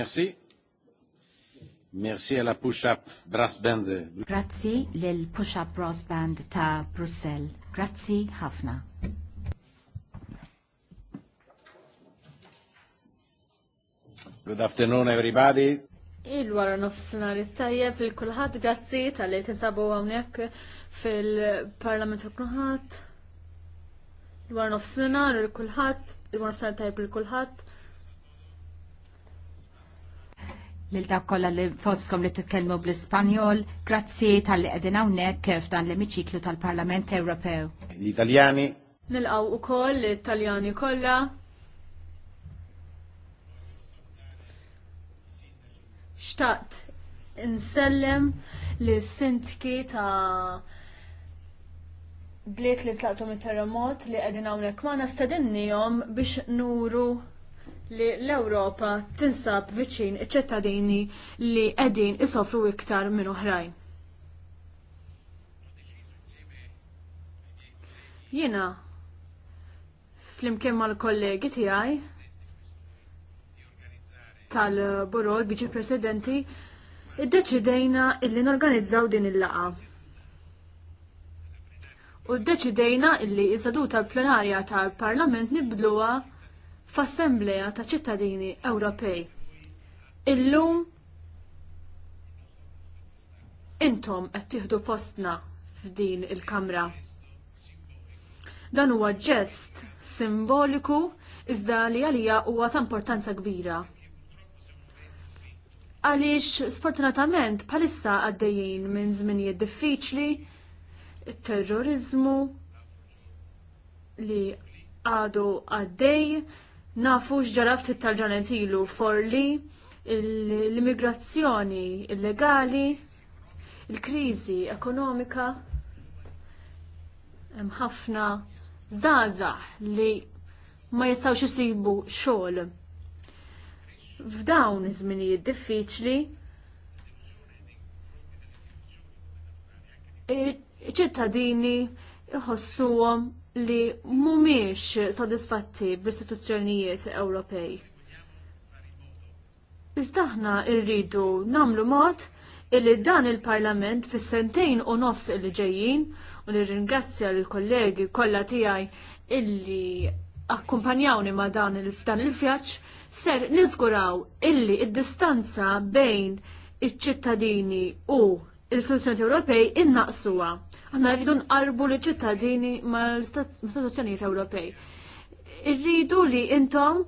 Merci. Merci alla push-up brass band. Grazzi lil push-up brass band ta' Brussel. Grazzi ħafna. Good afternoon everybody. Il-wara nofsinar it-tajjeb il kulħadd grazzi tal-li tinsabu hawnhekk fil-Parlament kulħadd. Il-wara nofsinar il kulħadd, il-wara nofsinhar tajjeb il kulħadd. lil dak kollha li fostkom li titkellmu bl-Ispanjol, grazzi tal-li qegħdin hawnhekk dan l-emiċiklu tal-Parlament Ewropew. L-Italjani. Nilqgħu ukoll l-Italjani kollha. Xtaqt insellem li sintki ta' bliet li tlaqtu mit terremot li qegħdin hawnhekk ma' nastedinniehom biex nuru li l-Ewropa tinsab viċin iċ-ċittadini li qegħdin isofru iktar minn oħrajn. Jiena flimkien mal-kollegi tiegħi tal-Buro l-Biċi Presidenti iddeċidejna illi norganizzaw din il-laqa. U ddeċidejna illi is-seduta plenarja tal-Parlament nibdluha f'assembleja ta' ċittadini Ewropej. Illum intom qed tieħdu postna f'din il-Kamra. Dan huwa ġest simboliku iżda li għalija huwa ta' importanza kbira. Għaliex sfortunatament bħalissa għaddejjin minn żminijiet diffiċli, terrorizmu li għadu għaddej, Nafu x'ġaraft it-tarġanet ilu forli l-immigrazzjoni illegali, il-kriżi ekonomika, hemm ħafna żgħażagħ li ma jistgħux isibu xogħol. F'dawn iż-żminijiet diffiċli iċ-ċittadini iħossuhom li mumiex sodisfatti bl-istituzzjonijiet Ewropej. Iżda aħna rridu namlu mod illi dan il-Parlament fis sentejn u nofs illi ġejjin u li ringrazzja l-kollegi kollha tiegħi illi akkumpanjawni ma dan il-fdan il ser niżguraw illi id-distanza bejn iċ-ċittadini u il-istituzzjoni Ewropej innaqsuha. Aħna rridu nqarbu li ċittadini mal-istituzzjonijiet Ewropej. Irridu li intom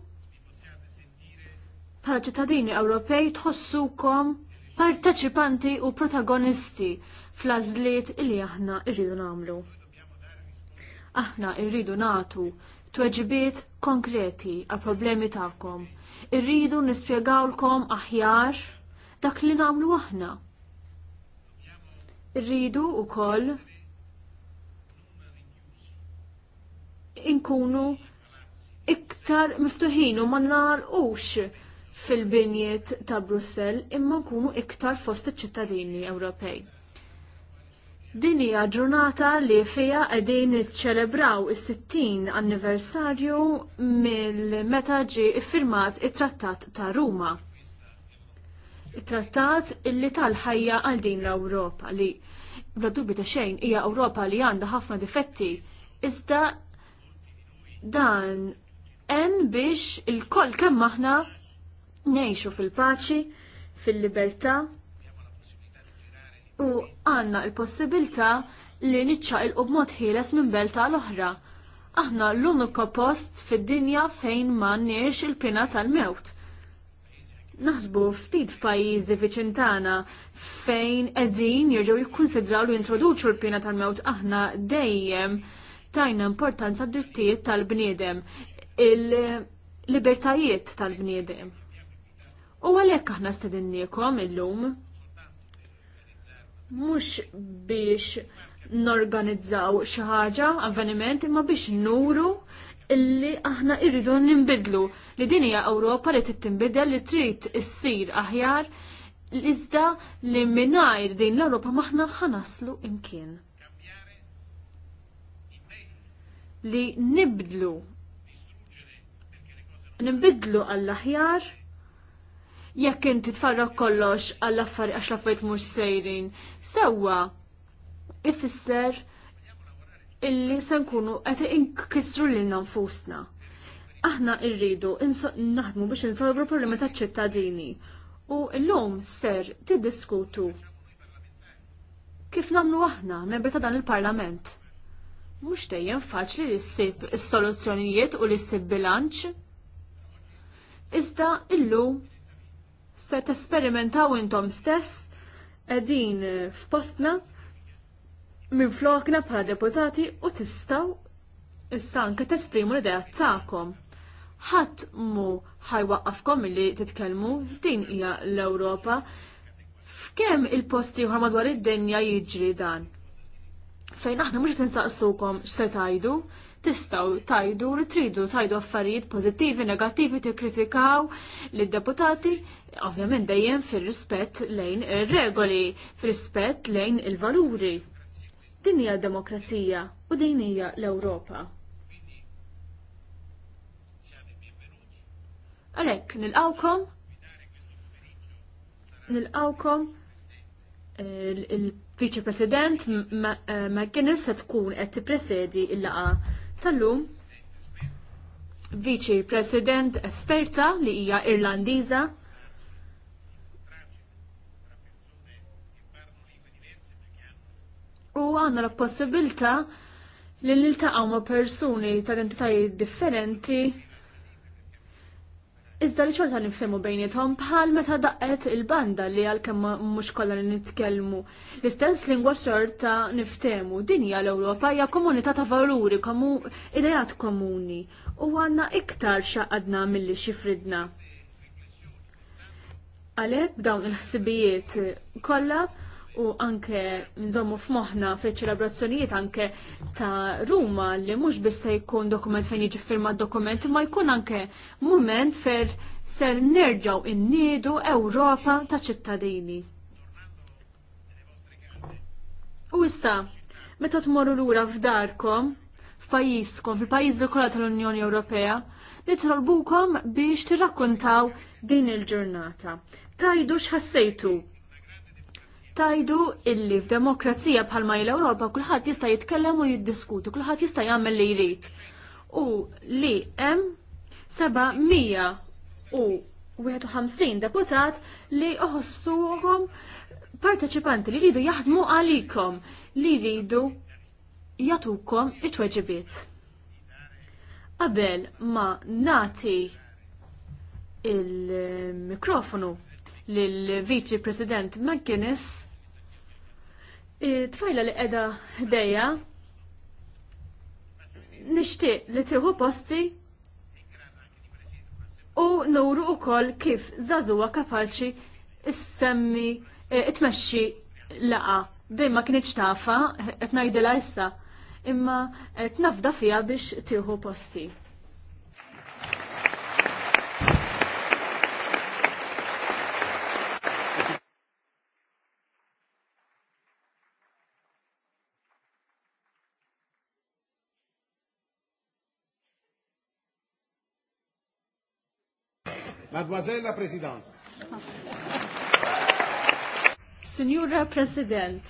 bħala ċittadini Ewropej tħossukom parteċipanti u protagonisti fl-azliet li aħna irridu namlu. Aħna irridu natu tweġibiet konkreti għal problemi tagħkom. Irridu nispjegawlkom aħjar dak li namlu aħna rridu wkoll inkunu iktar miftuħin u ma ux fil-binjiet ta' Brussell imma nkunu iktar fost iċ-ċittadini Ewropej. Din hija ġurnata li fiha qegħdin iċċelebraw is-60 anniversarju mill-meta ġie iffirmat it-Trattat ta' Ruma trattat illi tal-ħajja għal din l-Ewropa li bla dubju ta' xejn hija Ewropa li għandha ħafna difetti iżda dan hemm biex il-koll kemm aħna ngħixu fil-paċi, fil-libertà u għandna l-possibilità li niċċaqilqu b'mod ħieles minn belta l-oħra. Aħna l-uniku post fid-dinja fejn ma nirx il-pina tal-mewt naħsbu ftit f'pajjiżi viċin tagħna fejn qegħdin jerġgħu jikkunsidraw li jintroduċu l-pjena tal-mewt aħna dejjem tajna importanza d-drittijiet tal-bniedem, il-libertajiet tal-bniedem. U għalhekk aħna stedinniekom illum mhux biex norganizzaw xi ħaġa, avveniment, imma biex nuru illi aħna irridu nimbidlu li din hija Ewropa li trid tinbidel li trid issir aħjar iżda li mingħajr din l-Ewropa maħna ħanaslu imkien. Li nibdlu nibidlu għall-aħjar jekk inti tfarrok kollox għall-affarijiet għax l-affarijiet mhux sejrin. Sewwa ifisser illi se nkunu qed inkisru lilna nfusna. Aħna rridu naħdmu biex insolvu problemi taċ-ċittadini u llum ser tiddiskutu kif nagħmlu aħna membri ta' dan il-Parlament. Mhux dejjem faċli li ssib is-soluzzjonijiet u li ssib bilanċ. Iżda illum se tesperimentaw intom stess qegħdin f'postna minn flokna bħala deputati u tistaw issa anke tesprimu l-idea tagħkom. Ħadd mu ħajwaqafkom li titkellmu din hija l-Ewropa. F'kemm il-posti ħa madwar id-dinja jiġri dan? Fejn aħna mhux qed x'se tajdu, tistgħu tajdu li tridu tajdu affarijiet pożittivi, negattivi tikkritikaw lid-deputati, ovvjament dejjem fir-rispett lejn ir-regoli, fir-rispett lejn il-valuri. il valuri Din hija demokrazija u din hija l-Ewropa. Għalhekk nil nilqawkom il-Vice President eh, McGuinness se tkun qed tippresedi l-laqa tal-lum Vice President esperta li hija Irlandiża għanna għandna l-possibilità li niltaqgħu ma' persuni ta' identitajiet differenti Iżda li xorta nifsemu bejnietom bħal meta daqqet il-banda li għal-kemm mhux kollha nitkellmu. L-istess lingwa xorta niftemu. Din hija l-Ewropa hija komunità ta' valuri, komu idejat komuni. U għandna iktar xaqadna milli xifridna. Għalhekk dawn il-ħsibijiet kollha u anke nżommu f'moħħna fiċ-ċelebrazzjonijiet anke ta' Ruma li mhux biss se jkun dokument fejn jiġi firma dokument ma jkun anke mument fer ser nerġaw innidu Ewropa ta' ċittadini. U issa, meta tmorru lura f'darkom, f'pajjiżkom, fil-pajjiżi kollha tal-Unjoni Ewropea, nitolbukom biex tirrakkuntaw din il-ġurnata. Tajdu x'ħassejtu tajdu illi f'demokrazija bħalma il Ewropa kulħadd jista' jitkellem u jiddiskutu, kulħadd jista' jagħmel li jrid. U li hemm seba' mija u 51 deputat li uħossuhom parteċipanti li jridu jaħdmu għalikom, li jridu jatukom it-tweġibiet. Qabel ma nati il-mikrofonu lill-Viċi President McGuinness tfajla li qiegħda ħdejja nixtieq li tieħu posti u nuru wkoll kif żagħżuha kapaċi issemmi e, tmexxi laqa. Dejma kienx tafa qed ngħidilha issa imma etnafda fiha biex tieħu posti. Mademoiselle la Presidente. Signora President.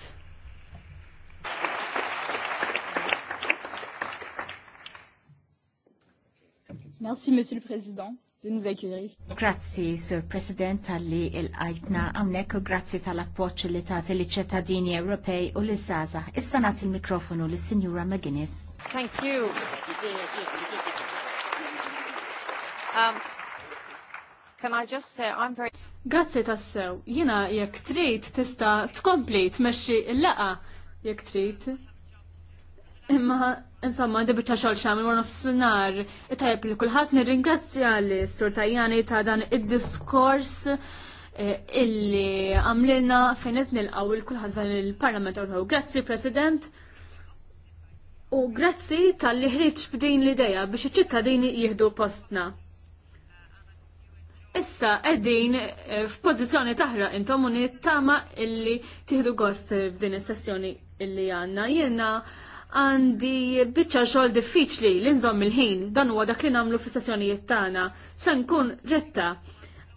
Merci, Monsieur le Président, de nous accueillir Grazie, Sir President, għalli il-għajtna għamnek u grazzi tal-appoċ li tagħti li ċittadini Ewropej u li Zaza. Issa nagħti il-mikrofonu li Signora McGuinness. Thank you. Um, Can I just say I'm very Grazzi tassew. Jina jekk trid tista' tkomplit tmexxi l-laqa jekk trid. Imma insomma dibita xogħol xagħmel wara nofsinhar. Tajjeb li kulħadd nirringrazzja li sur Tajjani ta' dan id-diskors eh, illi għamlilna fejn qed nilqgħu il kulħadd dan il-Parlament Ewropew. Grazzi President. U grazzi tal liħriċ b'din l-ideja biex iċ-ċittadini jieħdu postna. Issa qegħdin eh, f'pożizzjoni taħraq intom u nittama illi tieħdu gost f'din is-sessjoni illi għandna. Jena għandi biċċa xogħol diffiċli li nżomm il-ħin dan huwa dak li nagħmlu fis-sessjonijiet tagħna. Se nkun retta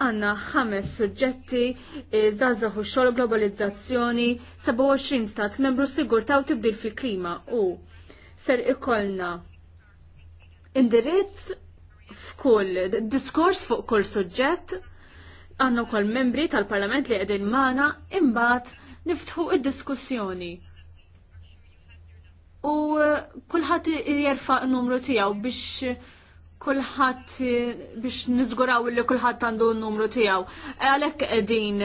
għanna ħames suġġetti, zazzaħu eh, xogħol globalizzazzjoni, 27 stat membru sigur taw tibdil fil klima u ser ikolna indirizz f'kull diskors fuq kull suġġett għanna kol membri tal-parlament li għedin mana imbat niftħu id-diskussjoni. U kullħat jerfa numru tijaw biex kullħat biex nizguraw li kullħat għandu n-numru tijaw. Għalek għedin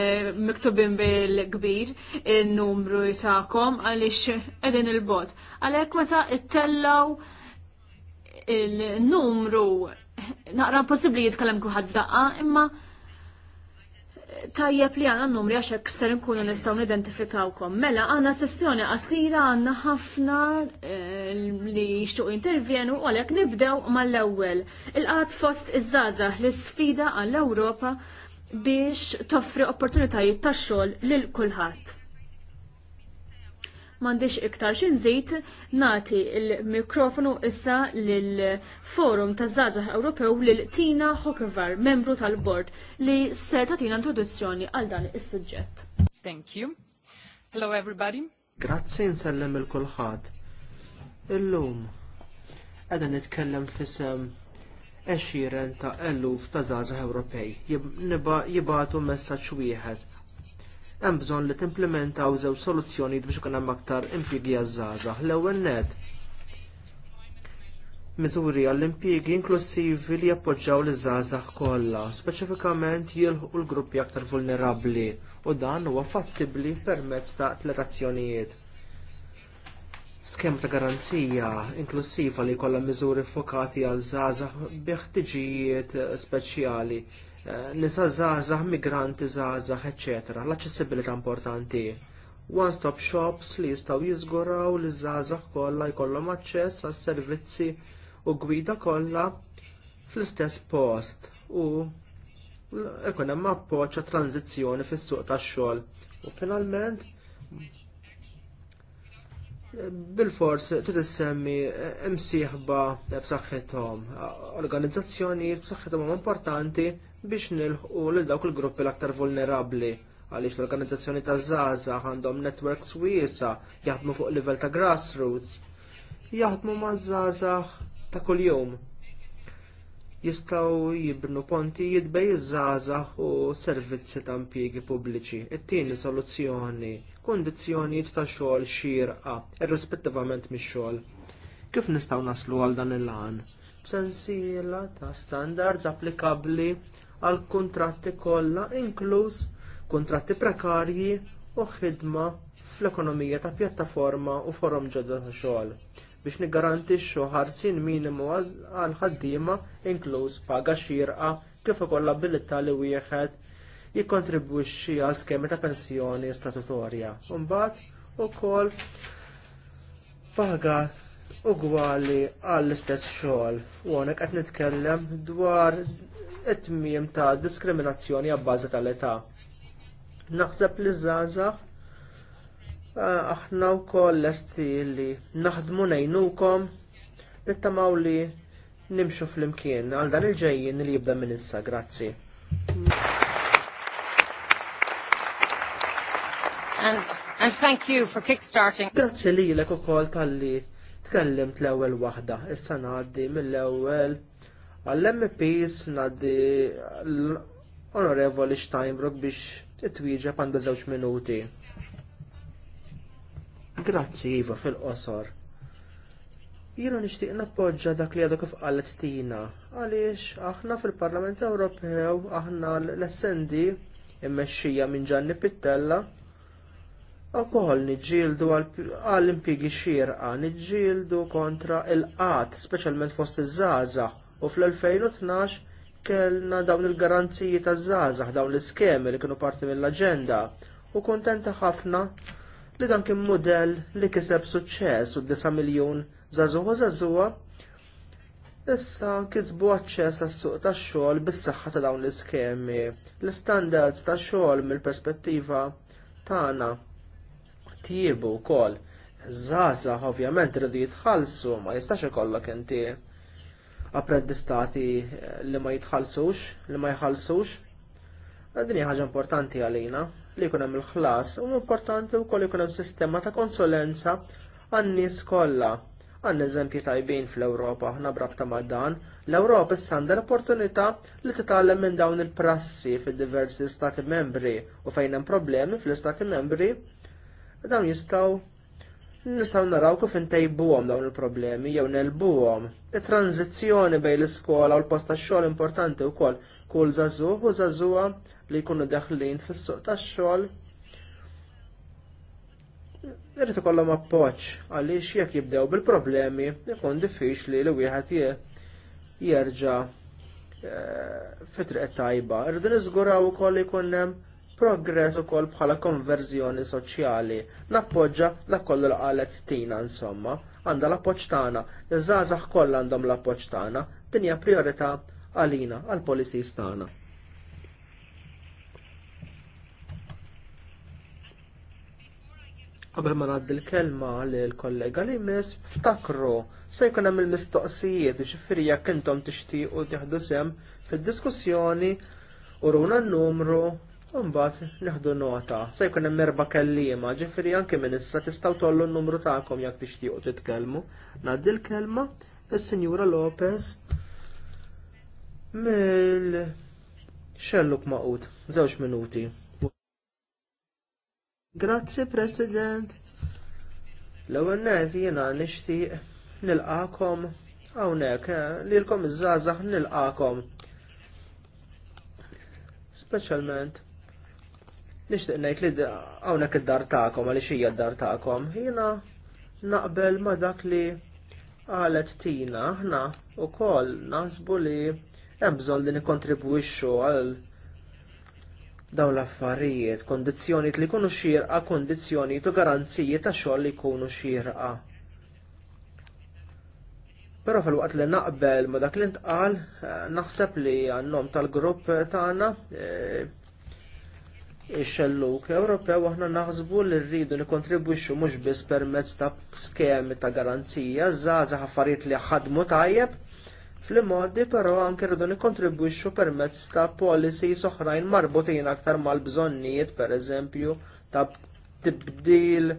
miktubin bil-kbir il-numru ta'kom għalix għedin il-bot. Għalek meta it-tellaw il-numru naqra possibbli jitkellem kuħad daqqa, imma tajjeb li għanna numri għax hekk ser nkunu nistgħu nidentifikawkom. Mela għandna sessjoni qasira għandna ħafna eh, li xtuq intervjenu u għalhekk nibdew mal-ewwel. Il-qgħad fost iż-żgħażagħ l sfida għall-Ewropa biex toffri opportunitajiet tax-xogħol lil kulħadd m'għandix iktar xi nżid nagħti il-mikrofonu issa l Forum taż zazah Ewropew lil Tina Hockervar, membru tal-bord, li serta tina introduzzjoni għal dan is-suġġett. Thank you. Hello everybody. Grazzi nsellem il-kulħadd. Illum qegħda nitkellem fisem għexieren ta' eluf ta' zazah Ewropej jibatu messaġġ wieħed hemm bżonn li timplementaw żew soluzzjonijiet biex ikun hemm aktar impjiegi għaż-żgħażagħ. L-ewwel net miżuri għall-impjiegi inklusivi li jappoġġaw iż żgħażagħ kollha, speċifikament jilħu l-gruppi aktar vulnerabbli u dan huwa fattibbli permezz ta' tlerazzjonijiet. Skem ta' garanzija inklusiva li jkollha miżuri fokati għal żgħażagħ bi ħtiġijiet speċjali nisa zazah, migranti zazah, etc. l accessibilità importanti. One-stop shops li jistgħu jiżguraw li zazah kollha jkollhom aċċess għas servizzi u gwida kollha fl-istess post u ikun hemm appoġġ tranzizzjoni fis-suq tax-xogħol. U finalment bil-fors titissemmi imsieħba eh, eh, b'saħħithom, eh, organizzazzjonijiet b'saħħithom huma importanti biex nilħu lil dawk il-gruppi l-aktar vulnerabbli għaliex l-organizzazzjoni ta' Zaza għandhom networks wiesa jaħdmu fuq livell ta' grassroots, jaħdmu ma' Zaza ta' kuljum. Jistgħu jibnu ponti jidbej Zaza u servizzi ta' impjiegi pubbliċi. It-tieni soluzzjoni kundizzjonijiet ta' xogħol xirqa irrispettivament mix-xogħol. Kif nistgħu naslu għal dan il lan B'sensiela ta' standards applikabbli għal kuntratti kollha inkluż kuntratti prekarji u ħidma fl-ekonomija ta' pjattaforma u forum ġodda ta' xogħol biex niggarantixxu ħarsin minimu għal ħaddiema inkluż paga xirqa kif ukoll abilità li wieħed jikkontribwixxi għal skemi ta' pensjoni statutorja. Mbagħad ukoll paga ugwali għall-istess xogħol u hawnhekk qed nitkellem dwar it-tmiem ta' diskriminazzjoni għabbażi tal-età. Naħseb li żgħażagħ eh, aħna wkoll lesti li naħdmu nejnukom nittamaw li nimxu fl-imkien għal dan il-ġejjin li jibda minn issa, grazzi. and, and thank you for kickstarting. Grazzi li l ukoll tal-li tkellimt l-ewwel waħda. Issa ngħaddi mill-ewwel għall-MPs naddi l-Onorevoli Steinbrook biex titwieġeb għandu żewġ minuti. Grazzi Iva fil-qosor. Jiena nixtieq nappoġġa dak li għadu kif qalet tina, għaliex aħna fil-Parlament Ewropew aħna l-SND immexxija minn Gianni Pittella Alkohol niġġieldu għal impigi xirqa, niġġieldu kontra il-qat, speċjalment fost iż-żgħażagħ, u fl-2012 kellna dawn il-garanziji ta' żgħażagħ dawn l-iskemi li kienu parti mill-aġenda u kontenta ħafna li dan kien mudell li kiseb suċċess u 9 miljun żagħżugħ zazuwa, issa kisbu aċċess għas-suq tax-xogħol bis-saħħa ta' dawn l-iskemi. L-istandards tax xogħol bis saxħa ta dawn l iskemi l istandards tax xogħol mill perspettiva tagħna jittiebu wkoll. Zaza ovvjament rridu jitħallsu, ma jistax ikollok inti apprendistati eh, li ma jitħallsux, li ma jħallsux. Eh, din hija ħaġa importanti għalina li jkun hemm il-ħlas u importanti wkoll ikun hemm sistema ta' konsulenza għan-nies kollha għan eżempji tajbin fl-Ewropa ħna brab ta' dan, l-Ewropa s-sanda l-opportunità li titgħallem minn dawn il-prassi fil diversi stati membri u fejn hemm problemi fl-istati membri dawn jistgħu nistgħu naraw kif intejbuhom dawn il-problemi jew nelbuhom. it-tranzizzjoni bejn l-iskola u l-post tax-xogħol importanti wkoll kull żagħżugħ u żagħżuha li jkunu daħlin fis-suq tax-xogħol Irrid ikollhom appoġġ għaliex jekk jibdew bil-problemi ikun diffiċli li wieħed jerġa' eh, fitriq tajba. Irridu niżguraw ukoll li jkun hemm progress ukoll bħala konverżjoni soċjali. Nappoġġa da kollu l qalet tina insomma, għandha l-appoġġ tagħna, iż-żgħażagħ kollha għandhom l-appoġġ tagħna, dinja priorita priorità għalina għall policies tagħna. Qabel ma ngħaddi l-kelma lill kollega li mis, ftakru se jkun hemm il-mistoqsijiet ġifieri jekk intom tixtiequ tieħdu sem fid-diskussjoni u runa n-numru Mbagħad neħdu nota. Se jkun hemm erba' kelliema, ġifieri anke minn issa tistgħu tollu n-numru tagħkom jekk tixtiequ titkellmu. Ngħaddi l-kelma is-Sinjura Lopez mill xelluk maqut, żewġ minuti. Grazzi President. L-ewwel nett jiena nixtieq nilqakom hawnhekk eh, lilkom iż-żgħażagħ nilqakom. Speċjalment Nixtieq ngħid li hawnhekk id-dar tagħkom għaliex hija d-dar tagħkom. Jiena naqbel ma dak li qalet tina aħna wkoll naħsbu li hemm bżonn li nikkontribwixxu għal dawn l-affarijiet, kondizzjonijiet li jkunu xierqa, kondizzjonijiet u garanziji ta' xogħol li jkunu xierqa. Però fil-waqt li naqbel ma dak li ntqal, eh, naħseb li għannom tal-grupp tagħna eh, ix-xelluk Ewropew aħna naħsbu li rridu nikontribwixxu mhux biss permezz ta' skemi ta' garanzija żgħażagħ affarijiet li ħadmu tajjeb fl-modi però anke rridu nikkontribwixxu permezz ta' policies oħrajn marbutin aktar mal-bżonnijiet pereżempju ta' tibdil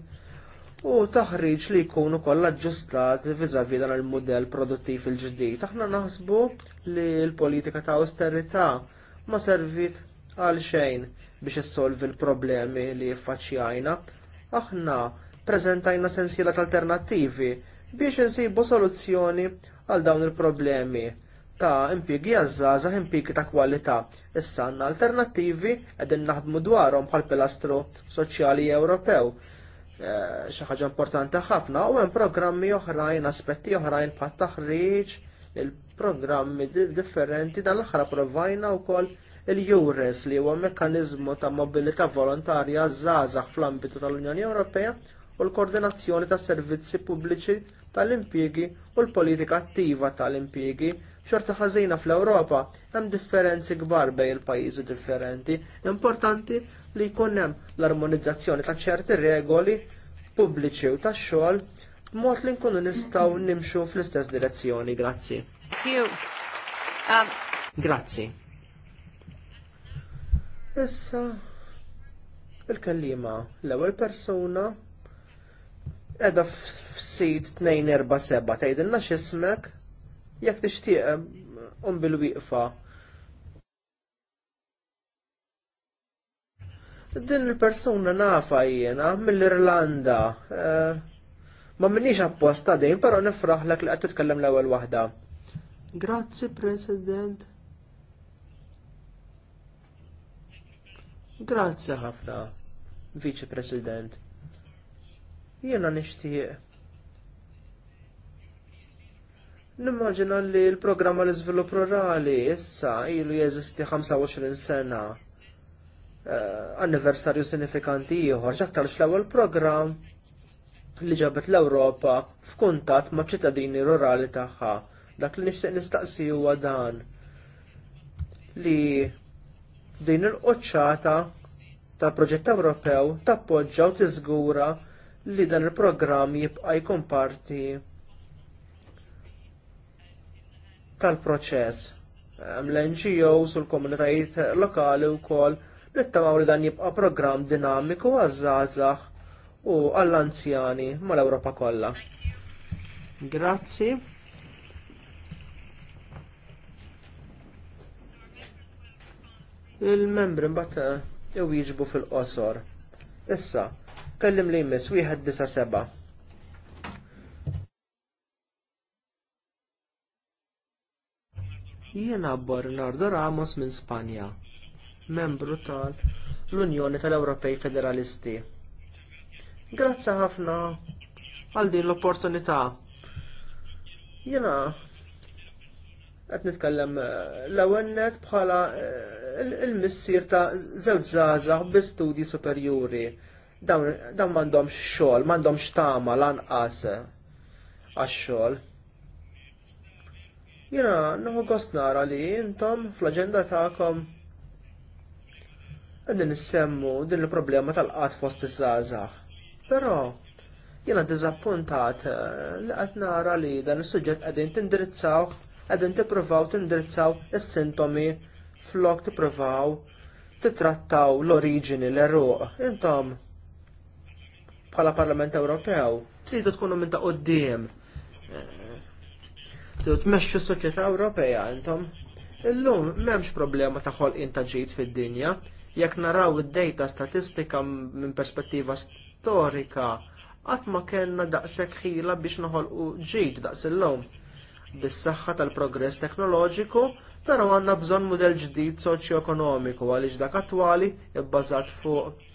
u taħriġ li jkunu kollha aġġustati viżavi dan il-mudell produttiv il-ġdid. Aħna naħsbu li l-politika ta' austerità ma servit għal xejn biex issolvi l-problemi li jiffaċċjajna. Aħna preżentajna sensiela alternattivi biex insibu soluzzjoni għal dawn il-problemi ta' impjiegi jazzaza impjiegi ta' kwalità. Issa għandna alternattivi qegħdin naħdmu dwarhom bħal pilastru soċjali Ewropew. Eh, xi ħaġa importanti ħafna u hemm programmi oħrajn, aspetti oħrajn bħat taħriġ, il-programmi differenti dan l-aħħar approvajna wkoll il-Jures li huwa mekkaniżmu ta' mobilità volontarja żgħażagħ fl-ambitu tal-Unjoni Ewropea u l-koordinazzjoni tas servizzi pubbliċi tal-impjiegi u l-politika attiva tal-impjiegi xorta ħażina fl-Ewropa hemm differenzi kbar bejn il-pajjiżi differenti. Importanti li jkun hemm l-armonizzazzjoni ta' ċerti regoli pubbliċi u tax-xogħol b'mod li nkunu nistgħu nimxu fl-istess direzzjoni. Grazzi. Um, Grazzi. Issa il-kellima l-ewwel persuna qiegħda f'sit 247 x-ismek, x'ismek jekk tixtieq un um bil-wieqfa. Din il-persuna nafa jiena mill-Irlanda. Eh, ma minnix apposta din, però nifraħlek li qed titkellem l-ewwel waħda. Grazzi, President. Grazzi ħafna, Vice President. Jiena nixtieq. Nimmaġina li l-programma l-iżvilupp rurali issa ilu jeżisti 25 sena. Eh, anniversarju sinifikanti ieħor ġaktar l-ewwel programm li ġabet l-Ewropa f'kuntatt ma' ċittadini rurali tagħha. Dak li nixtieq nistaqsi huwa dan li din il-qoċċata tal-proġett Ewropew tappoġġa u tiżgura li dan il-programm jibqa' jkun parti tal-proċess. L-NGOs u l-komunitajiet lokali wkoll nittamaw li dan jibqa' programm dinamiku għaż-żgħażagħ u għall-anzjani mal-Ewropa kollha. Grazzi. il-membri mbagħad eh, jew jiġbu fil-qosor. Issa, kellim li jmiss wieħed disa seba. Jiena Bernardo Ramos minn Spanja, membru tal l-Unjoni tal-Ewropej Federalisti. Grazzi ħafna għal din l-opportunità. Jiena qed nitkellem eh, l-ewwel bħala eh, il-missier ta' żewġ żgħażagħ bi studji superjuri. Dawn m'għandhomx xogħol, m'għandhomx tama lanqas għax-xogħol. Jiena noħu gost nara li intom fl-aġenda tagħkom qegħdin nissemmu din il-problema tal qat fost iż-żgħażagħ. Però jiena diżappuntat eh, li għat nara li dan is-suġġett qegħdin tindirizzaw qegħdin tippruvaw tindirizzaw is-sintomi flok tipprovaw titrattaw l-oriġini l-eruq. Intom bħala Parlament Ewropew tridu tkunu minn ta' qoddim. Eh, tridu tmexxu s-soċjetà Ewropea intom. Illum m'hemmx problema ta' ħolqien ta' ġid fid-dinja. Jekk naraw id-dejta statistika minn perspettiva storika, qatt ma kellna daqshekk ħila biex noħolqu ġid daqs illum bis-saħħa tal-progress teknoloġiku, però għandna bżonn mudell ġdid soċjoekonomiku għaliex dak attwali bbażat fuq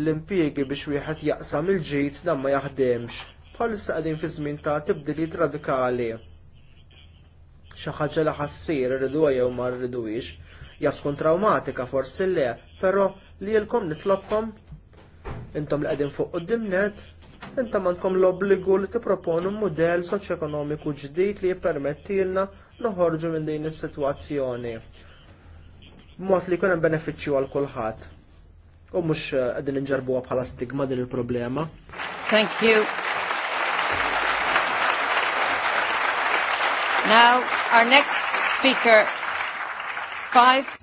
l-impjiegi biex wieħed jaqsam il-ġid dan ma jaħdemx. Bħalissa qegħdin fi żmien ta' tibdiliet radikali. Xi ħaġa li ħassir irridu jew ma rridux, jaf tkun trawmatika forsi le, però li jilkom nitlobkom intom li qegħdin fuq quddiem net Inta mandkom l-obbligu li tipproponu mudell ekonomiku ġdid li jippermettilna noħorġu minn din is-sitwazzjoni. Mot li jkun hemm benefiċċju għal kulħadd. U mhux eh, qegħdin inġarbuha bħala stigma din il-problema. Thank you. Now, our next speaker, five.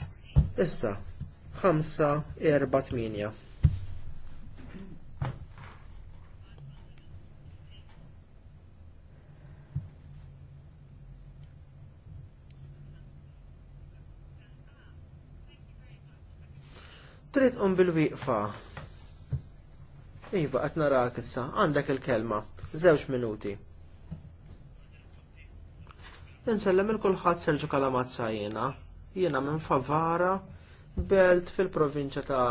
Issa, ħamsa erba' tminja. Trid um bil-wieqfa. Iva, qed narak issa, għandek il-kelma, żewġ minuti. Insellem il-kulħadd Serġu Kalamazza jiena, jiena minn Favara, belt fil-provinċja ta'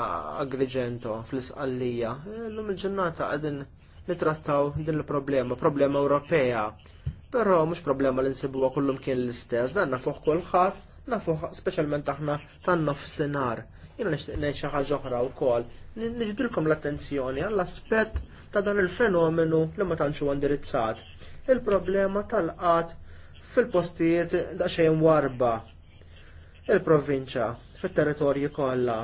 Agrigento, fl-Isqallija. Llum il-ġurnata qegħdin nitrattaw din il-problema, problema Ewropea. Però mhux problema li nsibuha kullum kien l-istess, dan nafuh kulħadd, nafuh speċjalment aħna tan-nofsinhar. Jena ngħid xi ħaġa oħra wkoll. nġdilkom l-attenzjoni għall-aspett ta' dan il-fenomenu li ma tanċu indirizzat. Il-problema tal-qat fil-postijiet xejn warba il-provinċja fit-territorji kollha.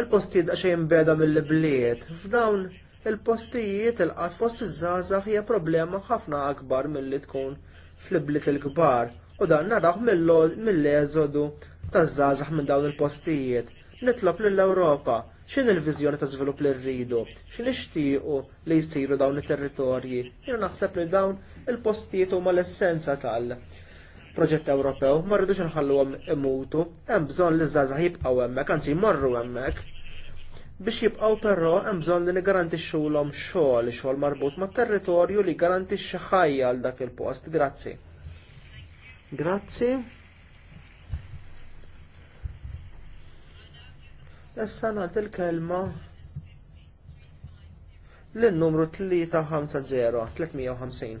Il-postijiet da' xejn beda mill-bliet. F'dawn il-postijiet il-qat fost iż-żgħażagħ hija problema ħafna akbar milli tkun fl-bliet il-kbar u dan naraħ mill-eżodu taż-żgħażagħ minn dawn il-postijiet. Nitlob lill-Ewropa x'in il-viżjoni ta' żvilupp li rridu, x'in ixtiequ li jsiru dawn it-territorji. Jiena naħseb li dawn il-postijiet huma l-essenza tal proġett Ewropew, ma rridux nħalluhom imutu, hemm bżonn li żgħażagħ jibqgħu hemmhekk, anzi jmorru hemmhekk. Biex jibqgħu però hemm bżonn li nigarantixxulhom xogħol, xogħol marbut mat-territorju li garantixxi ħajja għal dak il-post. Grazzi. Grazzi. Issa nagħti il-kelma lin-numru 350 350.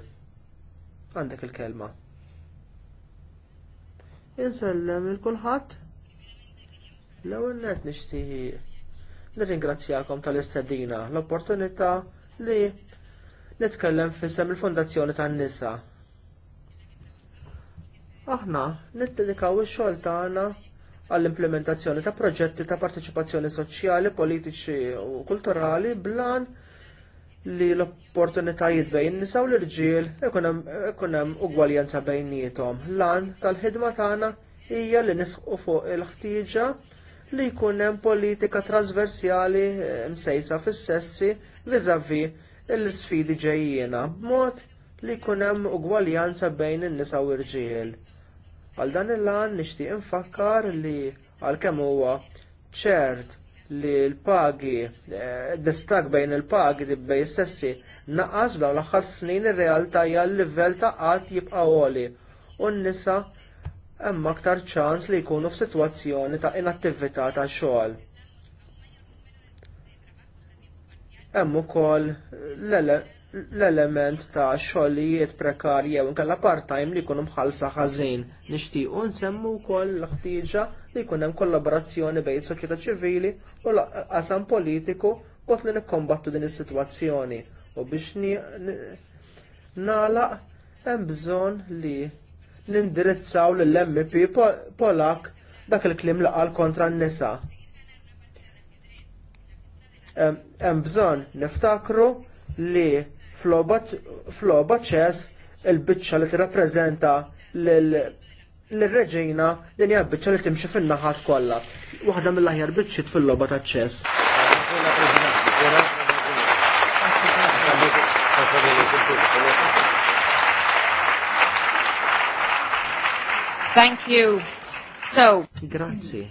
Għandek il-kelma. Insellem il-kulħadd. L-ewwel nett nixtieq nirringrazzjakom tal-istedina l-opportunità li nitkellem fissem il-Fondazzjoni tan-Nisa. Aħna nittedikaw ix-xogħol tagħna għall-implementazzjoni ta' proġetti ta' parteċipazzjoni soċjali, politiċi u kulturali blan li l-opportunitajiet bejn nisaw l-irġiel ikun hemm ugwaljanza bejniethom. Lan tal-ħidma tagħna hija li nisqu fuq il-ħtieġa li jkun hemm politika trasversjali eh, msejsa fis-sessi viżavi l-sfidi ġejjiena b'mod li jkun hemm ugwaljanza bejn in-nisa u l-irġiel. Għal dan il-lan nixtieq infakkar li għalkemm huwa ċert li l-pagi, eh, distak bejn il-pagi bej sessi naqas dawn l-aħħar snin ir-realtà jgħal l-livell ta' qatt jibqa' għoli u nisa hemm aktar ċans li jkunu f'sitwazzjoni ta' inattività ta' xogħol. Hemm ukoll l-ele l-element ta' xogħlijiet prekarji jew inkella part-time li jkunu mħallsa ħażin. Nixtiequ nsemmu wkoll l-ħtieġa li jkun hemm kollaborazzjoni bejn is-soċjetà ċivili u l-qasam politiku kont li nikkombattu din is-sitwazzjoni. U biex nagħlaq hemm bżonn li nindirizzaw lill-MP Polak dak il-klim laqal kontra n-nisa. Hemm bżonn niftakru li floba ċess il-bicċa li t-rapprezenta l-reġina din hija bicċa li timxi fin-naħat kollha. Waħda mill-aħjar biċċiet fil-logħba ta' ċess Thank you. So. Grazzi.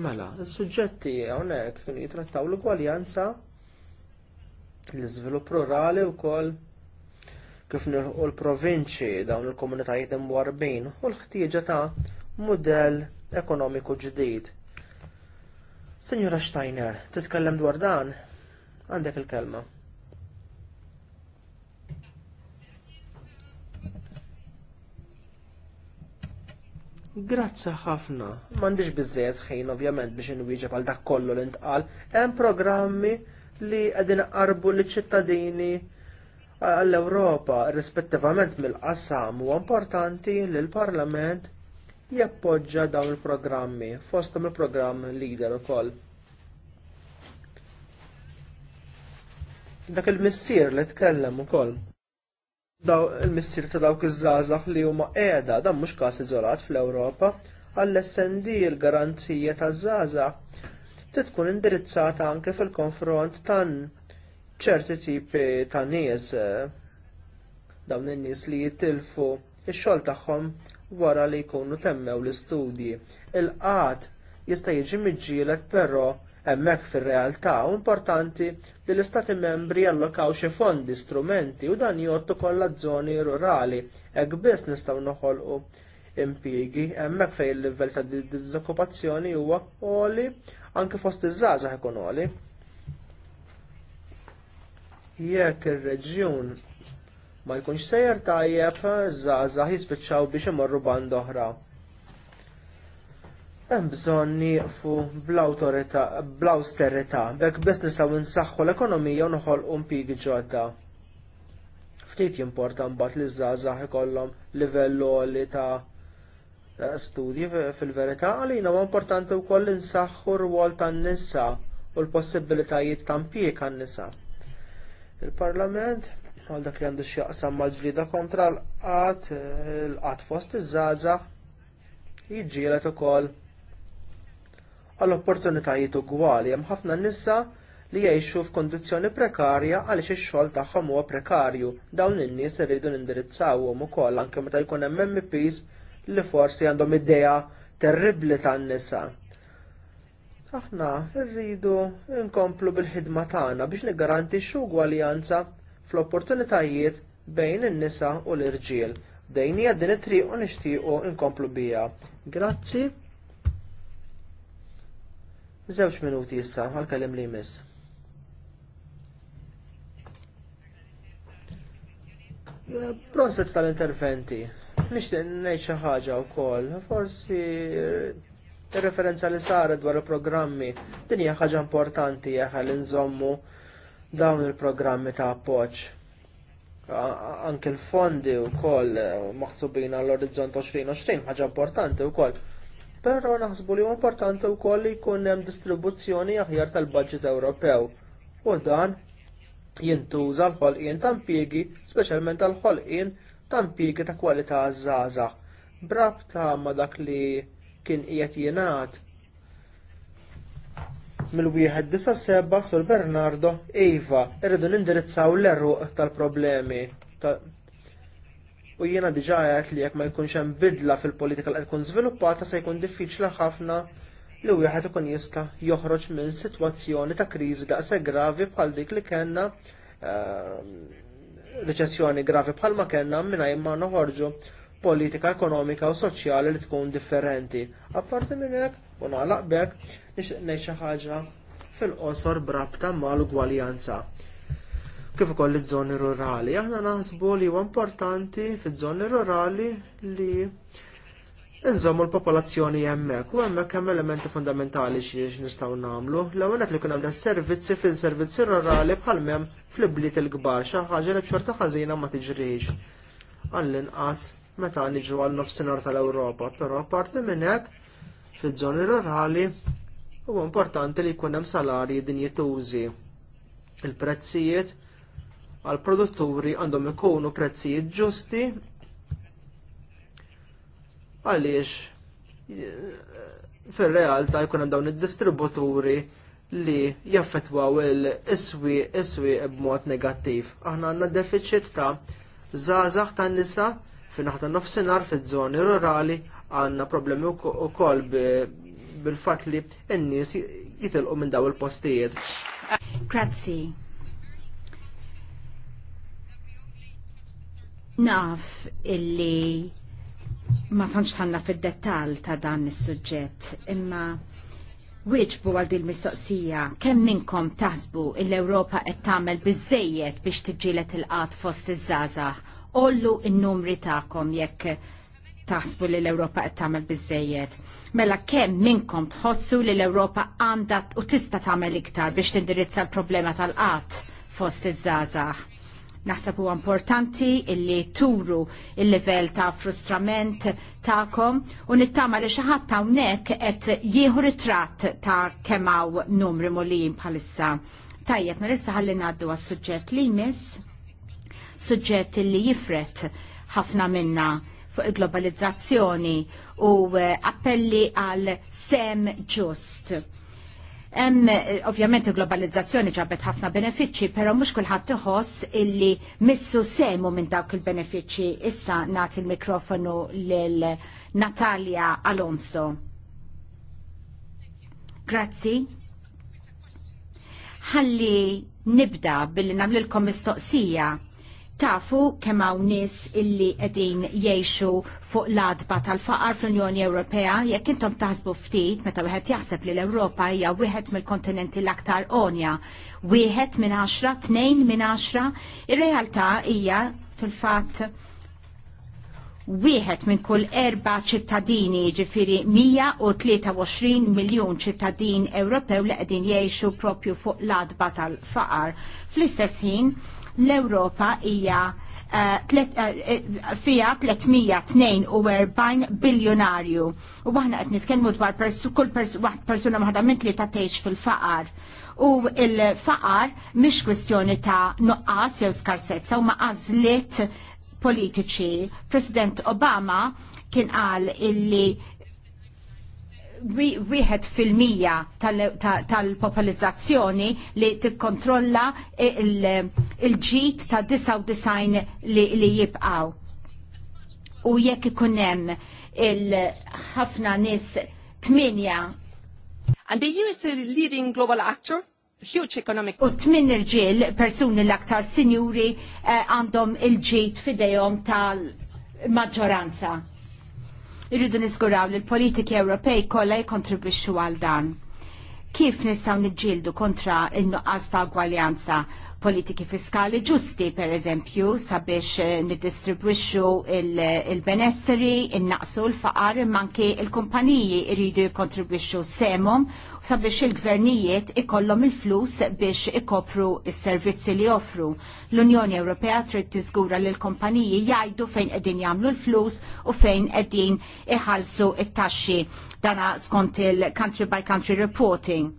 Mela, is-suġġetti hawnhekk kienu jitrattaw l-ugwaljanza L-iżvilupp rurali wkoll kif nilħu l-provinċi dawn il-komunitajiet imwarbin u l-ħtieġa ta' mudell ekonomiku ġdid. Sinjura Steiner, titkellem dwar dan? Għandek il-kelma. Grazzi ħafna. M'għandix biżżejjed ħin ovvjament biex inwieġeb għal dak kollu li ntqal. Hemm programmi li qegħdin qarbu li ċittadini għall-Ewropa rispettivament mill-qassam huwa importanti li l-Parlament jappoġġa dawn il-programmi fosthom il-programm leader ukoll. Dak il-missier li tkellem ukoll. Daw il-missier ta' dawk iż-żgħażagħ li huma qiegħda dan mhux każ iżolat fl-Ewropa għall-SND il-garanzija taż-żgħażagħ li tkun indirizzata anke fil-konfront tan ċerti tipi ta' nies eh, dawn in-nies li jitilfu ix-xogħol tagħhom wara li jkunu temmew l-istudji. Il-qat jista' jiġi miġielek, però hemmhekk fir-realtà u importanti li l-istati membri jallokaw xi fondi, strumenti u dan jgħottu kollha żoni rurali hekk biss nistgħu noħolqu impjiegi hemmhekk fejn il-livell ta' diżokkupazzjoni huwa għoli anke fost iż-żgħażagħ ikun għoli. Jekk ir-reġjun ma jkunx sejjer tajjeb, iż-żgħażagħ jispiċċaw biex imorru band oħra. Hemm bżonn nieqfu bl-awtorità, bl-awsterità, b'hekk biss nistgħu nsaħħu l-ekonomija u noħolqu mpigi ġodda. Ftit jimporta mbagħad li ż-żgħażagħ ikollhom livell għoli ta' Eh, studji fil-verità għalina huwa importanti wkoll nsaħħu r-rwol tan-nisa u l possibilitajiet ta' impjieg għan-nisa. Il-Parlament għal dak li għandu x'jaqsam mal ġlieda kontra l-qatt l-qatt fost iż-żgħażagħ jiġġieled ukoll għall opportunitajiet ugwali hemm ħafna nisa li jgħixu f'kondizzjoni prekarja għaliex ix-xogħol tagħhom huwa prekarju. Dawn in-nies irridu nindirizzawhom ukoll anke meta jkun hemm MPs li forsi għandhom idea terribli tan-nisa. Aħna rridu nkomplu bil-ħidma tagħna biex niggarantixxu gwaljanza fl-opportunitajiet bejn in-nisa u l-irġiel. Dejn hija din it-triq u nixtiequ nkomplu biha. Grazzi. Żewġ minuti issa għal-kelim li jmiss. Proset tal-interventi. Nixtieq ngħid xi ħaġa wkoll, forsi eh, ir-referenza li saret dwar il-programmi din hija ħaġa importanti li nżommu dawn il-programmi ta' appoġġ. Anke l-fondi wkoll eh, maħsubin għall-Orizzont 2020 ħaġa importanti wkoll. Però naħsbu li importanti wkoll li jkun hemm distribuzzjoni aħjar tal-budget Ewropew. U dan jintuża l-ħolqien ta' impjiegi, speċjalment tal-ħolqien ta' ta' kwalità żgħażagħ brabta ma' dak li kien qiegħed jingħad mill-wieħed disa seba sur Bernardo Iva irridu nindirizzaw l-erruq tal-problemi ta'. u jiena diġà għedt li jekk ma jkunx hemm bidla fil-politika li tkun żviluppata se jkun diffiċli ħafna li wieħed ikun jista' joħroġ minn sitwazzjoni ta' kriżi daqshekk gravi bħal dik li kellna ehm, reċessjoni gravi bħalma kellna mingħajr ma noħorġu politika ekonomika u soċjali li tkun differenti. Apparti minn hekk u nagħlaq nixtieq ngħid xi ħaġa fil-qosor brabta mal-ugwaljanza kif ukoll iż-żoni rurali. Aħna naħsbu li huwa importanti fiż-żoni rurali li Inżommu l-popolazzjoni hemmhekk u hemmhekk hemm elementi fundamentali xiex nistgħu nagħmlu. L-ewwel qed li kien hemm servizzi fil-servizzi rurali bħal m'hemm fl bliet il-kbar xi ħaġa li bċorta ħażina ma tiġrix. Għall-inqas meta niġu għal nofsinhar tal-Ewropa, però apparti minn hekk fiż-żoni rurali huwa importanti li jkun hemm din jituzi. Il-prezzijiet għall produtturi għandhom ikunu prezzijiet ġusti għaliex fil-realtà jkun hemm dawn id-distributuri li jaffetwaw il-iswi iswi b'mod negattiv. Aħna għandna deficit ta' zazax ta' nisa fi naħta nofsinhar fi żoni rurali għandna problemi wkoll bil-fatt li n-nies jitilqu minn daw il-postijiet. Grazzi. Naf illi ma tantx tħanna fid-dettall ta' dan is-suġġett, imma wieġbu għal din mistoqsija kemm minkom taħsbu l-Ewropa qed tagħmel biżejjed biex tiġġieled il qat fost iż-żgħażagħ. Ollu n-numri tagħkom jekk taħsbu li l-Ewropa qed tagħmel biżejjed. Mela kemm minkom tħossu li l-Ewropa għandha u tista' tagħmel iktar biex tindirizza l-problema tal qat fost iż-żgħażagħ Naħseb huwa importanti illi turu il-level ta' frustrament ta'kom u nittama li xi ħadd hawnhekk qed jieħu ritratt ta' kemm hawn numri mulin bħalissa. Tajjeb, lissa ħalli naddu għas-suġġett li jmiss, suġġet li jifret ħafna minna fuq il-globalizzazzjoni u eh, appelli għal sem ġust Em ovvjament il-globalizzazzjoni ġabet ħafna benefiċċji, però mhux kulħadd iħoss illi missu semu minn dawk il-benefiċċji. Issa nagħti il-mikrofonu lil Natalia Alonso. Grazzi. Ħalli nibda billi nagħmlilkom mistoqsija tafu kemm hawn nies illi qegħdin jgħixu fuq l-adba tal-faqar fl-Unjoni Ewropea jekk intom taħsbu ftit meta wieħed jaħseb li l-Ewropa hija wieħed mill-kontinenti l-aktar onja, wieħed minn għaxra, tnejn minn għaxra, ir-realtà hija fil-fatt wieħed minn kull erba ċittadini ġifiri 123 miljun ċittadin Ewropew li qegħdin jgħixu propju fuq l-adba tal-faqar. Fl-istess ħin, l-Ewropa hija fija 342 biljonarju. U waħna qed nitkellmu dwar kull persuna waħda minn tlieta tgħix fil-faqar. U l-faqar mhix kwestjoni ta' nuqqas jew skarsezza u maqqas għażliet politiċi. President Obama kien qal illi wieħed fil-mija tal-popolizzazzjoni li tikkontrolla il-ġit ta' 99 li jibqaw. U jekk ikun hemm il-ħafna nies tminja. And the EU is leading global actor huge economic. U tmin irġiel persuni l-aktar sinjuri eh, għandhom il-ġit fidejhom tal-maġġoranza Irridu niżguraw li l-politiki Ewropej kollha jkontribwixxu għal dan kif nistgħu niġġieldu kontra n nuqqas ta' gwaljanza politiki fiskali ġusti, per eżempju, sabiex eh, nidistribwixxu il-benesseri, il innaqsu l-faqar, manki il-kumpaniji iridu jikontribwixxu semom, sabiex il-gvernijiet ikollhom il-flus biex ikopru il servizzi li offru. L-Unjoni Ewropea trid tiżgura li l-kumpaniji jgħidu fejn qegħdin jagħmlu l-flus u fejn qegħdin iħallsu it-taxxi dana skont il-country by country reporting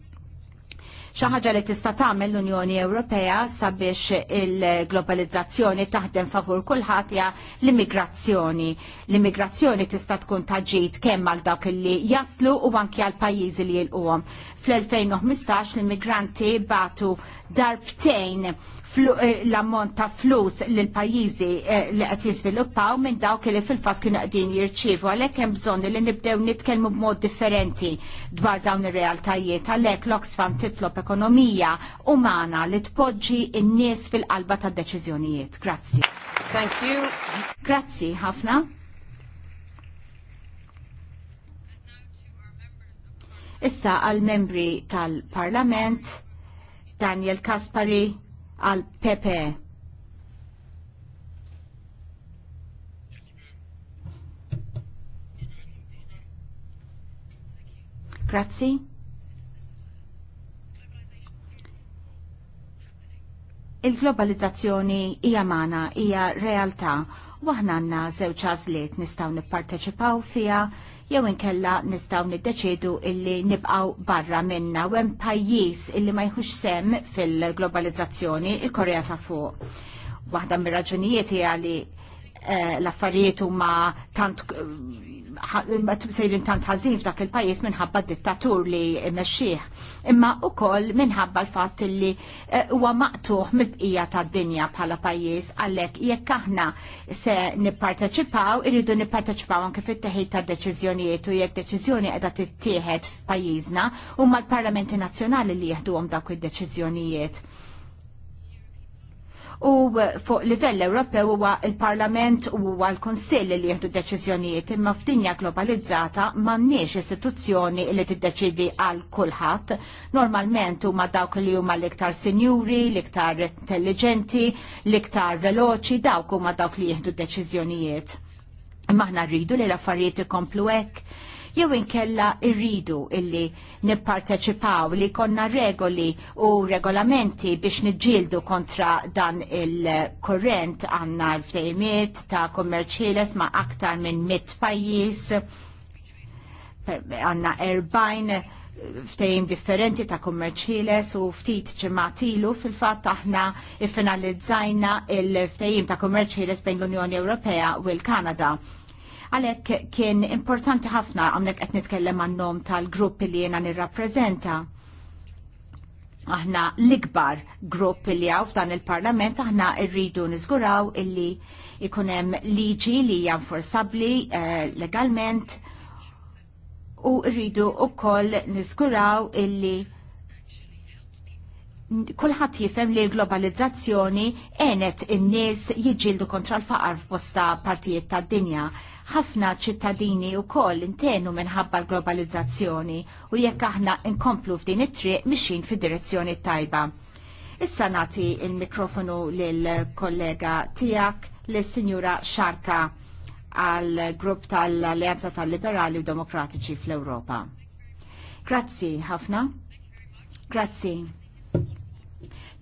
Xi ħaġa li tista' tagħmel l-Unjoni Ewropea sabiex il-globalizzazzjoni taħdem favur kulħadd hija l-immigrazzjoni L-immigrazzjoni tista' tkun taġġid kemm għal dawk li jaslu u anke għal pajjiżi li jilquhom. Fl-2015 l-immigranti batu darbtejn eh, l-ammont ta' flus lil pajjiżi eh, li qed jiżviluppaw minn dawk li fil-fatt kienu qegħdin jirċievu għalhekk hemm bżonn li nibdew nitkellmu b'mod differenti dwar dawn ir-realtajiet għalhekk l-Oxfam titlob ekonomija umana li tpoġġi n-nies fil-qalba tad deċiżjonijiet. Grazzi. Thank you. Grazzi ħafna. Issa għal-membri tal-Parlament, Daniel Kaspari għal pepe Grazzi. Il-globalizzazzjoni hija mana, hija realtà, u aħna għandna żewġ għażliet nistgħu nipparteċipaw fiha jew inkella nistgħu niddeċiedu illi nibqgħu barra minna u hemm pajjiż illi ma jħux sem fil-globalizzazzjoni il-Korea ta' fuq. Waħda mir-raġunijiet hija li eh, l-affarijiet huma tant sejrin tant ħażin f'dak il-pajjiż minħabba dittatur li mexxih, imma ukoll minħabba l-fatt li e, huwa maqtuħ mibqija bqija tad-dinja bħala pajjiż għalhekk jekk aħna se nipparteċipaw, irridu nipparteċipaw anke fit-teħid ta' deċiżjonijiet u jekk deċiżjoni qiegħda tittieħed f'pajjiżna huma l-Parlamenti Nazzjonali li jieħduhom dawk id-deċiżjonijiet u fuq livell Ewropew huwa il-Parlament u huwa l-Kunsill li jieħdu deċiżjonijiet imma f'dinja globalizzata m'għandniex istituzzjoni li tiddeċidi għal kulħadd. Normalment huma dawk li huma l-iktar sinjuri, l-iktar intelligenti, l-iktar veloċi, dawk huma dawk li jieħdu deċiżjonijiet. Imma aħna rridu li l-affarijiet ikomplu hekk jew inkella irridu illi nipparteċipaw li konna regoli u regolamenti biex niġġieldu kontra dan il-korrent għanna l-ftejmiet ta' kummerċiles ma' aktar minn mit pajjiż għanna erbajn ftejn differenti ta' kummerċiles u ftit ċematilu fil-fat aħna iffinalizzajna il-ftejim ta' kummerċiles bejn l-Unjoni Ewropea u l-Kanada Għalhekk kien importanti ħafna għamlek qed nitkellem għannom tal-grupp li jiena nirrappreżenta aħna l-ikbar grupp li għaw f'dan il-parlament aħna irridu nizguraw illi ikunem liġi li janforsabli uh, eh, legalment u irridu u koll nizguraw illi kulħadd jifhem li l-globalizzazzjoni għenet in-nies jiġildu kontra l-faqar f'bosta partijiet tad-dinja. Ħafna ċittadini wkoll intenu minħabba l-globalizzazzjoni u jekk aħna nkomplu f'din it-triq mixin fid-direzzjoni tajba. Issa nagħti il-mikrofonu lill kollega tijak, l sinjura Xarka għal grupp tal-Alleanza tal-Liberali u Demokratiċi fl-Ewropa. Grazzi ħafna. Grazzi.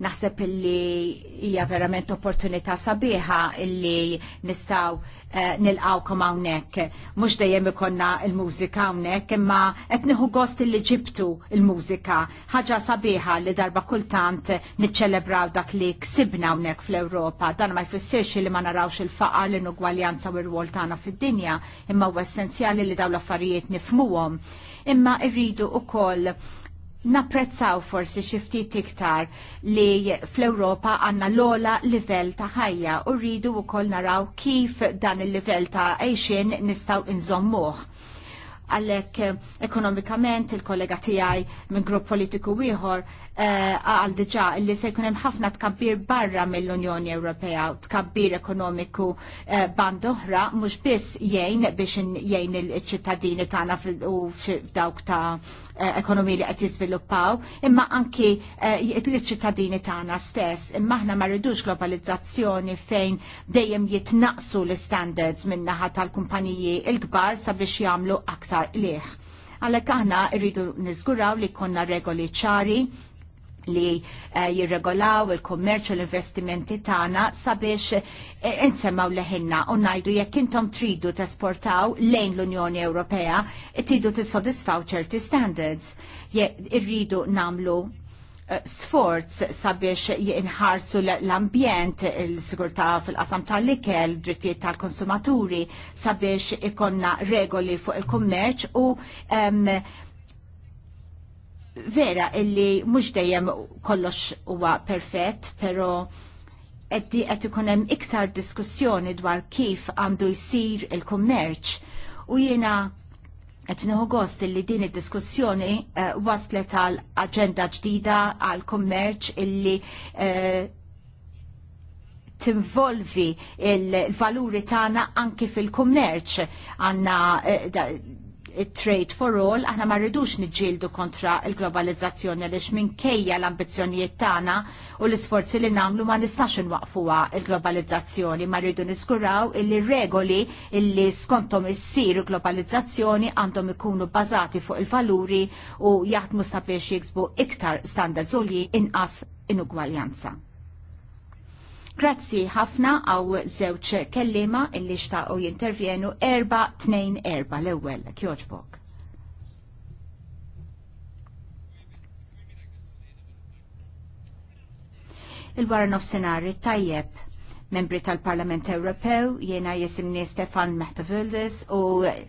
Naħseb illi hija verament opportunità sabiħa illi nistgħu uh, eh, kom hawnhekk. Mhux dejjem ikonna l-mużika hawnhekk, imma qed nieħu gost illi ġibtu l-mużika. Ħaġa sabiħa li darba kultant niċċelebraw dak li ksibna hawnhekk fl-Ewropa. Dan ma jfissirx li ma narawx il-faqar l-inugwaljanza u r-wol tagħna fid-dinja, imma huwa essenzjali li dawn l-affarijiet nifhmuhom. Imma rridu wkoll napprezzaw forsi xi ftit iktar li fl-Ewropa għandna l-ola livell ta' ħajja u rridu wkoll naraw kif dan il-livell ta' għajxin nistgħu inżommuh. Għalhekk eh, ekonomikament il-kollega tiegħi minn grupp politiku ieħor Eh, għal diġa li se jkun hemm ħafna tkabbir barra mill-Unjoni Ewropea, u tkabbir ekonomiku eh, band oħra mhux biss jgħin biex jgħin il-ċittadini tagħna u f'dawk ta' eh, ekonomija li qed jiżviluppaw, imma anki il-ċittadini tagħna stess, imma aħna ma rridux globalizzazzjoni fejn dejjem jitnaqsu l-standards min-naħa tal-kumpaniji il-kbar sabiex jagħmlu aktar liħ. Għalhekk aħna rridu niżguraw li konna regoli ċari li eh, jirregolaw il-kommerċ u l-investimenti tagħna sabiex eh, insemmaw leħinna u ngħidu jekk intom tridu tesportaw lejn l-Unjoni Ewropea tridu tissodisfaw ċerti standards. Irridu namlu eh, sforz sabiex jinħarsu l-ambjent, il-sigurtà fil-qasam tal-ikel, drittijiet tal-konsumaturi, sabiex ikonna regoli fuq il-kummerċ u vera illi mhux dejjem kollox huwa perfett, però eddi qed ikun hemm iktar diskussjoni dwar kif għandu jsir il-kummerċ u jiena qed nieħu gost illi din id-diskussjoni uh, waslet għal aġenda ġdida għal kummerċ illi uh, tinvolvi il-valuri tagħna anke fil-kummerċ għandna uh, trade for all, aħna ma rridux niġġieldu kontra il-globalizzazzjoni għaliex minkejja l-ambizzjonijiet tagħna u l-isforzi li nagħmlu ma nistax inwaqfuha il-globalizzazzjoni, ma rridu niskuraw illi regoli illi skontom issir globalizzazzjoni għandhom ikunu bbażati fuq il-valuri u jaħdmu sabiex jiksbu iktar standards u li inqas inugwaljanza. Grazzi ħafna għaw zewċ kellima illi u jintervjenu 4-2-4 l-ewel, kjoġbok. Il-wara nofsenari tajjeb membri tal-Parlament Ewropew, jena jisimni Stefan Mehtavildis u eh,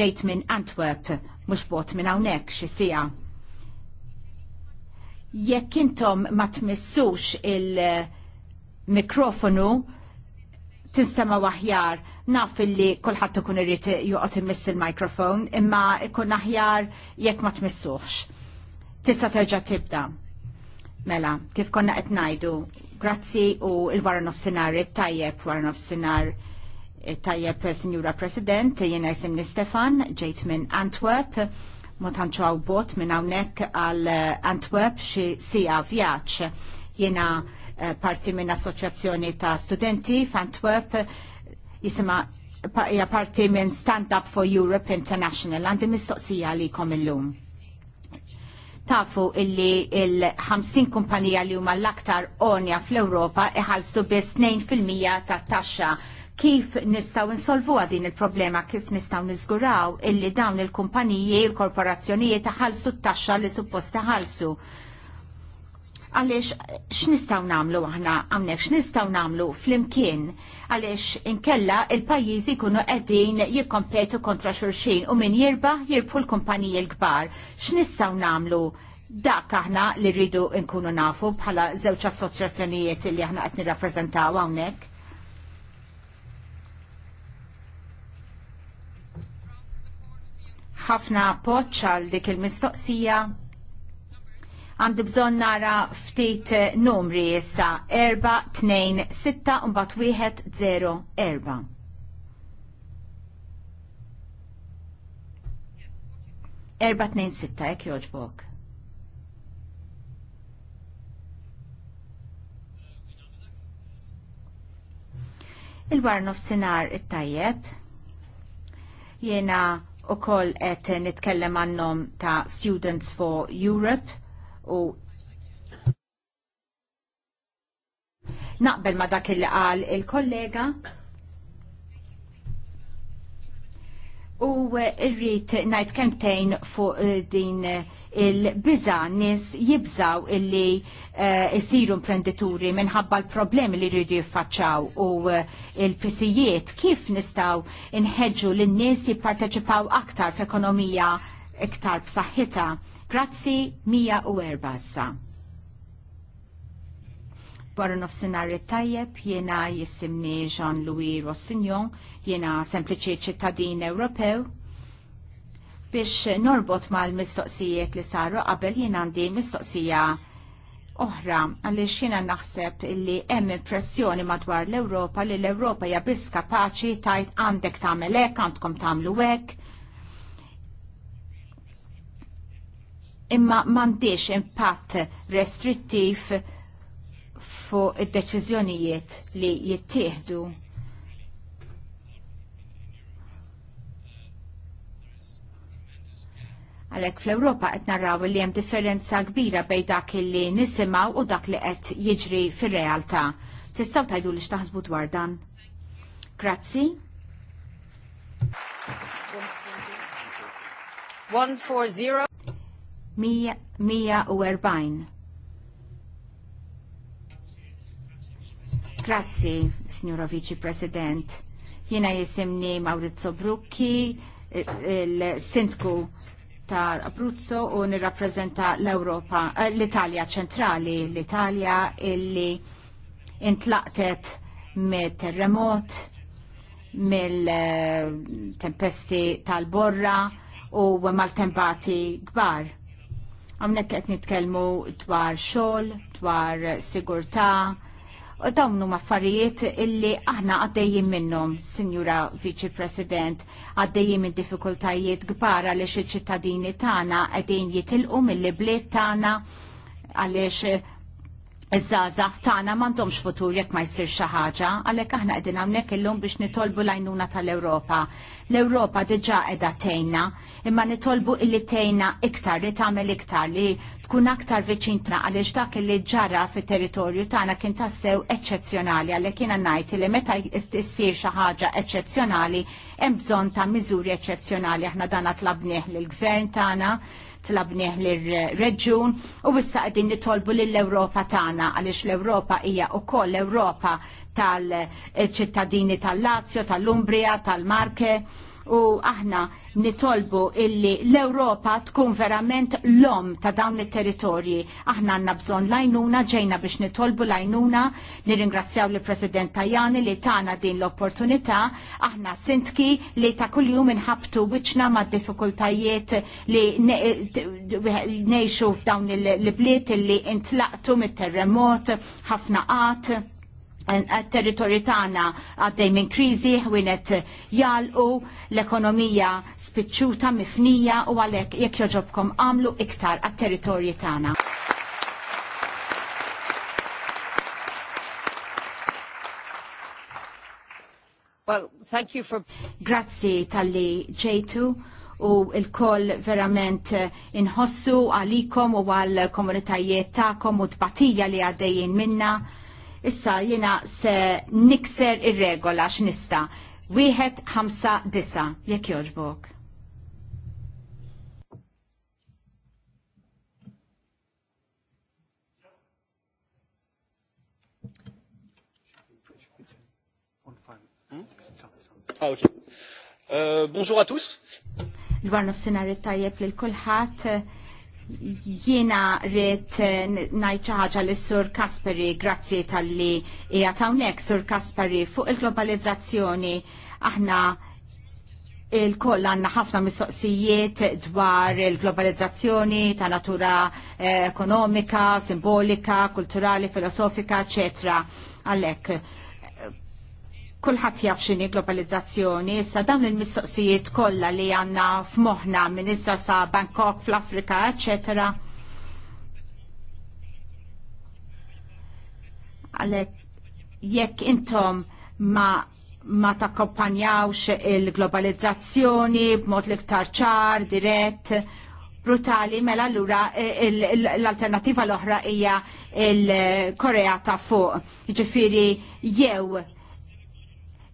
ġejt minn Antwerp, mux bot minn hawnhekk xi sija. Jekk intom ma tmissux il- mikrofonu tinstema waħjar naf illi kulħadd ikun irid joqgħod imiss il-mikrofon imma ikun aħjar jekk ma tmissuhx. Tista' terġa' tibda. Mela, kif konna qed ngħidu, grazzi u l-wara nofsinhar it-tajjeb wara nofsinhar tajjeb Sinjura President, jiena jisimni Stefan, ġejt minn Antwerp, ma għaw bot minn hawnhekk għal Antwerp xi sija vjaġġ Jena eh, parti minn assoċjazzjoni ta' studenti f'Antwerp jisima hija parti minn Stand Up for Europe International għandi mistoqsija għalikom illum. Tafu illi il-50 kumpanija li huma l-aktar onja fl-Ewropa iħallsu biss 2% ta' taxxa kif nistaw insolvu din il-problema, kif nistaw nizguraw illi dawn il-kumpaniji, il-korporazzjonijiet taħalsu t-taxxa li suppost taħalsu għaliex x'nistgħu nagħmlu aħna hawnhekk x'nistgħu nagħmlu flimkien għaliex inkella il-pajjiżi jkunu qegħdin jikkompetu kontra xulxin u min jirbaħ jirpu l-kumpaniji l-kbar. X'nistgħu nagħmlu dak aħna li rridu nkunu nafu bħala żewġ assoċjazzjonijiet li aħna qed nirrappreżentaw hawnhekk. ħafna appoġġ għal dik il-mistoqsija Għandi bżon nara ftit eh, numri issa 426 jekk 6 0 Erba joġbok. Il-war nofsinar it-tajjeb. Jena u koll et nitkellem għannom ta' Students for Europe u naqbel ma dak il qal il-kollega u rrit najt kemtejn fuq eh, din il-biza nis jibżaw illi jisiru eh, imprenditori minħabba l-problemi li rridu jiffaċċaw u l eh, il-pisijiet kif nistaw inħedġu l-nies jipparteċipaw aktar f'ekonomija iktar b'saħħitha Grazzi 104 issa. Barra nofsinar tajjeb jiena jissimni Jean-Louis Rossignon, jiena sempliċi ċittadin Ewropew, biex norbot mal-mistoqsijiet li saru qabel jien għandi mistoqsija oħra għaliex jiena naħseb li hemm impressjoni madwar l-Ewropa li l-Ewropa hija biss kapaċi tajt għandek tagħmel hekk, għandkom tagħmlu hekk. imma m'għandix impatt restrittiv fuq id-deċiżjonijiet li jittieħdu. Għalek fl-Europa qed narraw li hemm differenza kbira bejn dak li nisimgħu u dak li qed jiġri fir-realtà. Tistgħu tgħidu li x'taħsbu dwar dan? Grazzi. zero. 140. Grazzi, signora Vice President. Jiena jisimni Maurizio Brucchi, il-sindku ta' Abruzzo u nirrapprezenta l-Europa, eh, l-Italja ċentrali, l-Italja illi intlaqtet me terremot, mill-tempesti tal-borra u mal-tempati gbar. Għamnek qed nitkellmu dwar xogħol, dwar sigurtà, u dawn huma affarijiet illi aħna għaddejjin minnhom, Sinjura Viċi President, għaddejjin minn diffikultajiet kbar għaliex iċ-ċittadini tagħna qegħdin jitilqu mill-bliet tagħna għaliex iż żaza tagħna m'għandhomx futur jekk ma jsir xi ħaġa, għalhekk aħna qegħdin hawnhekk illum biex nitolbu l-għajnuna tal-Ewropa. L-Ewropa diġà qiegħda tgħinna, imma nitolbu illi tgħinna iktar li tagħmel iktar li tkun aktar viċin tna għaliex dak li ġara fit-territorju tagħna kien tassew eċċezzjonali għalhekk jiena ngħid li meta issir xi ħaġa eċċezzjonali hemm bżonn ta' miżuri eċċezzjonali aħna dan tlabnieh lill-gvern tagħna tlabnieh lir-reġjun u issa qegħdin nitolbu lill-Ewropa tagħna għaliex l-Ewropa hija wkoll l-Ewropa tal-ċittadini tal-Lazio, tal-Umbria, tal-Marke. tal ċittadini tal lazio tal umbria tal marke u aħna nitolbu illi l-Europa tkun verament l-om ta' dawn it-territorji. Aħna għanna bżon lajnuna, ġejna biex nitolbu lajnuna, nirringrazzjaw li President Tajani li tana din l-opportunità, aħna sintki li ta' kuljum inħabtu wiċna ma' diffikultajiet li neħxu f'dawn il-bliet illi intlaqtu mit-terremot, ħafna qat għat tagħna għaddej minn kriżi ħwienet jalqu l-ekonomija spiċċuta mifnija u għalhekk jekk joġobkom għamlu iktar għat-territorju tagħna. Well, thank you for... Grazzi tal-li ġejtu u il-koll verament inħossu għalikom u għal komunitajiet ta'kom u tbatija li għaddejin minna Issa jina se nikser ir-regola x'nista. Wieħed ħamsa disa jekk jogħġbok. Ah, ok. Uh, bonjour à tous. L-għarnof sinari tajjeb li l-kulħat Jiena rrit eh, ngħid xi ħaġa lis sur Kasperi, grazzi tal-li hawnhekk sur Kasperi, fuq il-globalizzazzjoni aħna il-koll għanna ħafna mistoqsijiet dwar il-globalizzazzjoni ta' natura eh, ekonomika, simbolika, kulturali, filosofika, eccetera. Għalek, Kulħadd jaf x'inhi globalizzazzjoni, issa dawn il-mistoqsijiet kollha li għandna f'moħħna minn issa sa Bangkok fl-Afrika, eċetera. Għalhekk jekk intom ma ma takkompanjawx il-globalizzazzjoni b'mod l-iktar ċar, dirett, brutali, mela allura e, l-alternativa l-oħra hija il-Korea ta' fuq. Ġifiri jew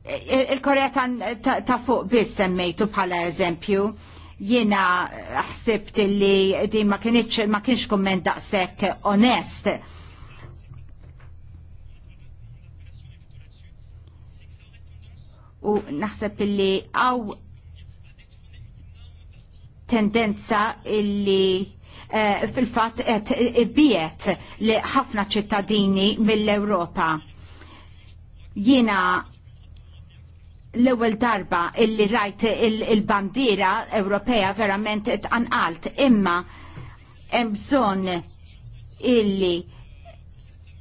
il-Korea ta' fuq biss semmejtu bħala eżempju. Jiena ħsibt li di ma kienx ma kienx kumment daqshekk onest. U naħseb illi aw tendenza illi uh, fil-fat bijet li ħafna ċittadini mill-Europa. Jiena l-ewwel darba illi rajt il-bandiera il Ewropea verament it-anqalt imma hemm bżonn illi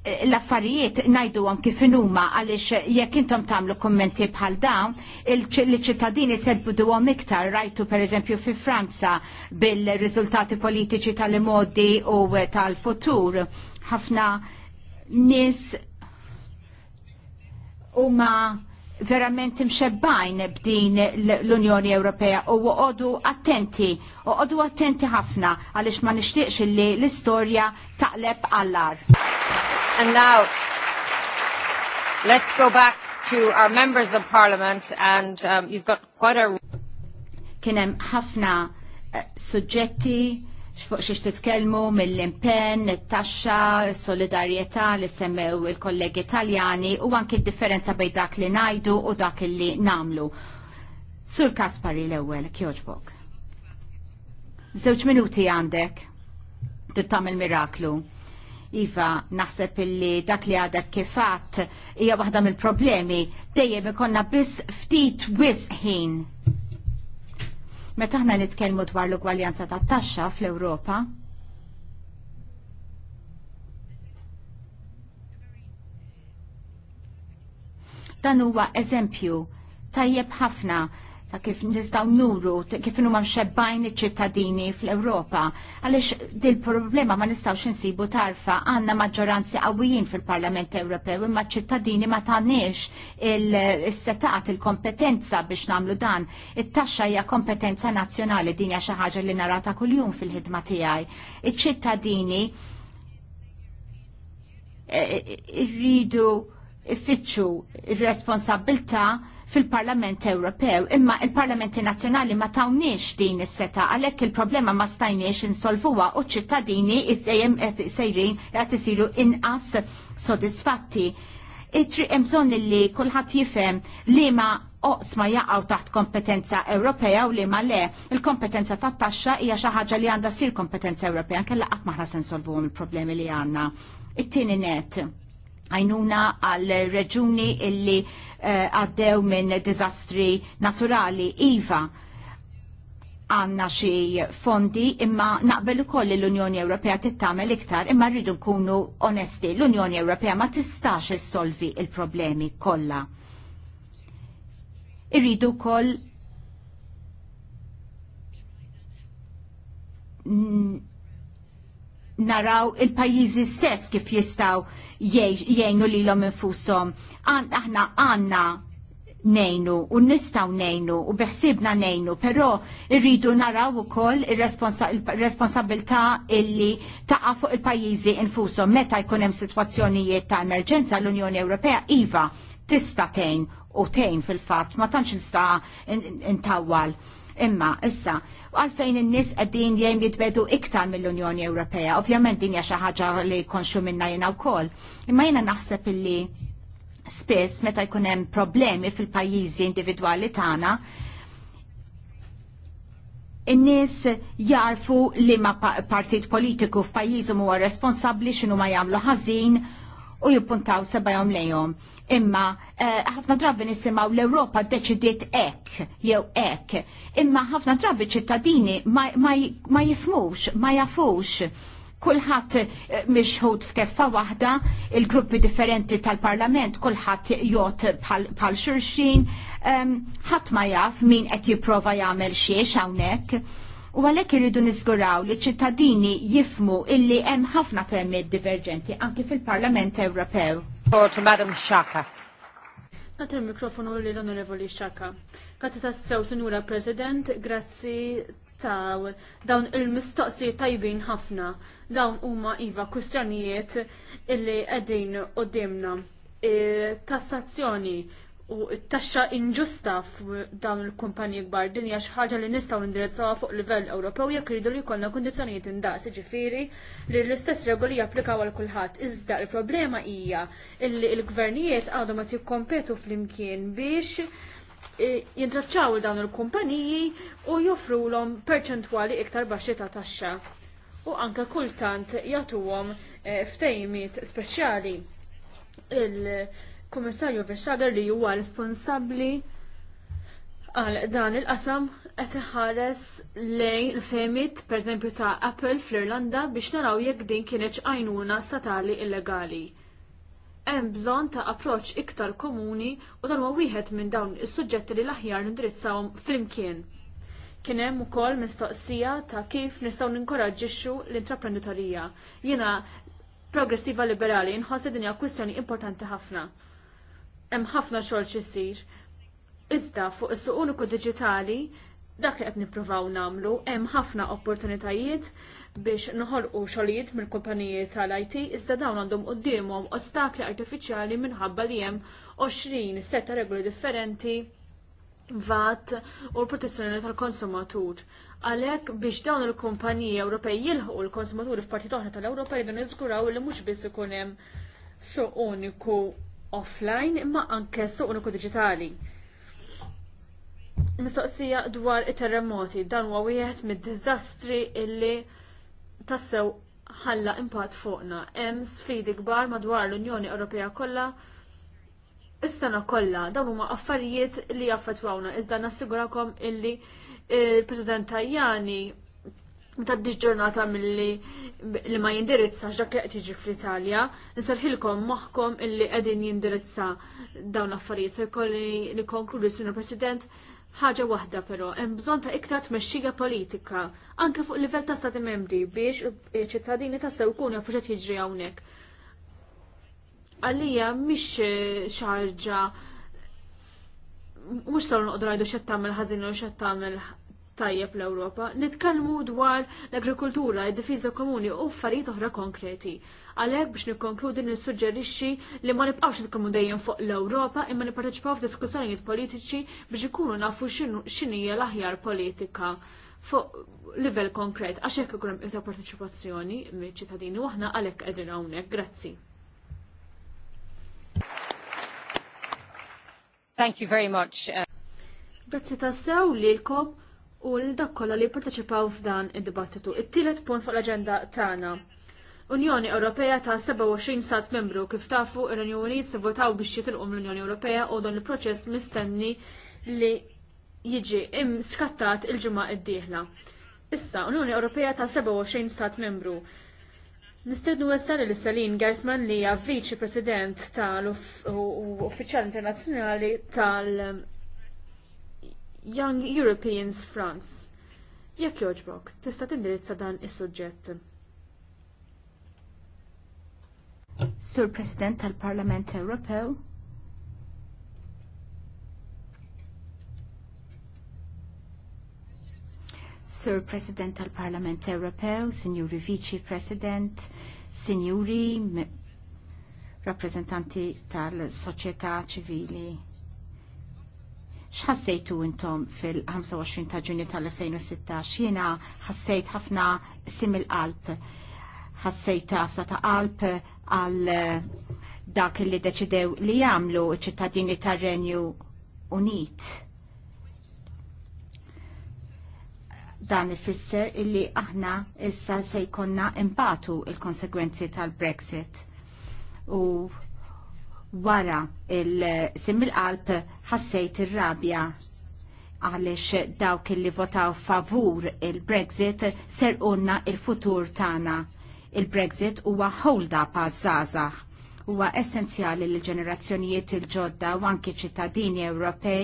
eh, l-affarijiet najdu għom kif inuma għalix jekk intom tamlu kommenti bħal dawn, il-ċittadini se għom iktar rajtu per eżempju fi Franza bil-rizultati politiċi tal-modi u tal-futur. ħafna nis u ma' verament imxebbajn b'din l-Unjoni Ewropea u għodu attenti, u għodu attenti ħafna għalix ma nishtiqx li l-istoria taqleb għallar. And now, let's go back to our members of parliament and um, you've got quite a... Kienem ħafna uh, suġġetti xfuq xiex titkellmu mill-impenn, it-taxxa, s-solidarjetà li semmew il-kollegi Taljani u anki d-differenza bejn dak li ngħidu u dak li namlu. Sur Kaspari l-ewwel kjoġbok. Żewġ minuti għandek tagħmel miraklu. Iva, naħseb illi dak li għadek kifat hija waħda mill-problemi dejjem ikonna biss ftit wisħin Meta aħna nitkellmu dwar l-ugwaljanza tat taxxa fl-Ewropa, dan huwa eżempju tajjeb ħafna ta' kif nistaw nuru, kif huma mxebbajn iċ-ċittadini fl-Ewropa. Għaliex dil-problema ma nistaw insibu tarfa, għandna maġġoranzi qawwijin fil-Parlament Ewropew, imma ċittadini ma tagħniex il-setat, il-kompetenza biex nagħmlu dan. It-taxxa hija kompetenza nazzjonali din hija xi ħaġa li nara ta' kuljum fil-ħidma tiegħi. Iċ-ċittadini eh, rridu ifittxu ir-responsabilta' fil-Parlament Ewropew, imma il-Parlamenti Nazzjonali ma tawniex din is-seta għalhekk il-problema ma stajniex insolvuha u ċittadini dejjem qed sejrin qed isiru inqas sodisfatti. Itri bżonn li kulħadd jifhem li ma oqsma jaqgħu taħt kompetenza Ewropea u li ma le il-kompetenza tat taxxa hija xi ħaġa li għandha ssir kompetenza Ewropea kellha qatt maħna se nsolvuhom il-problemi li għandna. It-tieni net għajnuna għal reġuni illi eh, għaddew minn dizastri naturali. Iva, għanna xie fondi imma naqbel ukoll li l-Unjoni Ewropea tittamel iktar imma rridu nkunu onesti. L-Unjoni Ewropea ma tistax issolvi il-problemi kollha. Irridu koll naraw il-pajjiżi stess kif jistaw jgħinu lilhom infushom. Aħna għandna nejnu u nistaw nejnu u biħsibna nejnu, pero irridu naraw u koll il-responsabilta illi taqa fuq il-pajizi infusom meta jkunem situazzjonijiet ta' emerġenza l-Unjoni Ewropea iva tista tejn u tejn fil-fat ma tantx nista' intawwal. In Imma, issa, għalfejn in-nies qegħdin jgħin jitbedu iktar mill-Unjoni Ewropea, ovvjament din hija xi ħaġa li konxu minna jiena wkoll. Imma jiena naħseb illi spiss meta jkun hemm problemi fil-pajjiżi individwali tagħna, in-nies jarfu li ma partit politiku f'pajjiżhom huwa responsabbli x'inhu ma jagħmlu ħażin u jippuntaw sebajom lejom. Imma eh, ħafna drabi nisimgħu l-Ewropa ddeċidiet hekk jew hekk. Imma ħafna drabi ċittadini ma jifmux, ma jafux kulħadd eh, mixħud f'keffa waħda, il-gruppi differenti tal-parlament, kulħadd jot bħal xurxin, ħadd ma jaf min qed jipprova jagħmel xiex hawnhekk U għalhekk irridu niżguraw li ċittadini jifmu illi hemm ħafna femmiet divergenti anki fil-Parlament Ewropew. Madam Shaka. Nagħti mikrofonu mikrofonu l onorevoli Shaka. Grazzi tassew, Sinjura President, grazzi taw dawn il-mistoqsi tajbin ħafna. Dawn huma iva kustjonijiet illi qegħdin u dimna. E, tassazzjoni u t-taxxa inġusta f'dawn il-kumpanji kbar din hija xi ħaġa li nistgħu nindirizzaw fuq livell Ewropew jekk iridu li jkollna kundizzjonijiet indaqs, jiġifieri li l-istess regoli japplikaw għal kulħadd. Iżda il-problema hija li l-gvernijiet għadhom qed jikkompetu flimkien biex e, jintraċċaw dawn il-kumpaniji u joffrulhom perċentwali iktar baxxi ta' taxxa u anke kultant jagħtuhom e, ftejmiet speċjali kummissarju Vestager li huwa responsabbli għal dan il-qasam qed iħares lejn il-femit pereżempju ta' Apple fl-Irlanda biex naraw jekk din kienet għajnuna statali illegali hemm bżonn ta' approċċ iktar komuni u dan huwa wieħed minn dawn is-suġġetti li l-aħjar nindirizzawhom flimkien. Kien hemm ukoll mistoqsija ta' kif nistgħu ninkoraġġixxu l-intraprenditorija. Jiena progressiva liberali nħossi din hija kwistjoni importanti ħafna hemm ħafna xogħol xi jsir. Iżda fuq is-suq uniku diġitali dak li qed nippruvaw nagħmlu hemm ħafna opportunitajiet biex noħolqu xogħlijiet mill-kumpaniji tal-IT iżda dawn għandhom qudiemhom ostakli artifiċjali minħabba li hemm 20 setta regoli differenti VAT u l-protezzjoni tal-konsumatur. Għalhekk biex dawn il-kumpaniji Ewropej jilħu l-konsumaturi f'parti oħra tal-Ewropa jridu niżguraw li mhux biss ikun hemm suq uniku offline imma anke suq uniku diġitali. Mistoqsija dwar it-terremoti dan huwa wieħed mid-diżastri illi tassew ħalla impatt fuqna. Hemm sfidi kbar madwar l-Unjoni Ewropea kollha Istana kollha dawn huma affarijiet li jaffettwawna iżda nassigurakom illi il-President Tajjani ta' ġurnata mill-li li ma jindirizza qed tiġi fl-Italja, nsarħilkom moħħkom illi qegħdin jindirizza dawn l-affarijiet. Se kolli nikkonkludi, Sr. President, ħaġa waħda però, hemm bżonn ta' iktar tmexxija politika, anke fuq livell ta' stati membri biex iċ-ċittadini tassew jkunu jafu x'qed jiġri hawnhekk. Għalija mhix xi mhux saw noqogħdu ngħidu x'qed tagħmel ħażin u x'qed tagħmel tajjeb l-Ewropa, nitkellmu dwar l-agrikultura, id-difiża komuni u affarijiet oħra konkreti. Għalhekk biex nikkonkludi nissuġġerixxi li ma nibqgħux nitkellmu dejjem fuq l-Ewropa imma nipparteċipaw f'diskussjonijiet politiċi biex ikunu nafu x'inhija l-aħjar politika fuq livell konkret għax hekk ikun hemm iktar partecipazzjoni mill-ċittadini u aħna għalhekk qegħdin hawnhekk. Grazzi. Thank you very much. Uh, Grazzi tassew lilkom u l-dak kolla li jipparteċipaw f'dan id-dibattitu. It-tielet punt fuq l-aġenda tagħna. Unjoni Ewropea ta' 27 sat membru kif tafu ir-Renju Unit se votaw biex jitilqu l-Unjoni Ewropea u dan il-proċess mistenni li jiġi im skattat il-ġimgħa d-dieħla. Issa, Unjoni Ewropea ta' 27 stat membru. Nistednu għessar il-Salin Gersman li hija viċi president tal-Uffiċjal Internazzjonali tal-, -uff Young Europeans France. Jekk jogħġbok, tista' tindirizza dan is-suġġett. Sur President tal-Parlament Ewropew, Sur President tal-Parlament Ewropew, Sinjuri Vici President, Sinjuri rappresentanti tal-Soċjetà Ċivili xħassejtu intom fil-25 ta' ġunju tal-2016? Jiena ħassejt ħafna sim il-qalb, ħassejt tafsa ta' qalb għal eh, dak li deċidew li jagħmlu ċittadini tar Renju Unit. Dan ifisser illi aħna issa se jkollna imbatu il-konsegwenzi tal-Brexit. U wara il-sim il-qalb ħassejt ir-rabja għalix dawk li votaw favur il-Brexit ser unna il-futur tana. Il-Brexit huwa ħolda pa' zazax huwa essenzjali li l-ġenerazzjonijiet il-ġodda u anki ċittadini Ewropej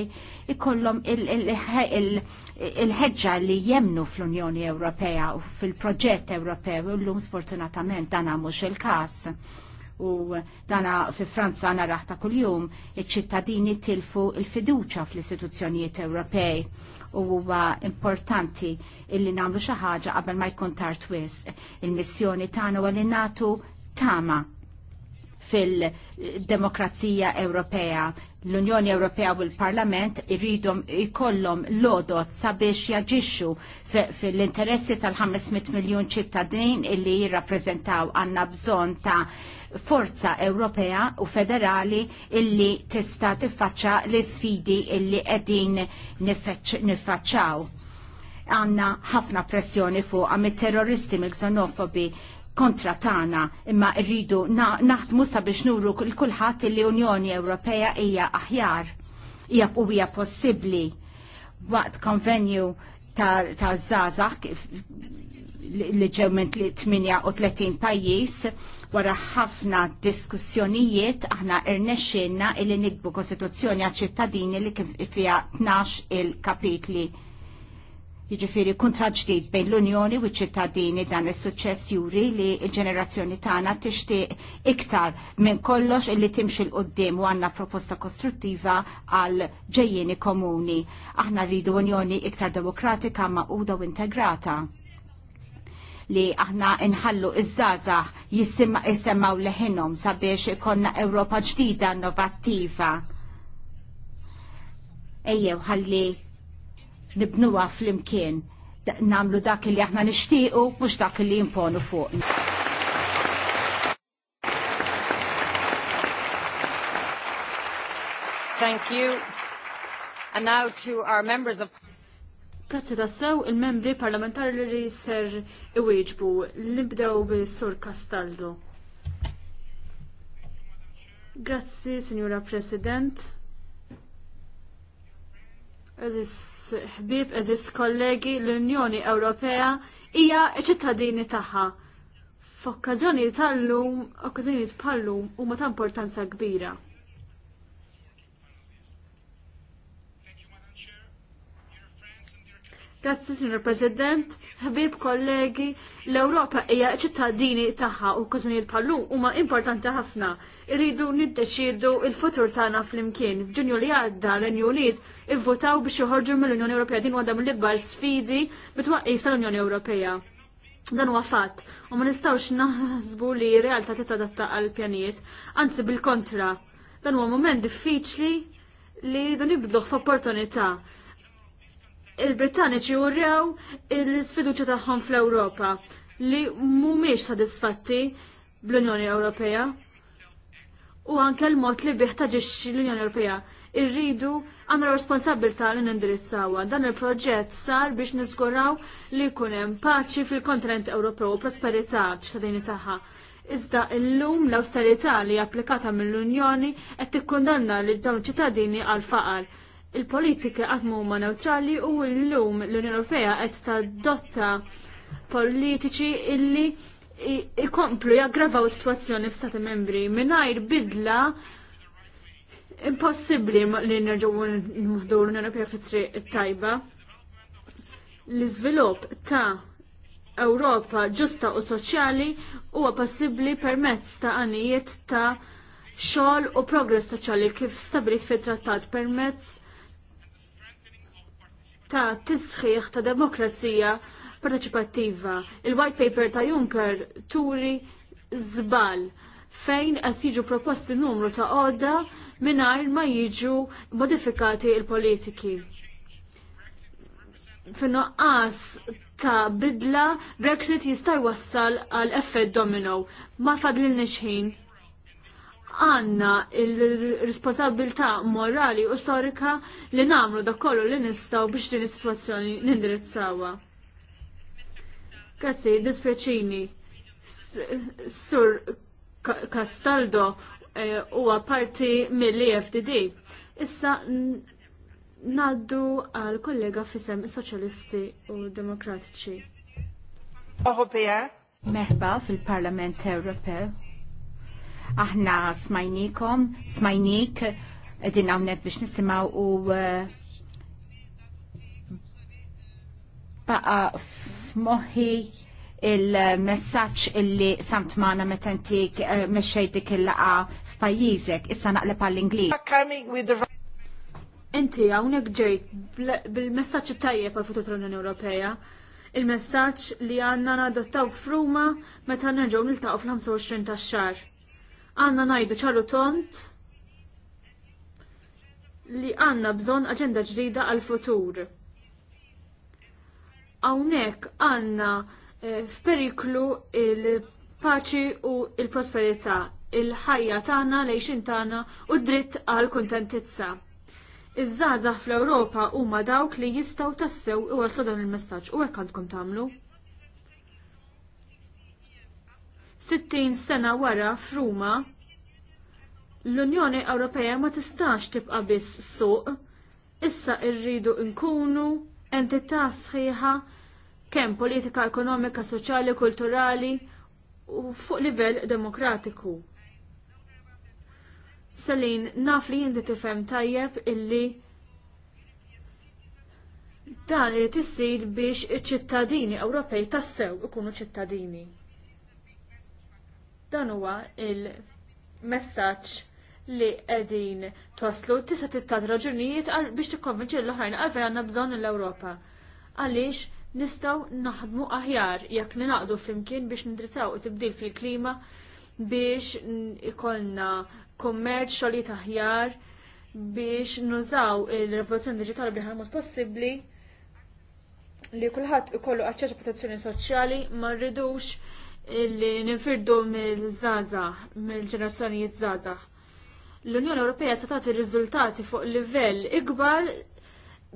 ikollhom il-ħeġġa li jemnu fl-Unjoni Ewropea u fil-proġett Ewropew u l-lum sfortunatament dan mhux il-każ u dana fi Franza naraħ ta' kuljum iċ-ċittadini tilfu il-fiduċa fl-istituzzjonijiet Ewropej u huwa importanti illi nagħmlu xi ħaġa qabel ma jkun tard Il-missjoni tagħna huwa li nagħtu tama fil-demokrazija Ewropea. L-Unjoni Ewropea u l-Parlament irridhom ikollhom l-odot sabiex jaġixxu fil-interessi tal-500 miljun ċittadin illi jirrappreżentaw għandna bżonn ta' forza Ewropea u federali illi tista' tiffaċċa l-isfidi illi qegħdin niffaċċaw. Għanna ħafna pressjoni fuq mit terroristi mill-xenofobi kontra tagħna, imma rridu naħdmu sabiex nuru l-kulħadd li Unjoni Ewropea hija aħjar hija huwa possibbli waqt konvenju ta', Zazak li ġewment li 38 pajjiż Wara ħafna diskussjonijiet aħna irnexxinna illi nikbu Kostituzzjoni għaċ ċittadini li kif fiha 12 il-kapitli. Jiġifieri kuntra ġdid bejn l-Unjoni u ċittadini dan is-suċċess juri li l-ġenerazzjoni tagħna tixtieq iktar minn kollox illi timxi l qoddim u għandna proposta kostruttiva għal ġejjieni komuni. Aħna rridu Unjoni iktar demokratika Magħquda u integrata li aħna nħallu iż-żazah jissemmaw leħinhom sabiex ikonna Ewropa ġdida innovattiva. Ejjew ħalli nibnuha flimkien namlu dak li aħna nixtiequ mhux dak li jimponu fuq. Thank you. And now to our members of Grazzi tassew il-membri parlamentari li ser iwieġbu. Nibdew bi sur Castaldo. Grazzi, Signora President. Eżis ħbib, eżis kollegi, l-Unjoni Ewropea hija ċittadini tagħha. F'okkażjoni tal-lum, okkażjoni tal-lum huma ta' importanza kbira. Grazzi, Signor President, ħbib kollegi, l-Europa hija ċittadini tagħha u kważmijiet bħallu huma importanti ħafna. Irridu niddeċiedu il-futur tagħna flimkien. F'Ġunju li għadda l-Renju Unit ivvotaw biex joħorġu mill-Unjoni Ewropea din waħda l ikbar sfidi bit-twaqqif tal-Unjoni Ewropea. Dan huwa fatt u ma nistgħux naħsbu li realtà titadatta għall-pjanijiet, anzi bil-kontra. Dan huwa mument diffiċli li rridu nibdluh f'opportunità il-Britanniċi urrew il-sfiduċa tagħhom fl-Ewropa li mhumiex sadisfatti bl-Unjoni Ewropea u anke l-mod li biħtaġix l-Unjoni Ewropea. Irridu għandna responsabilità li nindirizzawa. Dan il-proġett sar biex niżguraw li jkun hemm paċi fil-kontinent Ewropew u prosperità ċittadini tagħha. Iżda illum l-austerità li applikata mill-Unjoni qed tikkundanna lil dawn ċittadini għal faqar il-politika għatmu ma neutrali u l-lum l-Unjoni Ewropea qed dotta politiċi illi ikomplu jaggravaw situazzjoni f'stati membri minnajr bidla impossibbli li nerġgħu nmuħdu l-Unjoni Ewropea fit-triq tajba. L-iżvilupp ta' Ewropa ġusta u soċjali huwa possibbli permezz ta' għanijiet ta' xogħol u progress soċjali kif stabilit fit-trattat permezz ta' tisħiħ ta' demokrazija partecipativa. Il-white paper ta' Juncker turi zbal fejn qed jiġu proposti numru ta' għoda mingħajr ma jiġu modifikati il-politiki. Fin-noqqas ta' bidla Brexit jista' jwassal għal effett domino. Ma fadlilni xħin għanna il responsabilta morali u storika li namlu da kollu li nistaw biex din is-sitwazzjoni nindirizzawa. Grazzi, dispeċini. Sur Castaldo eh, huwa parti mill-EFDD. Issa naddu għal kollega fisem soċjalisti u demokratiċi. Merba fil-Parlament Ewropew Aħna smajnikom, smajnik, din hawnhekk biex nisimgħu u eh, baqa f'moħħi il-messaċ illi samt maħna metentik eh, meċċejtik il-laqa f'pajjiżek, issa naqleb għall-Inglis. Inti għawnek ġejt bil-messaċ tajjeb għal futur tal-Unjoni Ewropea, il-messaċ li għanna nadottaw f'Ruma meta nerġgħu niltaqgħu fl-25 tax-xar għanna najdu ċaru tont li għanna bżon aġenda ġdida għal-futur. Awnek għanna eh, f'periklu il-paċi u il-prosperità, il-ħajja tagħna lejxin tagħna u dritt għal-kuntentizza. Iż-żgħażagħ fl-Ewropa huma dawk li jistgħu tassew iwaslu dan il-messaġġ u hekk għandkom tagħmlu. 60 sena wara fruma l-Unjoni Ewropea ma tistax tibqa' biss suq. Issa rridu nkunu entità sħiħa kemm politika ekonomika, soċjali, kulturali u fuq livell demokratiku. Selin, naf li jinti tifhem tajjeb illi dan irid issir biex iċ-ċittadini Ewropej tassew ikunu ċittadini. Dan huwa il-messaġġ li qegħdin twaslu tista' tittat raġunijiet biex tikkonvinċi l-oħrajn għalfejn għandna bżonn l-Ewropa. Għaliex nistgħu naħdmu aħjar jekk ninaqdu flimkien biex nindrizzaw it-tibdil fil-klima biex ikollna kummerċ xogħlijiet aħjar biex nużaw il-rivoluzzjoni digitali bi mod possibbli li kulħadd ikollu aċċess protezzjoni soċjali ma rridux li ninfirdu mill-żaza, mill-ġenerazzjonijiet żaza. L-Unjoni Ewropea se tagħti riżultati fuq livell ikbar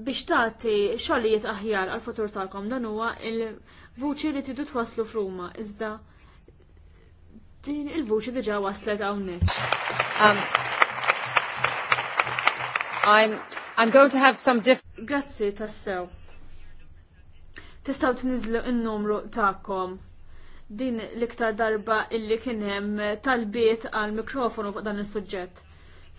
biex tagħti xogħlijiet aħjar għal futur tagħkom dan huwa il-vuċi li tridu twasslu f'Ruma iżda din il-vuċi diġà waslet hawnhekk. Um, I'm I'm going to have some diff Grazzi tassew. Tistgħu tniżlu n-numru tagħkom din l-iktar darba illi kien hemm talbiet għal mikrofonu fuq dan is-suġġett.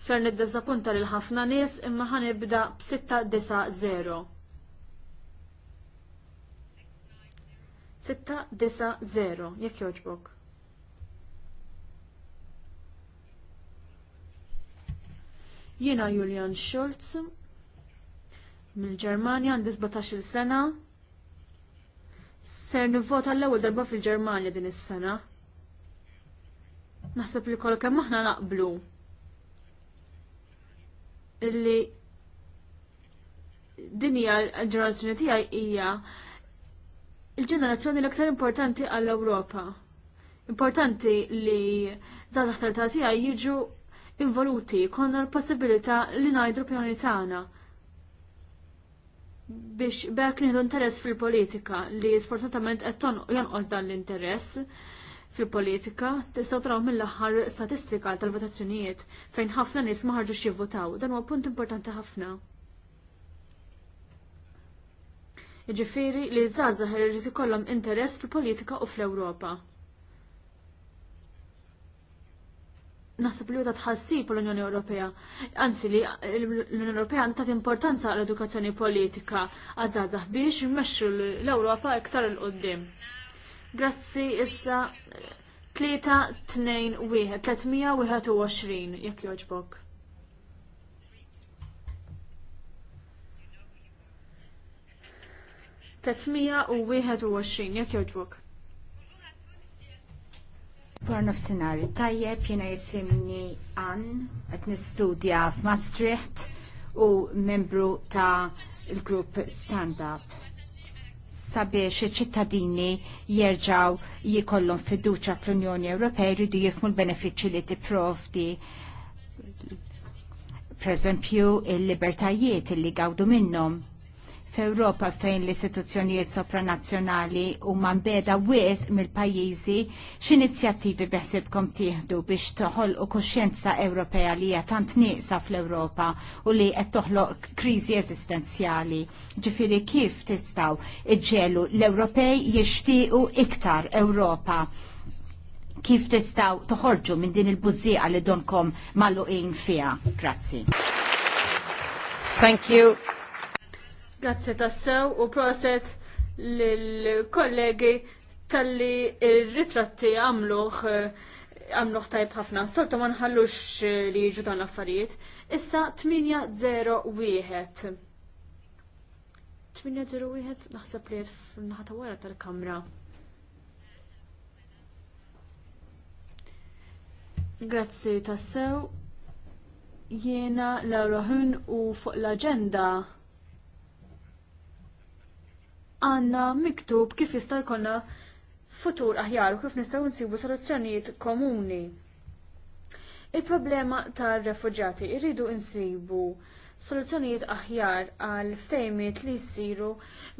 Ser niddiżappunta lil ħafna nies imma ħanibda b-690. zero, jekk joġbok. Jiena Julian Schulz mill-Ġermanja għandi 17-il sena, ser nivvota l-ewwel darba fil-Ġermanja din is-sena. Naħseb li kollok kemm aħna naqblu illi din hija l-ġenerazzjoni tiegħi hija l ġenerazzjoni l-aktar importanti għall-Ewropa. Importanti li żgħażagħ tal-tagħ jiġu involuti, konna l-possibilità li ngħidu pjanitana. tagħna biex bekk nieħdu interess fil-politika li sfortunatament qed jonqos dan l-interess fil-politika tistgħu traw mill-aħħar statistika tal-votazzjonijiet fejn ħafna nies ma ħarġux jivvotaw. Dan huwa punt importanti ħafna. Jiġifieri li żgħażagħ irid ikollhom interess fil-politika u fl-Ewropa. naħseb li huwa tħassib l-Unjoni Ewropea. Anzi li l-Unjoni Ewropea għandha tagħti importanza għall edukazzjoni politika għażgħażagħ biex immexxu l-Ewropa iktar il qoddim Grazzi issa 3-2-1, 321, jekk joġbok. Tletmija u wieħed u għoxrin, jekk joġbok. Porno f'sinari tajjeb, jena jisimni Ann, għet nistudja f'Maastricht u membru ta' il-grupp stand-up sabiex ċittadini jirġaw jikollhom fiduċa fl-Unjoni Ewropea jridu jifmu l-benefiċċji li tipprovdi per eżempju il-libertajiet li gawdu minnhom f'Ewropa fejn l-istituzzjonijiet sopranazzjonali huma mbeda wies mill-pajjiżi x'inizjattivi beħsibkom tieħdu biex toħolqu kuxjenza Ewropea li hija tant nieqsa fl-Ewropa u li qed toħloq kriżi eżistenzjali. Ġifieri kif tistgħu iġġelu l-Ewropej jixtiequ iktar Ewropa kif tistaw toħorġu minn din il bużija li donkom malluqin fija. Grazzi. Thank you. Grazzi tassew u proset l-kollegi tal-li ritratti għamluħ eh, għamluħ tajb ħafna. Soltu ma nħallux eh, li jiġu dan affarijiet. Issa 801. 801 naħseb li f'naħta wara tal-kamra. Grazzi tassew. Jiena Laura Hun u fuq l-agenda għanna miktub kif jista' jkollna futur aħjar u kif nistgħu nsibu soluzzjonijiet komuni. Il-problema tar-refuġjati irridu nsibu soluzzjonijiet aħjar għal ftejmiet li jsiru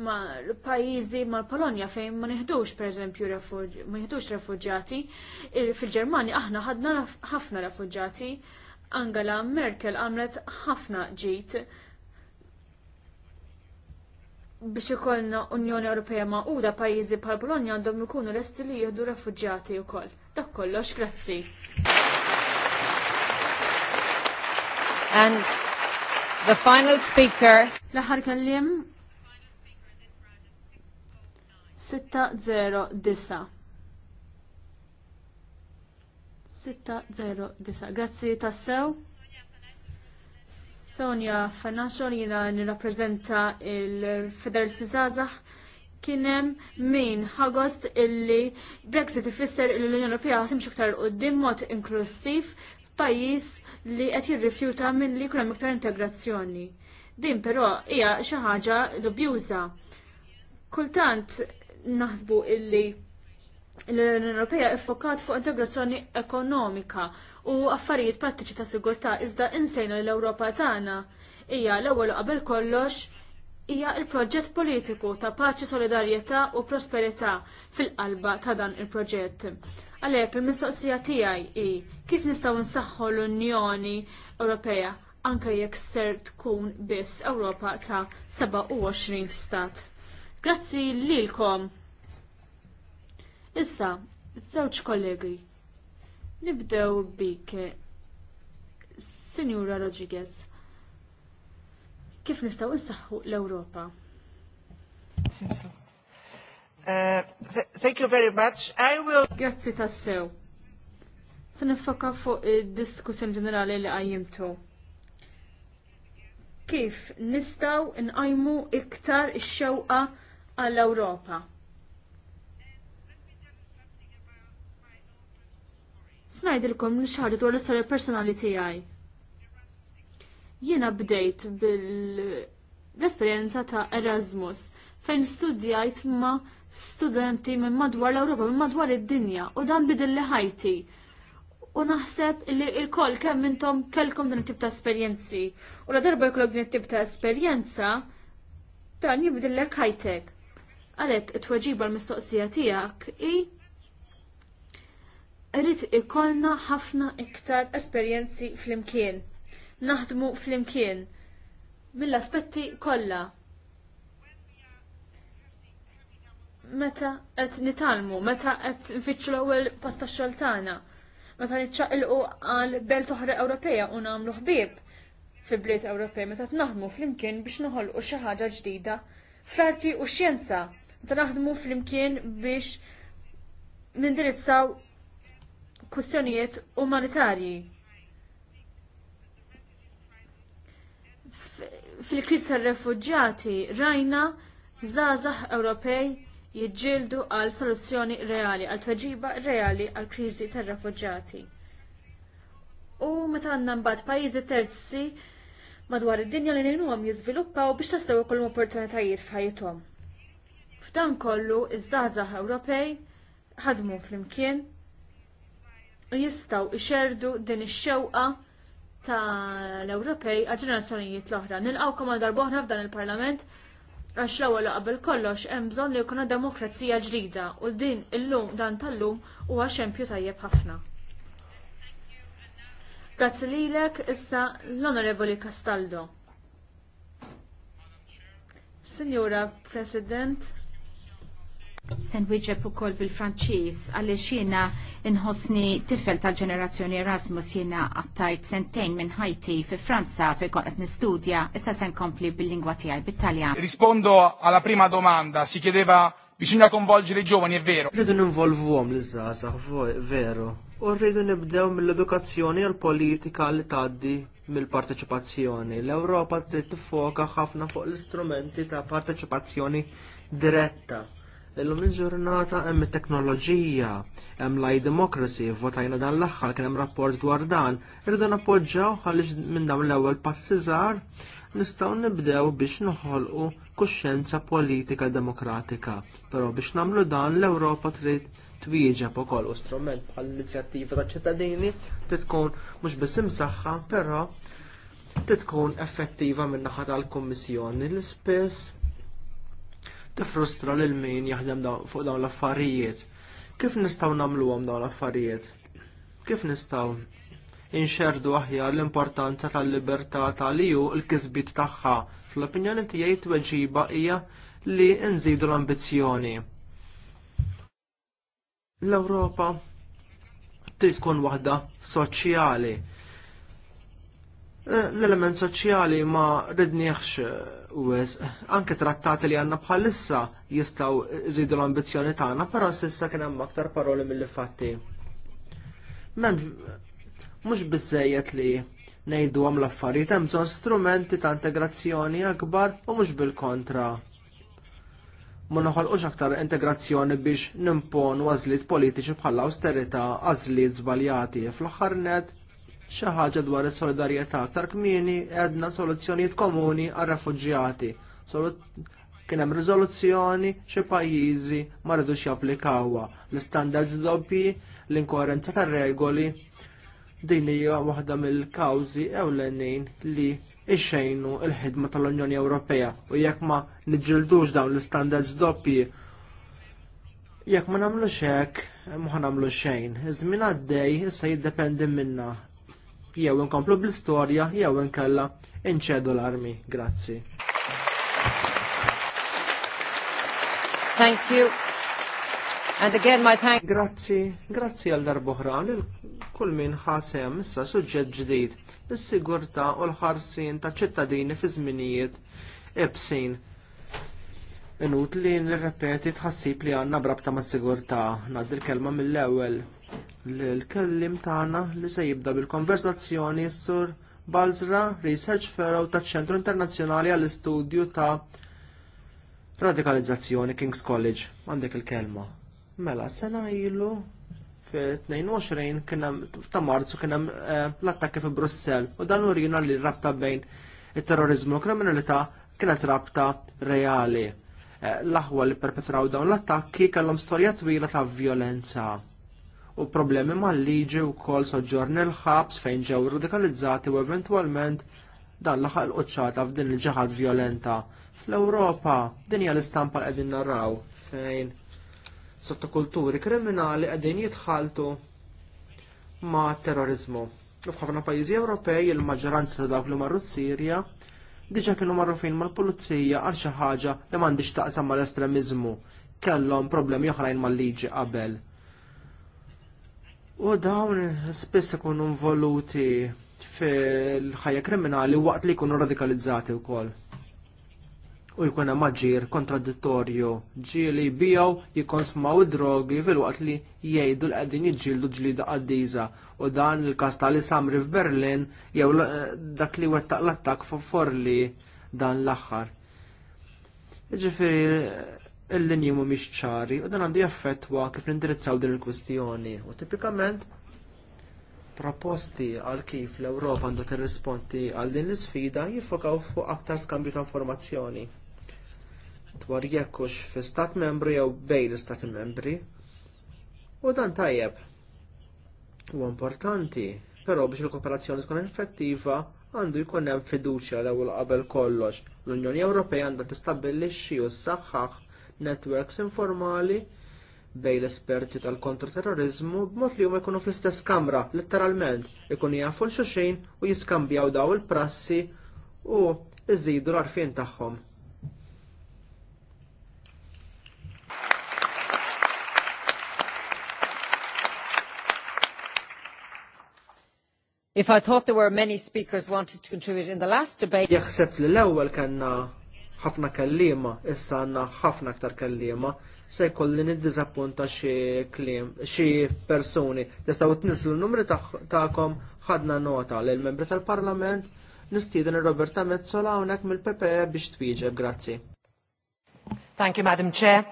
mal pajjiżi mal Polonja fejn ma nieħdux pereżempju ma nieħdux refuġjati. Fil-Ġermanja aħna ħadna ħafna refuġjati. Angela Merkel għamlet ħafna ġit biex ikollna Unjoni Ewropea maquda pajjiżi bħal Polonja għandhom ikunu lesti li jieħdu refuġjati wkoll. Dak kollox, grazzi. And the final speaker. L-aħħar kellim 609. 609. Grazzi tassew. Sonja Fanaxol jina nirrapprezenta il federal Sizazah kienem min ħagost illi Brexit ifisser illi l-Unjoni Ewropea għasim ktar u mod inklusiv f'pajjiż li qed jirrifjuta milli jkun hemm iktar integrazzjoni. Din però hija xi ħaġa dubjuża. Kultant naħsbu illi l-Unjoni Ewropea iffokat fuq integrazzjoni ekonomika u affarijiet prattiċi ta' sigurtà iżda insejna l-Ewropa tagħna hija l-ewwel qabel kollox hija il-proġett politiku ta' paċi, solidarjetà u prosperità fil-qalba ta' dan il-proġett. Għalhekk il-mistoqsija tiegħi hi kif nistgħu nsaħħu l-Unjoni Ewropea anke jekk ser tkun biss Ewropa ta' 27 stat. Grazzi lilkom. Issa, żewġ kollegi. Nibdew bik, Sinjura Rodriguez. Kif nistgħu nsaħħu l-Ewropa? Uh, th thank you very much. I will... Grazzi tassew. Se nifoka fuq id-diskussjoni ġenerali li għajjimtu. Kif nistaw nqajmu iktar ix-xewqa għall-Ewropa? Snajdilkom li dwar l-istorja personali tiegħi. Jiena bdejt bil-esperjenza ta' Erasmus fejn studjajt ma' studenti minn madwar l europa minn madwar id-dinja u dan bidil li ħajti u naħseb li il-koll kemm intom kellkom din it-tip ta' esperjenzi. U la darba jkollok din it-tip ta' esperjenza, dan jibdillek ħajtek. Għalhekk it-tweġiba l-mistoqsija tiegħek i rrit ikollna ħafna iktar esperjenzi flimkien. Naħdmu flimkien mill-aspetti kollha. Meta qed nitalmu, meta qed nfittxu l-ewwel pasta xoltana, meta niċċaqilqu għal belt oħra Ewropea u nagħmlu ħbieb fi bliet Ewropej meta naħdmu flimkien biex noħolqu xi ħaġa ġdida fl-arti u x-xjenza. Meta naħdmu flimkien biex nindirizzaw kwistjonijiet umanitarji. fil kriz tar-refuġġjati rajna żgħażagħ Ewropej jiġġieldu għal soluzzjoni reali, għal tweġiba reali għal kriżi tar-refuġġjati. U meta għandna mbagħad pajjiżi terzi madwar id-dinja li ngħinuhom jiżviluppaw biex tastaw ikollhom opportunitajiet f'ħajjithom. F'dan kollu iż-żgħażagħ Ewropej ħadmu flimkien jistaw ixerdu din ix-xewqa tal-Ewropej għal-ġenerazzjonijiet l-oħra. Nilqawkom għal darboħna f'dan il-Parlament għax l-ewwel qabel kollox hemm bżonn li jkun demokrazija ġdida u din illum dan tal-lum huwa xempju tajjeb ħafna. Grazzi lilek issa l-Onorevoli Castaldo. Signora President, Sandwich wieġeb ukoll bil-Franċiż għaliex jiena inħossni tifel tal-ġenerazzjoni Erasmus jiena qattajt sentejn minn Ħajti fi Franza fejn kont qed nistudja, issa se nkompli bil-lingwa tiegħi bit-Taljan. Rispondo alla prima domanda, si chiedeva bisogna konvolġi i giovani, è vero. Rridu ninvolvuhom l-żgħażagħ, vero. U rridu nibdew mill-edukazzjoni għall politika li tgħaddi mill-parteċipazzjoni. L-Ewropa trid tiffoka ħafna fuq l-istrumenti ta' parteċipazzjoni diretta Illum il-ġurnata hemm it-teknoloġija, hemm laj democracy, votajna dan l-aħħar kien hemm rapport dwar dan, irridu nappoġġaw għaliex minn dawn l-ewwel passi żgħar nistgħu nibdew biex noħolqu kuxjenza politika demokratika. Però biex nagħmlu dan l-Ewropa trid twieġeb ukoll u strument bħal inizjattiva ta' ċittadini trid tkun mhux biss imsaħħa, però trid tkun effettiva min-naħa tal-Kummissjoni l-ispess tifrustra lil min jaħdem fuq dawn l-affarijiet. Kif nistgħu nagħmluhom dawn l-affarijiet? Kif nistgħu inxerdu aħjar l-importanza tal-libertà tal-iju l kisbiet tagħha. Fl-opinjoni tiegħi tweġiba hija li nżidu l-ambizzjoni. L-Ewropa trid tkun waħda soċjali. Eh, l-element soċjali ma ridnieħx eh, wis. Anke trattati li għandna bħalissa jistgħu zidu l-ambizzjoni tagħna, però s'issa kien hemm aktar paroli milli fatti. Men mhux biżejjed li ngħidu għam l-affarijiet hemm bżonn strumenti ta' integrazzjoni akbar u mhux bil-kontra. Ma noħolqux aktar integrazzjoni biex nimponu għażliet politiċi bħall austerità għażliet żbaljati fl-aħħar net xi ħaġa dwar is-solidarjetà Tarkmini kmieni soluzzjoniet soluzzjonijiet komuni għar-refuġjati. Kien hemm riżoluzzjoni xi pajjiżi ma rridux japplikawha l-istandards doppji, l-inkoerenza tar-regoli. Din hija waħda mill-kawżi ewlenin li ixxejnu l-ħidma tal-Unjoni Ewropea u jekk ma niġġildux dawn l-istandards doppji jekk ma nagħmlux hekk ma nagħmlu xejn. Iż-żmien għaddej issa jiddependi minna jew inkomplu bl-istorja jew inkella inċedu l-armi. Grazzi. Thank you. And again my thank Grazzi, grazzi għal darboħra li kull min ħasem issa suġġett ġdid is-sigurtà u l-ħarsin ta' ċittadini fi żminijiet ibsin. Inut li nirrepeti tħassib li għandna brabta mas-sigurtà, ngħaddi l-kelma mill-ewwel l-kellim tagħna li se jibda bil-konversazzjoni s-sur Balzra Research Fellow taċ ċentru Internazzjonali għall-Istudju ta' Radikalizzazzjoni King's College. Għandek il-kelma. Mela, sena ilu f-22 kienem ta' marzu kien hemm eh, l-attakki fi Brussell u dan urina li rabta bejn it terrorizmu u kriminalità kienet rabta reali. Eh, L-aħwa li perpetraw dawn l-attakki kellhom storja twila ta' violenza u problemi mal-liġi u kol soġġorni l-ħabs fejn ġew radikalizzati u eventwalment dan laħaq l-qoċċata f'din il-ġaħat violenta. Fl-Ewropa din hija l-istampa li qegħdin narraw fejn sottokulturi kriminali qegħdin jitħaltu ma' terrorizmu. U f'ħafna pajjiżi Ewropej il-maġġoranza ta' dawk li marru Sirja diġa kienu marrufin mal-pulizija għal xi ħaġa li m'għandix taqsam mal-estremiżmu kellhom problemi oħrajn mal-liġi qabel. U dawn spess ikunu involuti fil-ħajja kriminali waqt li jkunu radikalizzati wkoll. U jkun hemm aġir kontradittorju ġieli bijaw jikkonsmaw id-drogi fil-waqt li jgħidu l-qegħdin jiġġieldu ġlida qaddiża u dan il-każ tal samri f'Berlin jew dak li wettaq l-attakk forli dan l-aħħar. Ġifieri il-linji mhumiex ċari u dan għandu jaffetwa kif nindirizzaw din il-kwistjoni. U tipikament proposti għal kif l-Ewropa t tirrispondi għal din l-isfida jiffokaw fuq aktar skambju ta' informazzjoni dwar jekkux fi stat membri jew bejn l-istat membri. U dan tajjeb. U importanti, però biex il-kooperazzjoni tkun effettiva għandu jkun hemm fiduċja l-ewwel qabel kollox. L-Unjoni Ewropea għandha tistabbilixxi u ssaħħaħ netwerks informali bejn l-esperti tal-kontraterrorizmu b'mod li huma jkunu fl-istess kamra, letteralment, ikunu jafu l xuxin u jiskambjaw daw il-prassi u iżidu l għarfien tagħhom. If I thought there were many speakers wanted to contribute in the last debate. Jaħseb li l-ewwel kellna ħafna kelliema, issa għandna ħafna aktar kelliema, se jkolli niddiżappunta xi persuni. Tistgħu tniżlu n-numri tagħkom ħadna nota l membri tal-Parlament nistieden ir-Roberta Mezzola hawnhekk mill-PPE biex twieġeb, grazzi. Thank you, Madam Chair.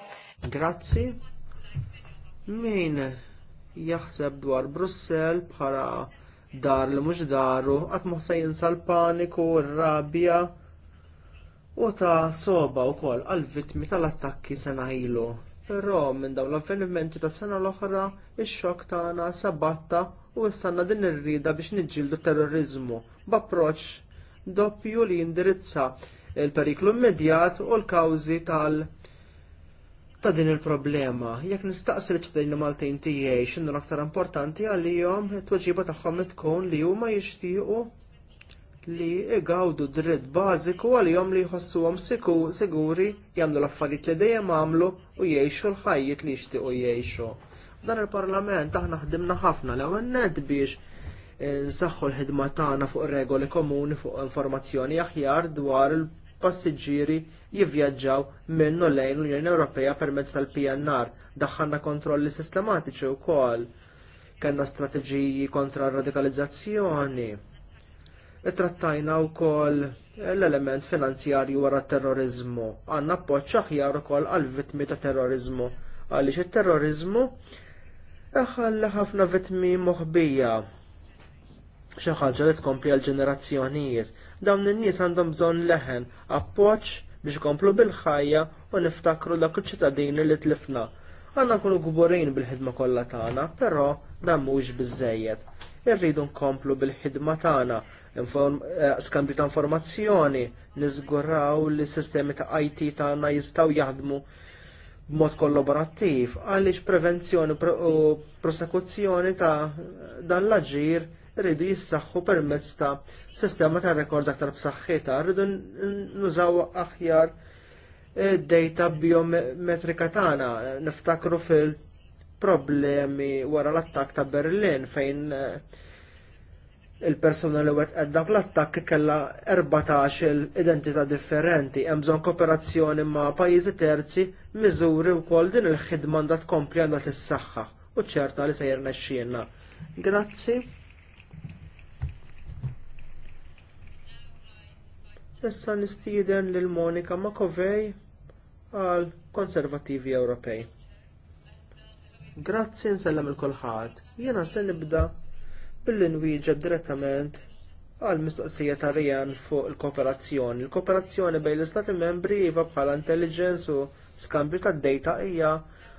Grazzi. Min jaħseb dwar Brussell bħala dar li mhux daru, qatt ma jinsa l-paniku, r rabja u ta' soba wkoll għall vittmi tal-attakki sena ilu. Però minn dawn l-avvenimenti tas sena l-oħra, ix ta' tagħna sabatta u s-sanna din ir-rida biex niġġieldu t terrorizmu b'approċċ doppju li indirizza l periklu immedjat u l-kawżi tal- ta' din il-problema, jekk nistaqsi l-ċittadini Maltin tiegħi x'inhu l-aktar importanti għalihom it-tweġiba tagħhom li tkun li huma jixtiequ li għawdu dritt bażiku għalihom li jħossuhom siguri jagħmlu l-affarijiet li dejjem għamlu u jgħixu l-ħajjiet li jixtiequ jgħixu. Dan il-Parlament aħna ħdimna ħafna l-ewwel nett biex e, nsaħħu l-ħidma tagħna fuq regoli komuni fuq informazzjoni aħjar dwar il-passiġġieri jivvjaġġaw minnu lejn l-Unjoni Ewropea permezz tal-PNR. Daħħalna kontrolli sistematiċi wkoll. kellna strateġiji kontra r radikalizzazzjoni trattajna wkoll l-element finanzjarju wara t terrorizmu. Għandna appoġġ aħjar ukoll għal vittmi ta' terrorizmu għaliex it-terrorizmu ħalla ħafna vittmi moħbija xi ħaġa li tkompli għal ġenerazzjonijiet. Dawn in-nies għandhom bżonn leħen, appoġġ biex komplu bil-ħajja u niftakru dak il-ċittadini li tlifna. Għanna kunu gburin bil-ħidma kollha tagħna, però dan mhux biżejjed. Irridu nkomplu bil-ħidma tagħna Eh, skambju ta' informazzjoni, niżguraw li sistemi ta' IT tagħna jistgħu jaħdmu b'mod kollaborattiv għaliex prevenzjoni u prosekuzzjoni ta' dan l-aġir rridu jissaħħu permezz ta' sistema ta' rekords aktar b'saxħita, rridu nużaw aħjar eh, data biometrika tagħna niftakru fil-problemi wara l-attak ta' Berlin fejn eh, il-persuna li wet dawk l-attakki kella 14 identità differenti, hemm kooperazzjoni ma' pajjiżi terzi, miżuri wkoll din il-ħidma għandha tkompli għandha tissaħħa u ċerta li sejrna xienna. Grazzi. Issa nistieden lil Monika Makovej għal Konservativi Ewropej. Grazzi nsellem il kulħadd Jiena se nibda billi nwieġeb direttament għal mistoqsija ta' Rijan fuq il-kooperazzjoni. Il-kooperazzjoni bejn l-Istati membri iva bħala intelligence u skambju ta' data hija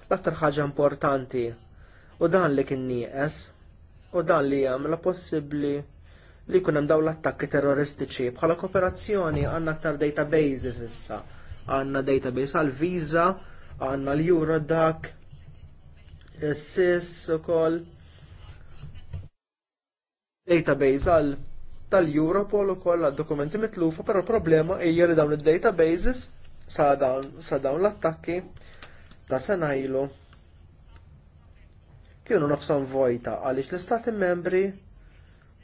l-aktar ħaġa importanti. U dan li kien nieqes, u dan li jagħmilha possibbli li jkun hemm dawn l-attakki terroristiċi. Bħala kooperazzjoni għandna aktar databases issa. Għandna database għal Visa, għandna l-Eurodac, is-SIS ukoll database għal tal-Europol u koll dokumenti mitlufa, pero problema hija li dawn id-databases sa dawn l-attakki ta' senajlu kienu nafsan vojta għaliex l-istati membri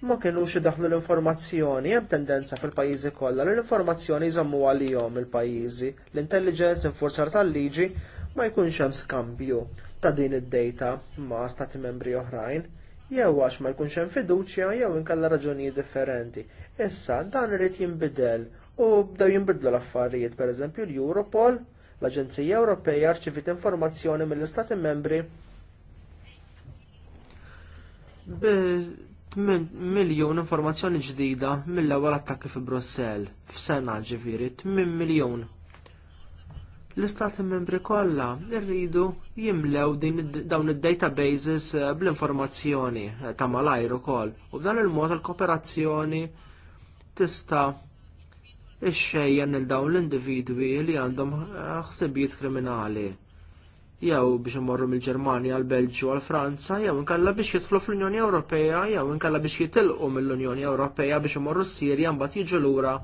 ma kienux daħlu l-informazzjoni, hemm tendenza fil-pajjiżi kollha li l-informazzjoni jżammu għalihom il-pajjiżi, l-intelligence infurzar tal-liġi ma jkunx hemm skambju ta' din id-data ma' stati membri oħrajn jew għax ma jkunx hemm fiduċja jew inkella raġunijiet differenti. Issa dan irid jinbidel u bdew jinbidlu l-affarijiet pereżempju l-Europol, l-Aġenzija Ewropea rċivit informazzjoni mill-Istati Membri miljun informazzjoni ġdida mill-ewwel attakki fi Brussell f'sena ġifieri 8 miljun l-istati membri kollha irridu jimlew dawn id-databases eh, bl-informazzjoni eh, ta' malajr ukoll. U b'dan il-mod il-kooperazzjoni tista' ixxejjen il dawn l-individwi li għandhom eh, ħsibijiet kriminali. Jew biex imorru mill-Ġermanja għal belġju l Franza, jew inkella biex jidħlu fl-Unjoni Ewropea, jew inkella biex jitilqu mill-Unjoni Ewropea biex imorru s-Sirja mbagħad jiġu lura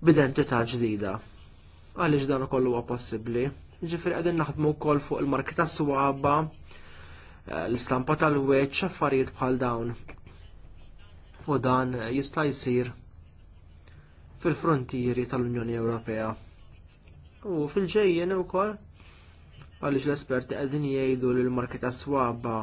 b'identità ġdida għaliex dan ukoll huwa possibbli. Ġifieri qegħdin naħdmu wkoll fuq il-marki tas swaba, eh, l-istampa tal-weċ, affarijiet bħal dawn. U dan jista' jsir fil-frontieri tal-Unjoni Ewropea. U fil u ukoll għaliex l-esperti qegħdin jgħidu li l-marki tas swaba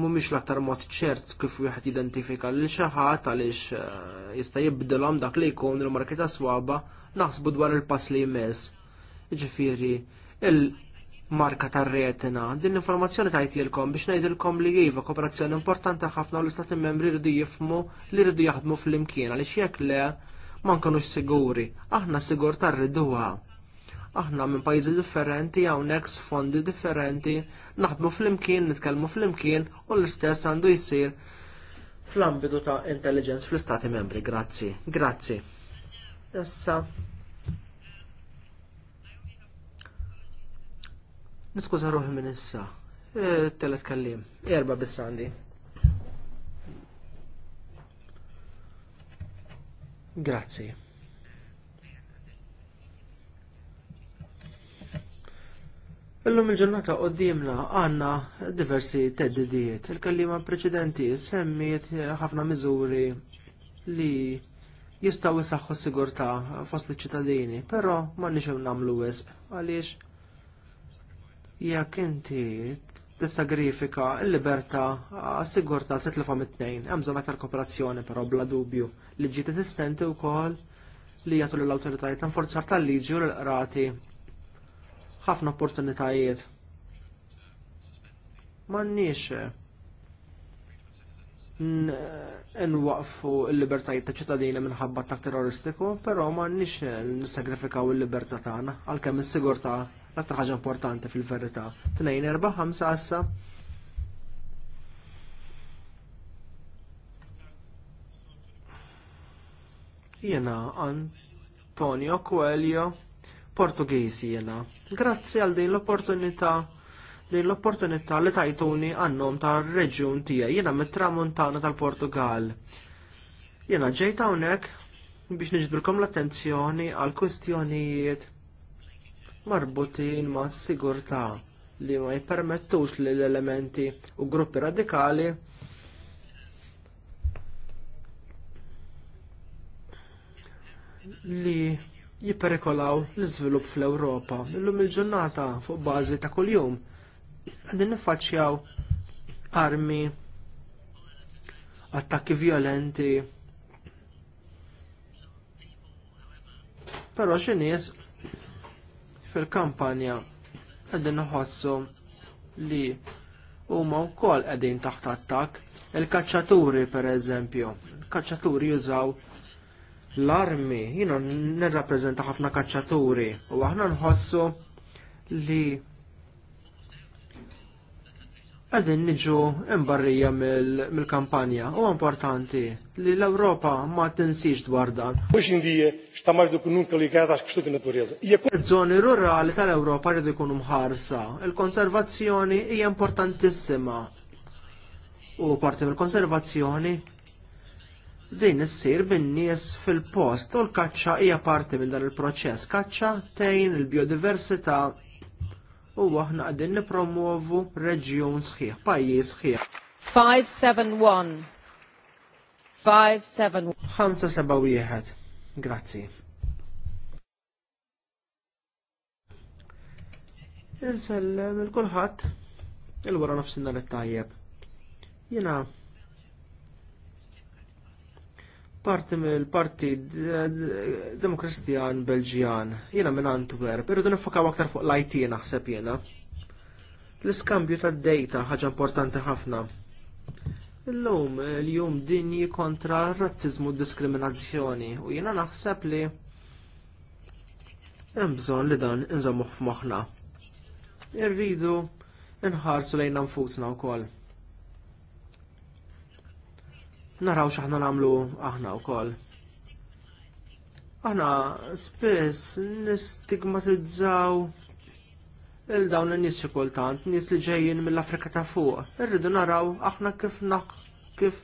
mhumiex l-aktar mod ċert kif wieħed identifika lil xi ħadd għaliex eh, jista' jibdilhom dak li jkun il-marki ta' swaba naħsbu dwar il-pass li jmiss. Jiġifieri il-marka tar-retina din l-informazzjoni tajtilkom biex ngħidilkom li jiva kooperazzjoni importanti ħafna u l-istati membri rridu jifmu li rridu jaħdmu fl-imkien għaliex jekk le ma nkunux siguri. Aħna sigur tar-riduha aħna minn pajjiżi differenti hawnhekk sfondi differenti, naħdmu flimkien, nitkellmu flimkien u l-istess għandu jsir fl-ambitu ta' intelligence fl-istati membri. Grazzi, grazzi. Issa. Niskuża ruħi minn issa. E, telet kallim. Erba bissandi. Grazzi. Illum il-ġurnata qoddimna għandna diversi teddidiet. Il-kallima preċedenti semmiet ħafna miżuri li jistaw jisaxħu sigurta fost li ċittadini però ma nixew namlu wisq għaliex jekk inti grifika l-liberta sigurta titlifhom it-tnejn, hemm bżonn aktar kooperazzjoni però bla dubju li ġiet esistenti wkoll li jagħtu lill-awtoritajiet forzar tal-liġi u l-qrati ħafna opportunitajiet. M'għandniex eh, waqfu l-libertajiet ta' ċittadini minħabba ta' terroristiku, però m'għandniex eh, nissagrifikaw il-libertà tagħna għalkemm is sigurta l-aktar ħaġa importanti fil-verità. Tnejn erba' ħamsa għassa. Jena Antonio Coelho Portugiż jiena. Grazzi għal din l-opportunità din l-opportunità li tajtuni għannom tar-reġjun tiegħi jiena mit-tramuntana tal-Portugal. Jiena ġejt hawnhekk biex niġbirkom l-attenzjoni għal kwistjonijiet marbutin ma' sigurtà li ma jipermettux li l-elementi u gruppi radikali li jipperikolaw l-iżvilupp fl-Ewropa. Illum il-ġurnata fuq bażi ta' kuljum qegħdin niffaċċjaw armi, attakki violenti. Però xi nies fil-kampanja qegħdin iħossu li huma wkoll qegħdin taħt attakk. Il-kaċċaturi pereżempju, il-kaċċaturi jużaw l-armi, jina nirrapprezenta ħafna kaċċaturi u aħna nħossu li għadin niġu imbarrija mill-kampanja u importanti li l-Europa ma tinsix dwar dan. Mux indije, xtamar du kunun kalikata xkxtut naturjeza. E Zoni rurali tal-Europa rridu jkunu mħarsa. Il-konservazzjoni hija importantissima. U parti mill-konservazzjoni din issir bin-nies fil-post u l-kaċċa hija parti minn dan il-proċess. Kaċċa tgħin il-biodiversità u aħna qegħdin nippromovu reġjun sħiħ, pajjiż sħiħ. 571 571 Grazzi. Insellem il-kulħadd il-wara nofsinhar it-tajjeb. Jiena parti mill partit Demokristjan Belġjan, jiena minn Antwerp, irridu nifokaw aktar fuq l-IT naħseb jiena. L-iskambju tad dejta ħaġa importanti ħafna. Illum l-jum dinji kontra r-razzizmu u diskriminazzjoni u jiena naħseb li hemm bżonn li dan inżammuh f'moħħna. Irridu nħarsu lejn nfusna wkoll naraw x'aħna nagħmlu aħna wkoll. Aħna spiss nistigmatizzaw il dawn in-nies xi kultant, nies li ġejjin mill-Afrika ta' fuq. Irridu naraw aħna kif naq kif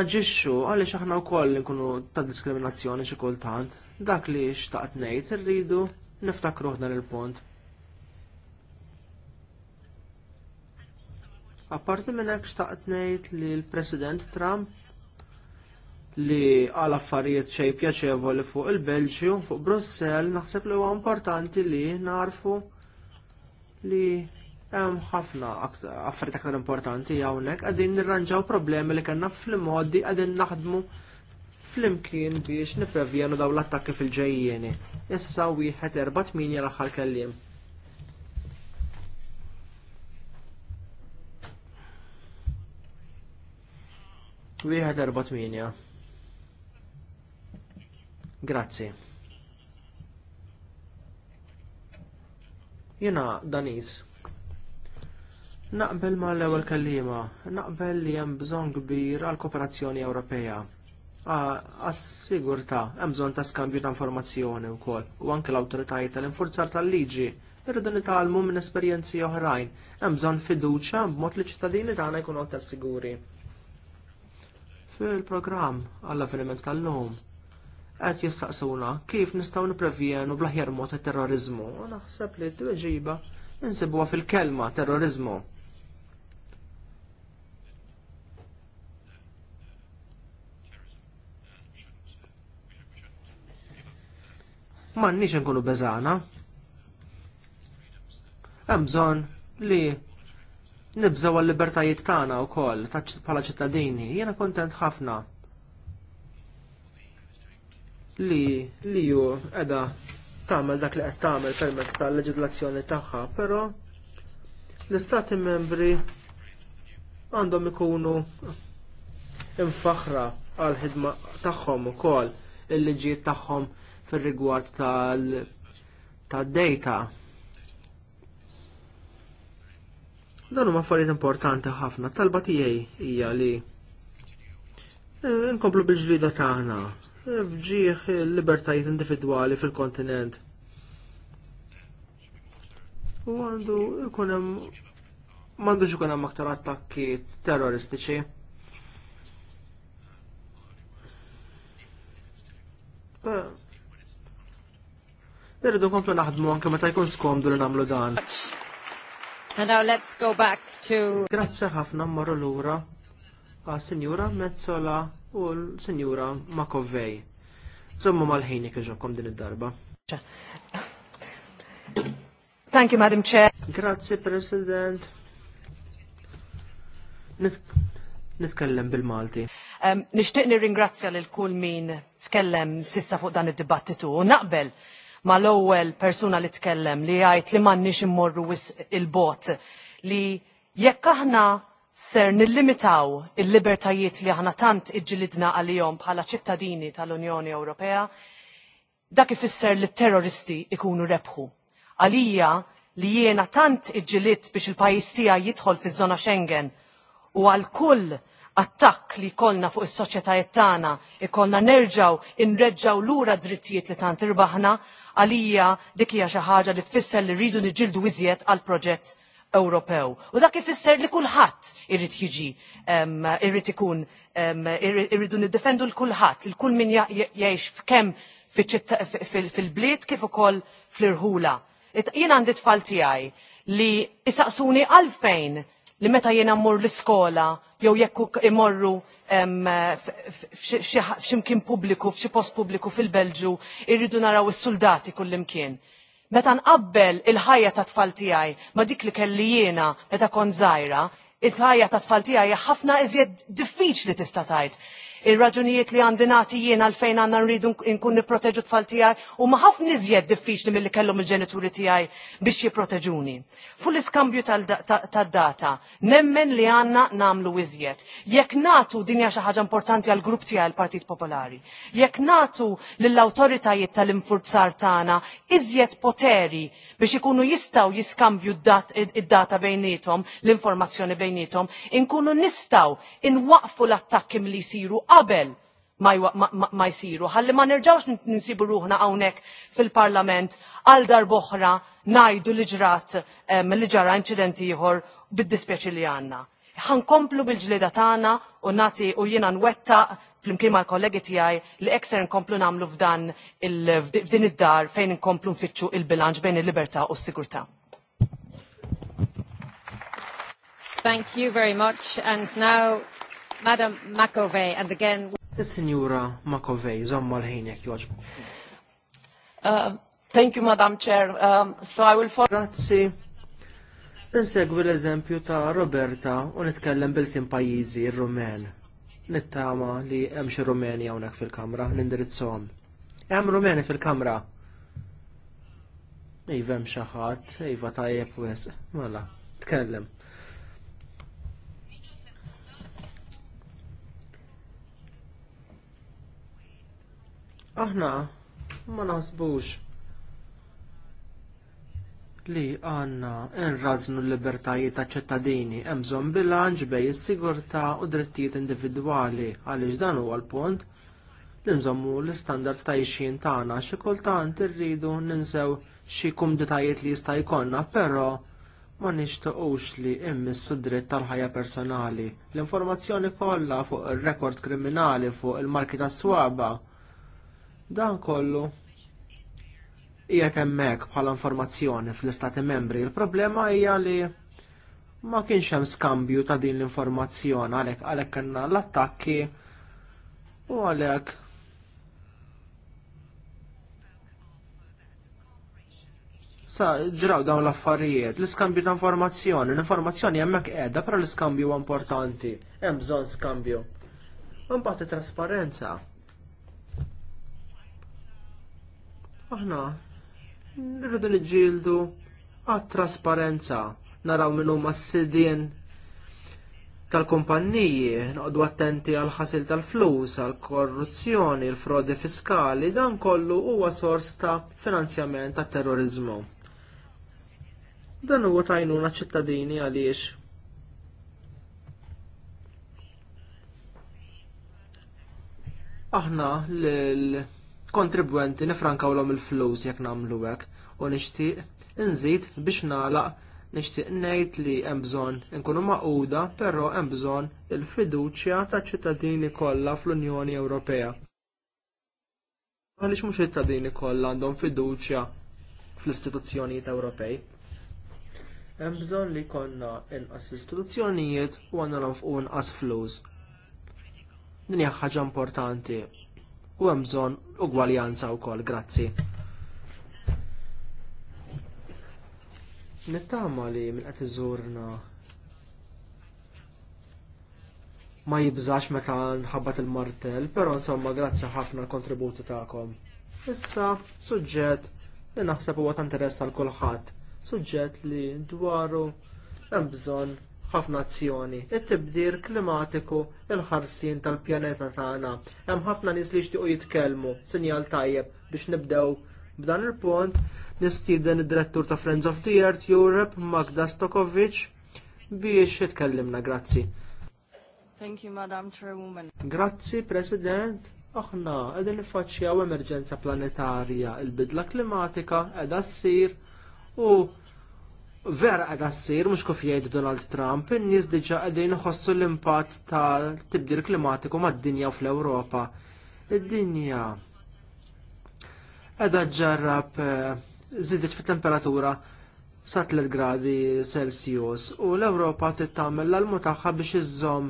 naġixxu għaliex aħna wkoll nkunu ta' diskriminazzjoni xi kultant. Dak li xtaqt ngħid irridu niftakruħ dan il-punt. Apparti minn hekk xtaqt ngħid li l-President Trump li għal affarijiet xej pjaċevoli fuq il-Belġju, fuq Brussell, naħseb li huwa importanti li narfu li hemm ħafna affarijiet aktar importanti hawnhekk qegħdin nirranġaw problemi li kellna fil-modi qegħdin naħdmu flimkien biex niprevjenu daw l-attakki fil-ġejjieni. Issa wieħed erba' tminja l-aħħar kelliem. Wieħed erba' tminja. Grazzi. Jena Daniz. Naqbel ma l-ewwel kellima, naqbel li hemm bżonn kbir għal kooperazzjoni Ewropea. għas sigurta hemm bżonn ta' skambju ta' informazzjoni wkoll u anke l-awtoritajiet tal-infurzar tal-liġi irridu nitgħalmu minn esperjenzi oħrajn. Hemm bżonn fiduċja b'mod li ċittadini tagħna jkunu aktar siguri fil-programm għall-avveniment tal-lum qed jistaqsuna kif nistgħu niprevjenu bl-aħjar mod terrorizmu. Naħseb li d-tweġiba insibuha fil-kelma terrorizmu. nix nkunu bezana. Hemm bżonn li nibżaw għal-libertajiet tagħna wkoll bħala ċittadini, jiena kontent ħafna li li ju edha tagħmel dak li qed tagħmel permezz tal-leġiżlazzjoni tagħha, però l-istati membri għandhom ikunu infaħra għal ħidma tagħhom ukoll il-liġijiet tagħhom fir-rigward tal-data. tal data Dan huma affarijiet importanti ħafna. Talba tiegħi hija li eh, nkomplu bil-ġlida tagħna eh, fġieħ il-libertajiet individwali fil-kontinent. U għandu ikun hemm m'għandux ikun hemm aktar attakki terroristiċi. Eh, irridu nkomplu naħdmu anke meta jkun skomdu li nagħmlu dan. And now let's go back to... Grazie ħafna marru l-ura għal Sinjura Mezzola u l-Sinjura Makovej. Zommu mal-ħini kħiġokom din id-darba. Thank you, Madam Chair. Grazie, President. Nitkellem bil-Malti. Um, Nishtiqni nirringrazzja lil kull min tkellem sissa fuq dan id-dibattitu u naqbel mal-ewwel persuna li tkellem li jgħid li m'għandniex immorru il-bot li jekk aħna ser nillimitaw il-libertajiet li aħna tant iġġilidna għalihom bħala ċittadini tal-Unjoni Ewropea, dak ifisser li terroristi ikunu rebħu. Għalija li jiena tant iġġiliet biex il-pajis tiegħi jidħol fiż-żona Schengen u għal kull attakk li kolna fuq is-soċjetajiet tagħna, ikolna nerġgħu inreġġaw lura drittijiet li tant irbaħna għalija dik hija xi ħaġa li tfisser li rridu niġġieldu iżjed għal proġett Ewropew. U dak ifisser li kulħadd irid jiġi, irrid ikun, irridu niddefendu l kulħadd, il kull min jgħix f'kemm fil-bliet kif ukoll fl-irħula. Jien għandi tfal tiegħi li isaqsuni għalfejn li meta jiena mmur l-iskola jew jekk imorru eh, f'ximkien pubbliku, f'xi post pubbliku fil-Belġu, irridu naraw is-soldati kullimkien. Meta nqabbel il-ħajja ta' tfal tiegħi ma' dik li kelli jiena meta kon żgħira, il-ħajja ta' tfal tiegħi ħafna iżjed diffiċli tista' tgħid ir-raġunijiet li għandi nagħti jien għalfejn għandna nridu nkun nipproteġu tfal tiegħi u ma ħafna iżjed diffiċli milli kellhom il-ġenituri tiegħi biex jipproteġuni. Fu l-iskambju tad-data, nemmen li għandna nagħmlu iżjed. Jekk nagħtu din hija xi ħaġa importanti għall grupp tiegħi l-Partit Popolari. Jekk nagħtu lill-awtoritajiet tal-infurzar tagħna iżjed poteri biex ikunu jistaw jiskambju id-data bejnietom, l-informazzjoni bejnietom, inkunu nistaw inwaqfu l-attakki li jisiru qabel ma jsiru, ħalli ma nerġawx ninsibu ruħna hawnhekk fil-Parlament għal darboħra najdu li ġrat li ġara incidenti ieħor bid-dispjaċi li għandna. Ħankomplu bil-ġlieda tagħna u nati u jiena nwetta flimkien mal-kollegi tiegħi li ekser nkomplu nagħmlu f'dan f'din id-dar fejn nkomplu nfittxu il-bilanċ bejn il-libertà u s-sigurtà. Thank you very much. And now Madam McAvey, and again... Signora McAvey, Zammal l-ħinek joġbu. Uh, thank you, Madam Chair. Um, so I will follow... Grazzi. Nsegwi l-eżempju ta' Roberta u nitkellem bil-sim pajizi, il-Rumen. Nittama li hemm xi Rumeni hawnhekk fil-Kamra, nindirizzhom. Hemm Rumeni fil-Kamra. Iva hemm xi ħadd, iva tajjeb wisq, mela, tkellem. Aħna ma naħsbux li għanna nraznu l-libertajiet ta' ċittadini hemm bilanġ bilanċ bej is-sigurtà u drittijiet individwali għaliex dan huwa l-punt li nżommu l-istandard ta' ixin tagħna xi kultant irridu ninsew xi kumditajiet li jista' jkollna, però ma nixtiequx li immissu dritt tal-ħajja personali. L-informazzjoni kollha fuq ir rekord kriminali fuq il-marki tas-swaba' Dan kollu qiegħed hemmhekk bħala informazzjoni fl-Istati Membri. Il-problema hija li ma kienx hemm skambju ta' din l-informazzjoni għalhekk għalhekk kellna l-attakki u għalhekk Sa ġraw dawn l-affarijiet, l-iskambju ta' informazzjoni, l-informazzjoni hemmhekk qiegħda però l-iskambju huwa importanti, hemm bżonn skambju. Imbagħad it-trasparenza. Aħna nirridu niġġieldu għat-trasparenza naraw minnu massidien s tal-kumpanniji, noqdu attenti għal ħasil tal-flus, għal korruzzjoni, l frodi fiskali, dan kollu huwa sors ta' finanzjament ta' terrorizmu. Dan huwa tajnuna ċittadini għaliex. Aħna l kontribwenti nifrankaw l-om il-flus jek namlu għek u nishtiq nżid biex nalaq nixtieq ngħid li hemm bżonn inkunu maquda, però hemm bżonn il-fiduċja taċ-ċittadini kollha fl-Unjoni Ewropea. Għaliex mhux ċittadini kollha għandhom fiduċja fl-istituzzjonijiet Ewropej. Hemm bżonn li jkollna inqas istituzzjonijiet u għandhom fuq inqas flus. Din hija ħaġa importanti u hemm bżonn ugwaljanza wkoll. Grazzi. Nittama li minn qed iżurna ma jibżax meta nħabbat il-martel, però insomma grazzi ħafna kontributi tagħkom. Issa suġġett li naħseb huwa ta' interess għal kulħadd, suġġett li dwaru hemm bżonn ħafna azzjoni. It-tibdir klimatiku il-ħarsin tal-pjaneta tagħna. Hemm ħafna nies li jixtiequ jitkellmu, sinjal tajjeb biex nibdew b'dan il-punt nistieden id-direttur ta' Friends of the Earth Europe Magda Stokovic biex jitkellimna, grazzi. Thank you, Madam Chairwoman. Grazzi, President. Aħna, edin nifaċċjaw emerġenza planetarja, il-bidla klimatika edha ssir u vera għad assir, mux kif jgħid Donald Trump, n-nis diġa għadin ħossu l-impat ta' tibdir klimatiku mad dinja u fl-Europa. Id-dinja għadha ġarrab zidit eh, fit-temperatura sa' 3 gradi Celsius u l-Europa tittamel l-almu tagħha biex iżżomm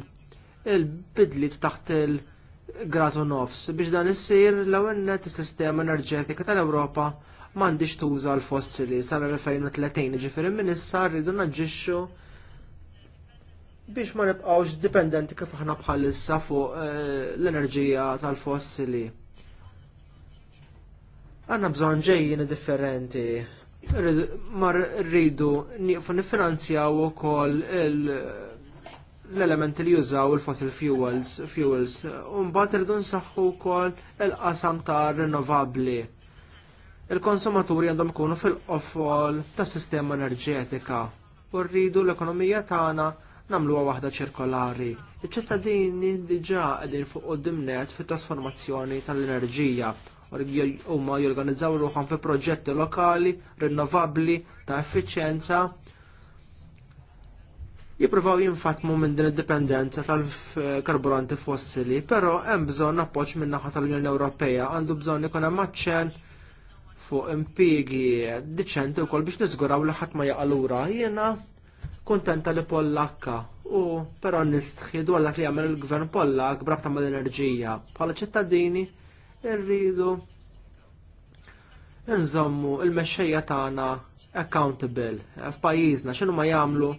il-bidlit taħt il-gradu nofs biex dan issir l-ewwel net is-sistema enerġetika tal-Ewropa m'għandix tuża l-fossili sal-2030 ġifieri minn issa rridu naġġiċu biex ma nibqgħux dipendenti kif aħna bħalissa fuq eh, l-enerġija tal-fossili. Għanna bżonn ġejjini differenti. Ma rridu nifinanzjaw ukoll l-elementi li jużaw il-fossil fuels, fuels. un-bat rridu nsaħħu wkoll il-qasam ta' rinnovabbli il-konsumaturi għandhom ikunu fil-qofol tas sistema enerġetika u rridu l-ekonomija tagħna nagħmluha waħda ċirkolari. Iċ-ċittadini diġà qegħdin fuq qudiemnet fit-trasformazzjoni tal-enerġija huma jorganizzaw ruhom fi proġetti lokali, rinnovabbli, ta' effiċjenza. Jippruvaw jinfatmu minn din id-dipendenza tal-karburanti fossili, però hemm bżonn appoġġ min-naħa tal-Unjoni Ewropea għandu bżonn ikun hemm aċċen fuq impiegi diċenti wkoll biex niżguraw li ħadd ma jaqalura jiena kuntenta li Pollakka u però nistħidu għallak li jagħmel il-gvern Pollak brabta mal enerġija bħala ċittadini irridu nżommu il-mexxejja tagħna accountable f'pajjiżna x'inhu ma jagħmlu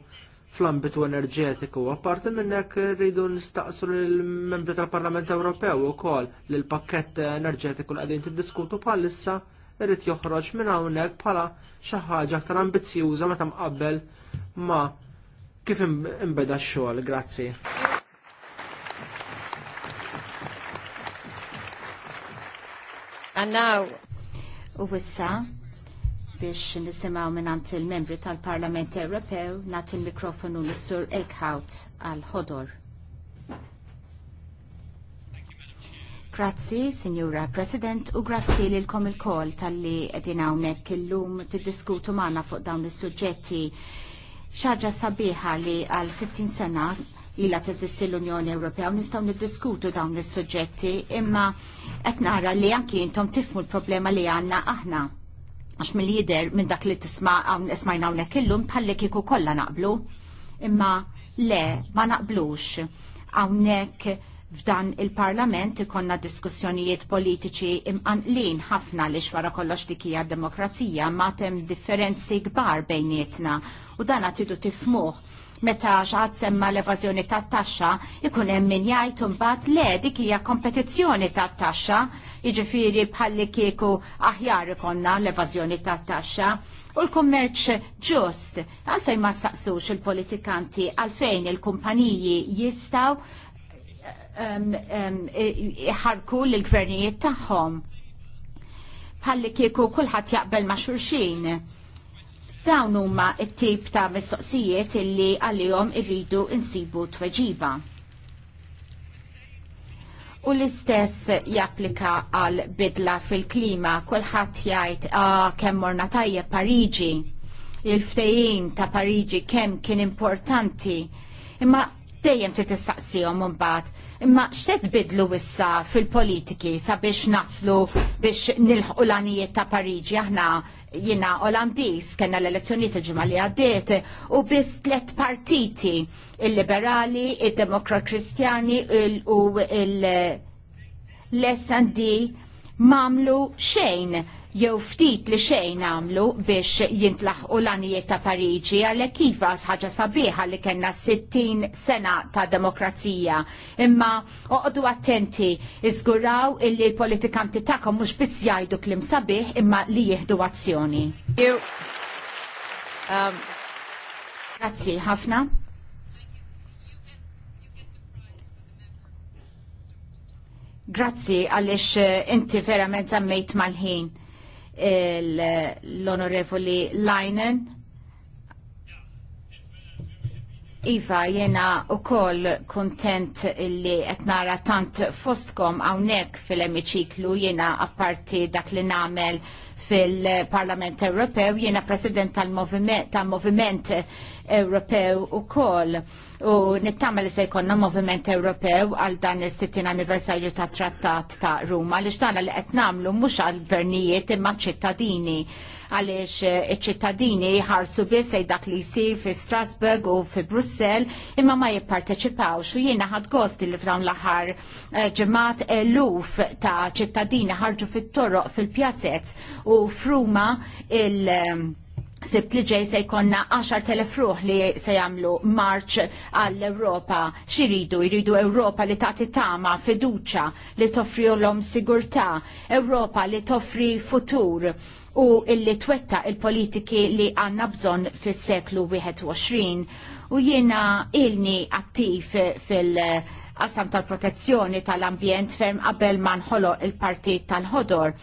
fl-ambitu enerġetiku. Apparti minnek rridu nistaqsu l-membri tal-Parlament Ewropew u kol l-pakket enerġetiku l-għadin t-diskutu bħalissa irrid joħroġ minn hawnhekk bħala xi ħaġa aktar ambizzjuża meta mqabbel ma kif imbeda x-xogħol. Grazzi. And now u wissa biex nisimaw minnant il-membri tal-Parlament Ewropew nat il-mikrofonu l-Sur Eckhout għal-ħodor. Grazzi, Signora President, u grazzi lilkom il-kol tal-li il hawnhekk illum diskutu magħna fuq dawn is-suġġetti. Xaġa sabiħa li għal 60 sena ila teżisti l-Unjoni Ewropea u nistgħu niddiskutu dawn is-suġġetti imma qed nara li anki intom tifmu l-problema li għandna aħna għax mill-jider minn dak li tisma' ismajna il illum bħalli kiku kollha naqblu imma le ma naqblux hawnhekk f'dan il-parlament ikonna diskussjonijiet politiċi imqanqlin ħafna li xwara kollox dikija demokrazija matem differenzi kbar bejnietna u dan għatidu tifmuħ meta xaħat semma l-evazjoni ta' taxxa ikun hemm min jgħid imbagħad le dik hija kompetizzjoni ta' taxxa, jiġifieri bħalli kieku aħjar ikonna l-evażjoni ta' taxxa. U l-kummerċ ġust, għalfejn ma saqsux il-politikanti, għalfejn il-kumpaniji jistaw Um, um, iħarku l-gvernijiet tagħhom. Palli kieku kulħadd jaqbel ma' xulxin. Dawn huma t-tip ta' mistoqsijiet illi għalihom irridu insibu tweġiba. U l-istess japplika għal bidla fil-klima, kulħadd jgħid ah, kemm morna tajjeb Pariġi, il-ftejjin ta' Pariġi kemm kien importanti. Imma dejjem ti tistaqsihom imbagħad imma x'se bidlu issa fil-politiki sabiex naslu biex nilħqu l anijiet ta' Pariġi aħna jina Olandiż kellna l-elezzjonijiet il-ġimgħa li għaddiet u biss tliet partiti il-Liberali, id demokrat Kristjani u l-SND mamlu xejn jew ftit li xejn għamlu biex jintlaħqu l-anijiet ta' Pariġi għalhekk iva ħaġa sabiħa li kellna 60 sena ta' demokrazija. Imma uqdu attenti, izguraw illi politikanti tagħkom mhux biss jgħidu klim sabiħ imma li jieħdu azzjoni. Um, Grazzi ħafna. Grazzi għalix eh, inti verament zammejt mal-ħin l-onorevoli Leinen. Iva, jena u koll kontent li etnara tant fostkom għawnek fil-emiċiklu jena apparti dak li namel fil-Parlament Ewropew, jena president tal-Moviment Ewropew u kol. U nittama li se jkonna moviment Ewropew għal dan is sittin anniversarju ta' trattat ta' Ruma li xtana li qed nagħmlu mhux għal gvernijiet imma ċittadini għaliex eh, iċ-ċittadini ħarsu biss dak li jsir fi Strasburg u fi Brussel imma ma jipparteċipawx u jiena ħad gosti li f'dawn l-aħħar eh, ġemat eluf ta' ċittadini ħarġu fit-toroq fil pjazzet u fruma il- Sibt li ġej se jkonna 10 telefruħ li se jamlu marċ għall-Europa. Xiridu, jridu Europa li tagħti tama, fiduċa, li toffri l-om sigurta, Europa li toffri futur u illi twetta il-politiki li għanna bżon fil-seklu 21. U jiena ilni attiv fil- qasam tal-protezzjoni tal-ambjent ferm qabel ma nħoloq il-partit tal-ħodor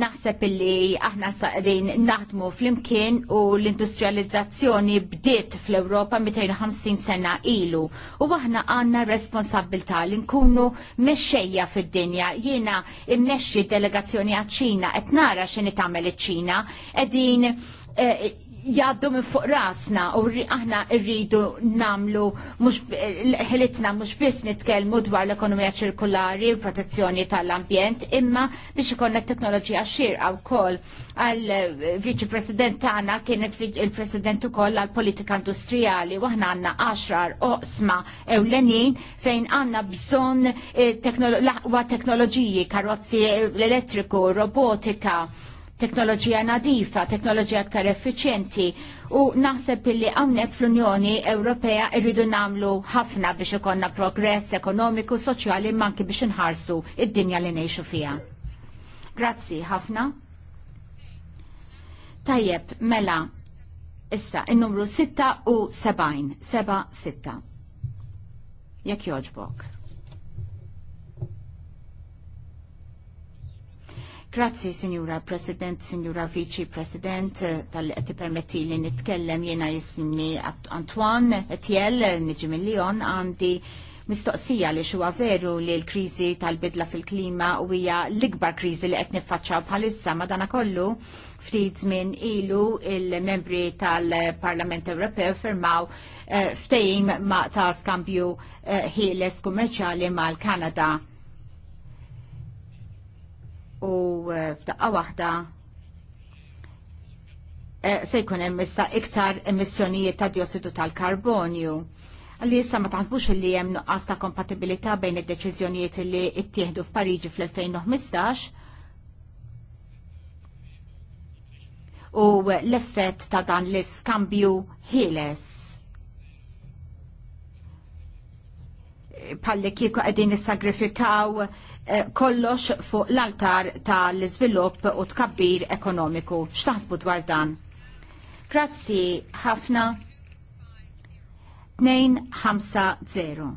Naħseb illi aħna saqrin naħdmu fl-imkien u l-industrializzazzjoni bdiet fl-Ewropa 250 sena ilu. U aħna għanna responsabilta li nkunu mexxejja fid-dinja. Jiena immexxi delegazzjoni għaċ-Ċina qed nara x'inhi tagħmel iċ-Ċina qegħdin eh, jaddu minn fuq rasna u aħna rridu namlu eh, ħelitna mux biss nitkelmu dwar l-ekonomija ċirkulari u protezzjoni tal-ambjent imma biex ikonna teknoloġija xirqa għaw kol għal eh, viċi president tagħna kienet il-president ukoll għal politika industrijali u aħna għandna 10 oqsma ewlenin fejn għandna bżonn eh, l-aqwa teknoloġiji, karozzi l-elettriku, robotika, teknoloġija nadifa, teknoloġija aktar effiċjenti u naħseb illi hawnhekk fl-Unjoni Ewropea irridu nagħmlu ħafna biex ikonna progress ekonomiku, soċjali manki biex inħarsu id-dinja li ngħixu fiha. Grazzi ħafna. Tajjeb, mela, issa, il-numru 6 u 70, 7, 6. Jekk joġbok. Grazzi, Signora President, Signora Vici President, eh, tal qed permetti li nitkellem jiena jismi Antoine Etiel, Nijim mill-Lyon, għandi mistoqsija li xuwa veru li l-krizi tal-bidla fil-klima u hija l-ikbar krizi li qed niffaċċaw bħalissa madana kollu ftit żmien ilu il-membri tal-Parlament Ewropew firmaw eh, ftejim ma' ta' skambju eh, ħieles kummerċjali mal-Kanada u eh, f'daqqa waħda eh, se jkun hemm issa iktar emissjonijiet ta' diossidu tal-karbonju. Għalli issa ma taħsbux li hemm nuqqas ta' kompatibilità bejn id-deċiżjonijiet li ttieħdu f'Pariġi fl-2015 u l-effett ta' dan l-iskambju ħieles. Palli kieku qegħdin nissagrifikaw Eh, kollox fuq l-altar tal-iżvilupp u tkabbir ekonomiku. X'taħsbu dwar dan? Grazzi ħafna. 250.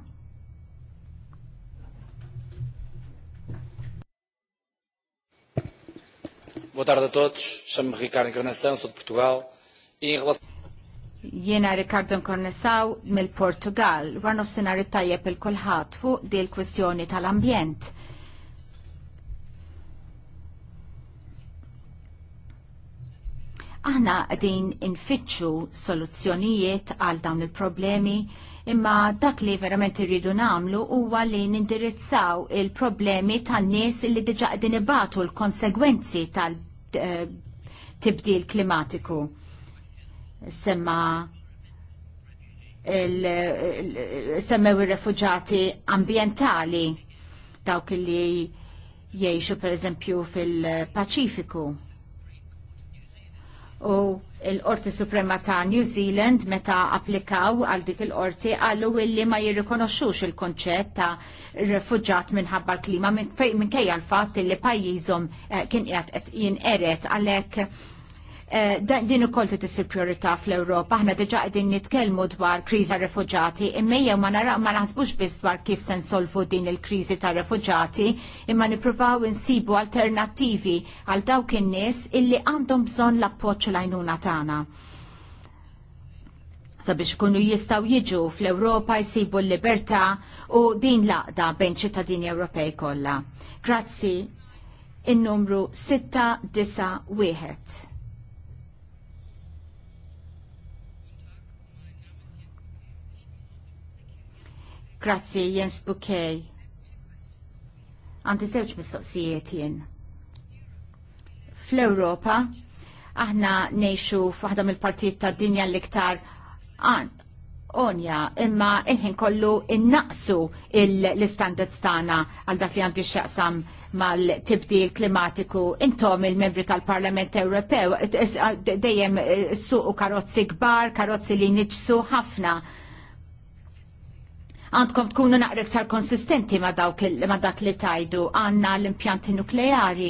Boa tarde a todos. Chamo-me Ricardo Encarnação, sou de Portugal. E em relação... Jena Ricardo Encarnação mill-Portugal, Rano senari tajjeb il-kolħat fuq del kwestjoni tal-ambjent Aħna qegħdin infittxu soluzzjonijiet għal dawn il-problemi imma dak li verament irridu nagħmlu huwa li nindirizzaw il-problemi tan-nies li diġa' qegħdin ibatu l-konsegwenzi tal-tibdil eh, klimatiku. Semma semmew ir-refuġati ambjentali dawk li jgħixu pereżempju fil-Paċifiku u l-Qorti Suprema ta' New Zealand meta applikaw għal dik il-qorti għallu illi ma jirrikonoxxux il-konċett ta' refuġġat minħabba l-klima minkejja l-fatt illi pajjiżhom eh, kien qed jinqeret għalhekk Eh, din ukoll trid issir priorità fl-Ewropa. Aħna diġa' qegħdin nitkellmu dwar kriża refuġati, imma jew ma nara ma naħsbux biss dwar kif se nsolvu din il-kriżi tar refuġati, imma nippruvaw insibu alternattivi għal dawk in-nies illi għandhom bżonn l appoċ l-għajnuna tagħna sabiex kunu jistaw jiġu fl-Europa jisibu l-libertà u din laqda bejn ċittadini Ewropej kollha. Grazzi, in-numru 691. Grazzi Jens Bukej. Għandi żewġ mistoqsijiet jien. Fl-Ewropa aħna ngħixu f'waħda mill-partijiet tad-dinja l-iktar onja imma il-ħin kollu innaqsu l-istandards tagħna għal dak li x x'jaqsam mal-tibdil klimatiku intom il-membri tal-Parlament Ewropew eh, eh, dejjem eh, suqu karozzi kbar, karozzi li niġsu ħafna għandkom tkunu naqra iktar konsistenti ma' dawk ma' dak li tajdu għanna l-impjanti nukleari.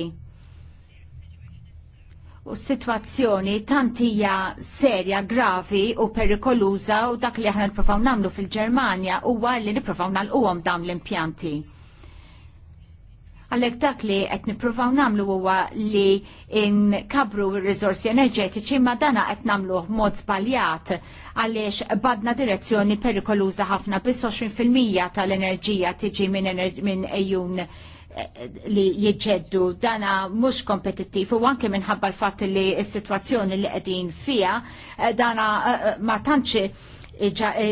U situazzjoni tantija serja, gravi u perikoluża u dak li aħna nipprofaw namlu fil-Ġermanja huwa li nipprofaw nagħlquhom dawn l-impjanti Għalek dak li qed nippruvaw namlu huwa li nkabru r-riżorsi enerġetiċi ma dana qed namlu mod żbaljat għaliex badna direzzjoni perikoluża ħafna biss 20% tal-enerġija tiġi minn ejjun eh, li jġeddu dana mhux kompetittiv u anke minħabba l fat li s-sitwazzjoni li qegħdin fija eh, dana eh, ma tantx E, e,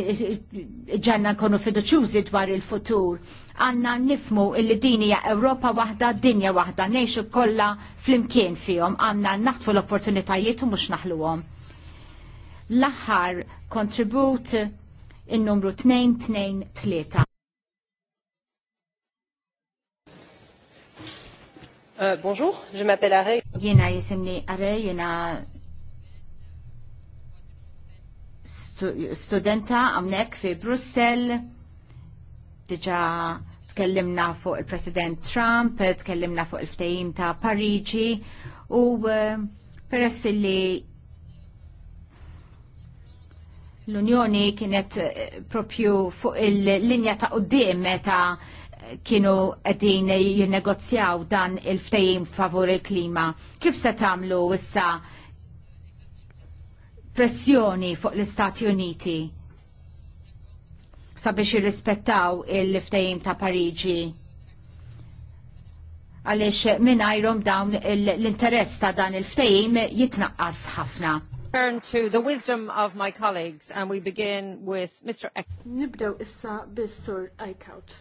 e, ġanna nkunu fiduċjużi dwar il-futur. Għanna nifmu illi din hija Ewropa waħda, dinja waħda, kolla kollha flimkien fihom, għanna naħtfu l-opportunitajiet u mhux naħluhom. L-aħħar kontribut in-numru 223. Euh, bonjour, je m'appelle Arey. Jena jisimni Arey, jena studenta għamnek fi Brussel, diġa tkellimna fuq il-President Trump, tkellimna fuq il ftajim ta' Pariġi u eh, peress li l-Unjoni kienet eh, propju fuq il-linja ta' qoddim meta kienu għedin jinnegozjaw dan il-ftejim favur il-klima. Kif se tamlu issa pressjoni fuq l-Istati Uniti sabiex jirrispettaw il-ftajim ta' Pariġi għalix minnajrom dawn l-interess ta' dan il ftajim jitnaqqas ħafna. Turn to the wisdom of my colleagues and we begin with Mr. Ek. Nibdew issa bis-sur Eichhout.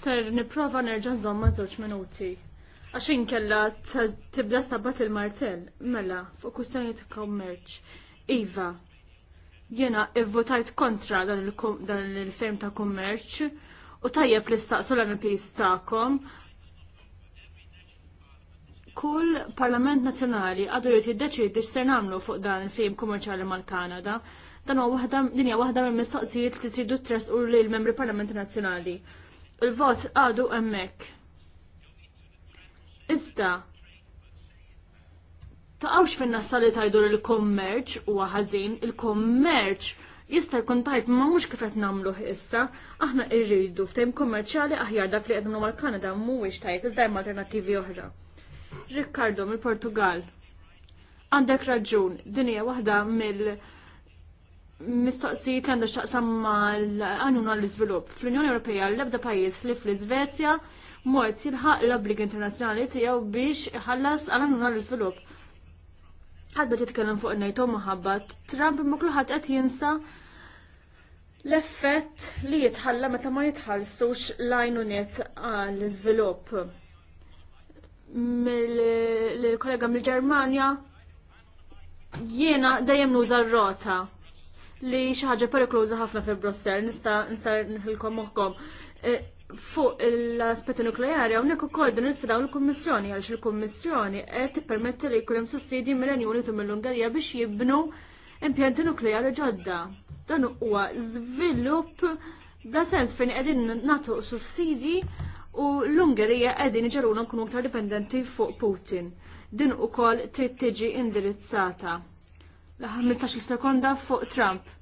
Ser niprofa nerġa' zomma żewġ minuti għaxin kella tibda stabbat il-martell, mela, fuq kustanijiet kommerċ. Iva, jena ivvotajt kontra dan il-ferm ta' kommerċ u tajjeb li staqsu l-MPs ta'kom. Kull Parlament Nazzjonali għadu jrid jiddeċidi x'ser nagħmlu fuq dan il-fejm kummerċjali mal-Kanada. Dan huwa waħda dinja waħda mill-mistoqsijiet li tridu trasqu l membri Parlamenti Nazzjonali. Il-vot għadu hemmhekk Iżda taqawx fin-nassa li tajdu l-kommerċ huwa ħażin, il-kommerċ jista' jkun tajt ma mhux kif qed nagħmluh issa, aħna irridu f'tejm kommerċjali aħjar dak li qed mal-Kanada mhuwiex tajt iżda hemm alternattivi oħra. Riccardo mill-Portugal. Għandek raġun, din hija waħda mill- mistoqsijiet għandha x'taqsam mal-għanuna l-iżvilupp. Fl-Unjoni Ewropea l-ebda pajjiż ħlif l-Iżvezja mod jilħaq l-obbligi internazzjonali tiegħu biex ħallas għal-għanuna l-iżvilupp. Ħadba titkellem fuq nejtom maħabba, Trump ma kulħadd qed jinsa l-effett li jitħalla meta ma jitħallsux l-għajnuniet għall-iżvilupp. Mill-kollega mill-Ġermanja jiena dejjem nuża r-rota li xi ħaġa perikluża ħafna fi Brussell, nista' nsar nħilkom moħħkom. Eh, fuq l-aspetti nukleari hawnhekk ukoll din nista' dawn il-Kummissjoni għaliex il-Kummissjoni qed tippermetti li jkun hemm sussidji mir-Renju Unitu mill-Ungerija biex jibnu impjanti nukleari ġodda. Dan huwa żvilupp bla sens fejn qegħdin nagħtu sussidji u l-Ungerija qegħdin iġaruna nkunu aktar dipendenti fuq Putin. Din ukoll trid tiġi indirizzata. L-15 sekonda fuq Trump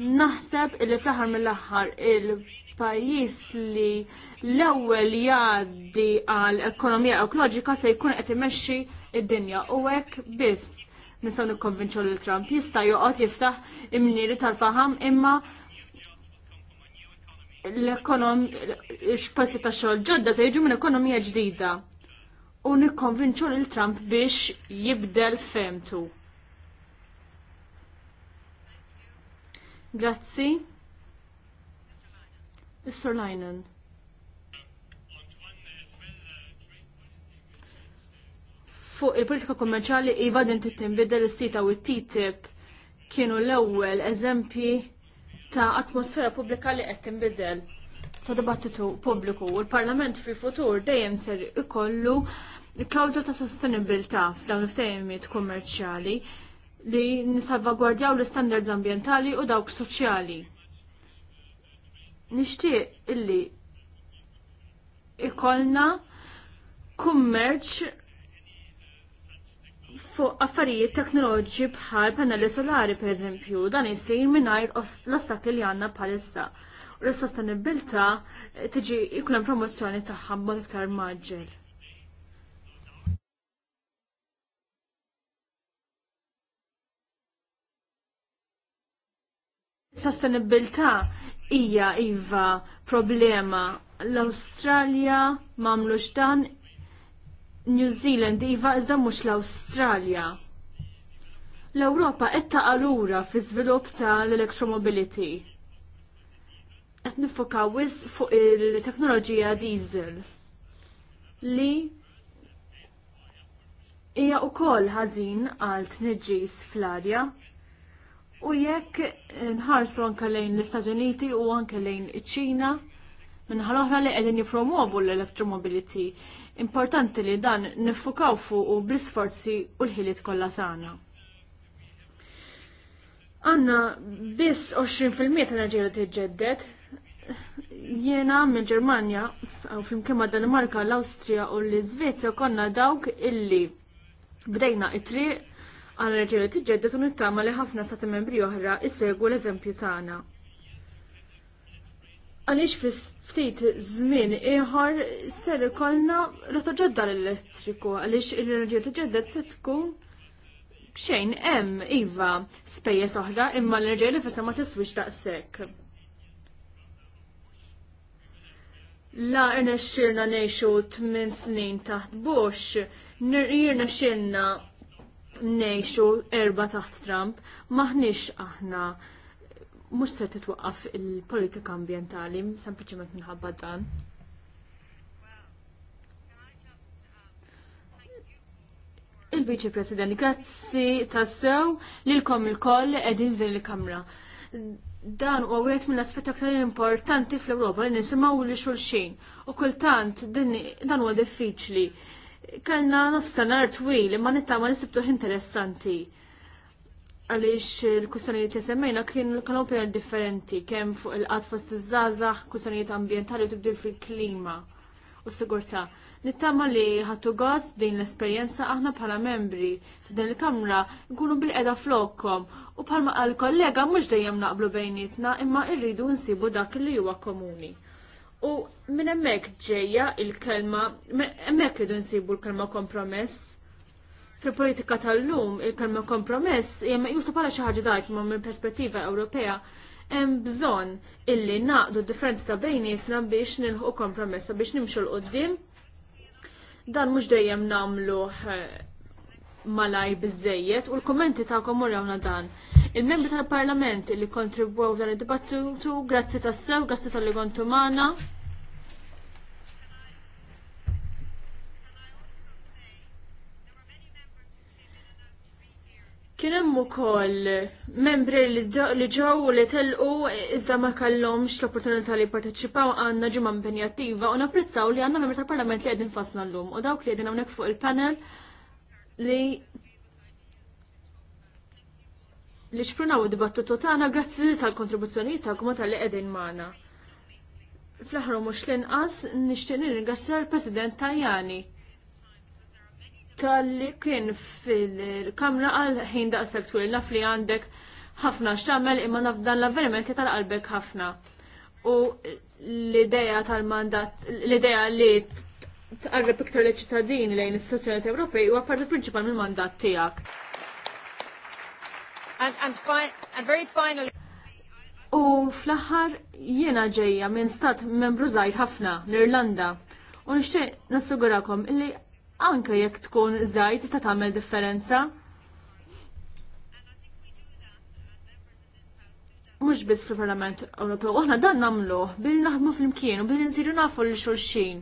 Naħseb illi fl-aħħar mill-aħħar il-pajjiż li l-ewwel jgħaddi għal ekonomija ekoloġika se jkun qed imexxi id-dinja u hekk biss nistgħu nikkonvinċu lil Trump jista' joqgħod jiftaħ imnieri tal-faham imma l-ekonom x'posti ta' xogħol ġodda se jiġu minn ekonomija ġdida u nikkonvinċu lil Trump biex jibdel femtu. Grazzi. Mr. Leinen. Fuq il-politika kommerċali iva din titinbidel is-sita u t-TTIP kienu l-ewwel eżempji ta' atmosfera pubblika li qed tinbidel ta' dibattitu pubbliku u l-Parlament fil-futur dejjem ser ikollu klawżla ta' sostenibilità f'dawn il-ftehimiet kommerċjali li nisalvagwardjaw l-standards ambientali u dawk soċjali. Nixtieq illi ikolna kummerċ fuq affarijiet teknoloġi bħal pannelli solari per eżempju, dan jisir minnajr l-ostakli li għanna bħalissa. U l-sostenibilta tiġi ikun hemm promozzjoni tagħha b'mod iktar maġġel. Sostenibilità hija iva problema. L-Awstralja m'għamlux dan, New Zealand iva iżda mhux l-Awstralja. L-Ewropa qed taqalura fi żvilupp tal-electromobility. Qed nifokaw fuq il-teknoloġija diesel li hija wkoll ħażin għal tniġġis fl-arja U jekk nħarsu anke lejn l-Istati Uniti u anke lejn iċ-Ċina, minħal oħra li qegħdin jippromovu l-electromobility, importanti li dan niffukaw fuq u bl-isforzi u l-ħiliet kollha tagħna. Għanna biss 20% enerġija li tiġġedded, jiena minn Ġermanja, u flimkien ma' Danimarka, l-Awstrija u l-Iżvezja konna dawk illi bdejna it-triq għal reġili tiġġedded u nittama li ħafna stati membri oħra jissegu l-eżempju tagħna. Għaliex ftit żmien ieħor ser ikollna rota ġodda l-elettriku għaliex l-enerġija tiġġedded se tkun xejn hemm iva spejjeż oħra imma l-enerġija li fissa ma tiswix daqshekk. La irna xirna nejxu 8 snin taħt Bush, jirna xirna nejxu erba taħt Trump, maħnix aħna mux ser titwaqqaf il-politika ambientali, sempliciment minħabba dan. Il-Viċi President, grazzi tassew lilkom il-koll edin din il-Kamra. Dan u għawet minn aspet aktar importanti fl-Europa li nisimaw li xulxin. U kultant dan huwa diffiċli kellna nar twil imma nittama li sibtuħ interessanti għaliex il-kustanijiet li semmejna kienu kienu opinjoni differenti kemm fuq il qat fost iż-żgħażagħ, kustanijiet ambjentali u tibdil fil-klima u s-sigurtà. Nittama li ħattu gost din l-esperjenza aħna bħala membri f'din il-kamra nkunu bil-qeda flokkom u bħalma għal kollega mhux dejjem naqblu bejnietna imma irridu nsibu dak li huwa komuni. U minn hemmhekk ġejja il-kelma, hemmhekk ridu nsibu l-kelma kompromess. Fil-politika tal-lum, il-kelma kompromess jemma jusu bħala xi ħaġa dajt ma' minn perspettiva Ewropea hemm bżonn illi naqdu d-differenza ta' bejnisna biex nilħu kompromess biex nimxu l-qoddim. Dan mhux dejjem nagħmluh eh, malaj bizzejiet u l-kommenti ta' urjawna dan il-membri tal-Parlament li kontribwew dan id-dibattitu, grazzi tas-sew, grazzi tal-li kontu magħna. Kien hemm ukoll membri li ġew u li telqu iżda ma kellhomx l-opportunità li jipparteċipaw għandna ġimgħa impenjattiva u napprezzaw li għandna membri tal-Parlament li qegħdin fasna llum u dawk li qegħdin hawnhekk fuq il-panel li li xprunaw id dibattu totana grazzi tal-kontribuzzjoni ta' kumma tal-li qegħdin magħna. Fl-aħħar mhux l-inqas nixtieq nirringrazzja l-President Tajani tal-li kien fil-kamra għal ħin s-sektur laf li għandek ħafna x'tagħmel imma nafdan dan l-avveniment tal-qalbek ħafna. U l ideja tal-mandat, l-idea li tqarreb iktar l-ċittadini lejn istituzzjonijiet Ewropej huwa parti principal mill-mandat tiegħek. And, and, and very finally... U fl-aħħar jiena ġejja minn stat membru żgħir ħafna l-Irlanda. U nixtieq nassigurakom illi anke jekk tkun żgħir tista' tagħmel differenza. Mhux biss fil-Parlament Ewropew, aħna dan nagħmluh billi naħdmu flimkien u billi nsiru nafu lil xulxin.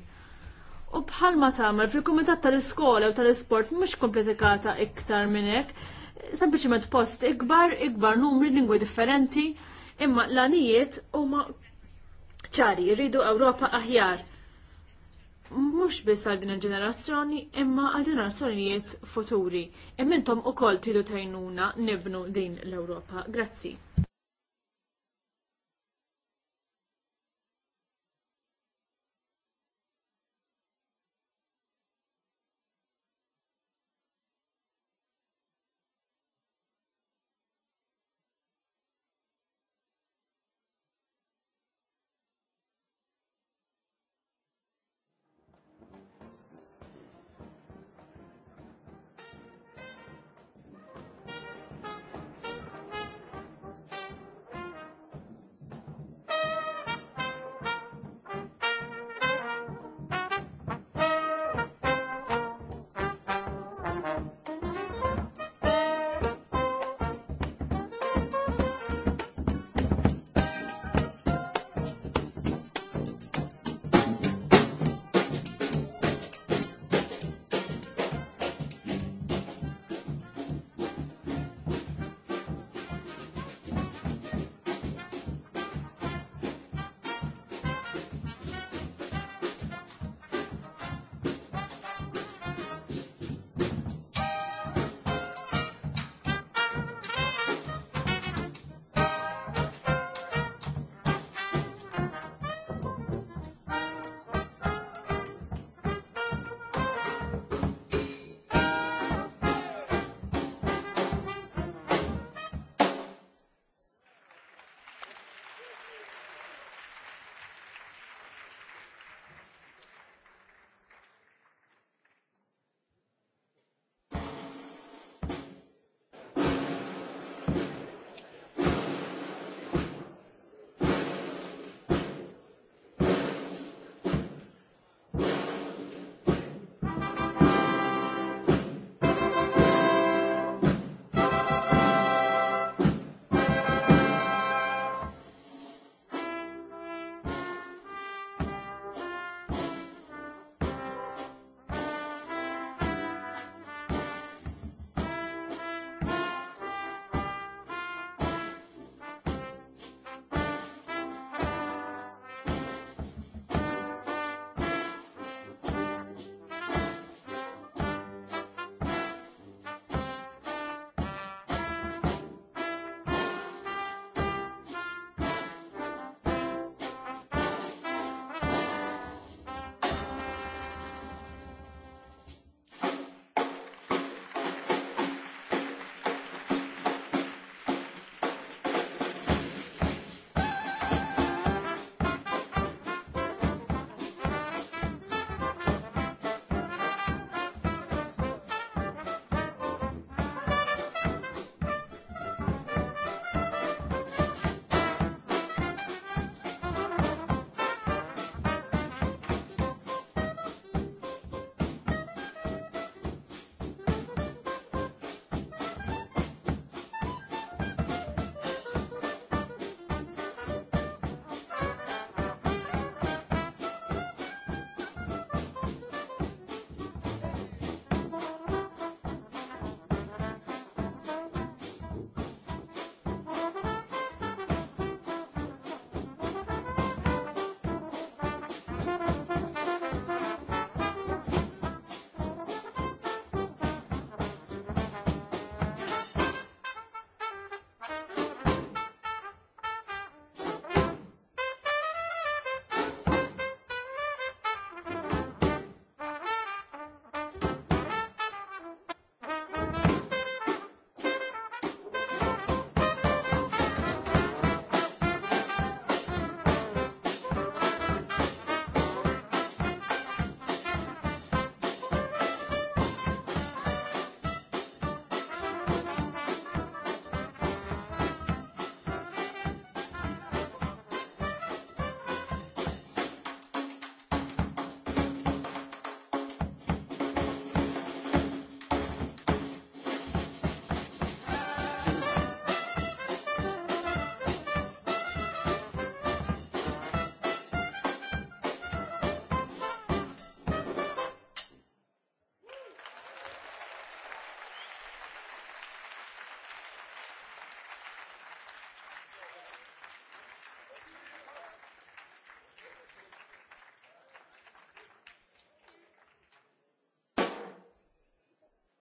U bħal ma tagħmel fil-kumitat tal-iskola u tal-isport mhux komplikata iktar minn hekk, sempliciment post ikbar, ikbar numri, lingwi differenti, imma l-anijiet huma ċari, rridu Ewropa aħjar. Mhux biss għal din il-ġenerazzjoni, imma għal ġenerazzjonijiet futuri. Immentom u koll tridu tajnuna nibnu din l-Ewropa. Grazzi.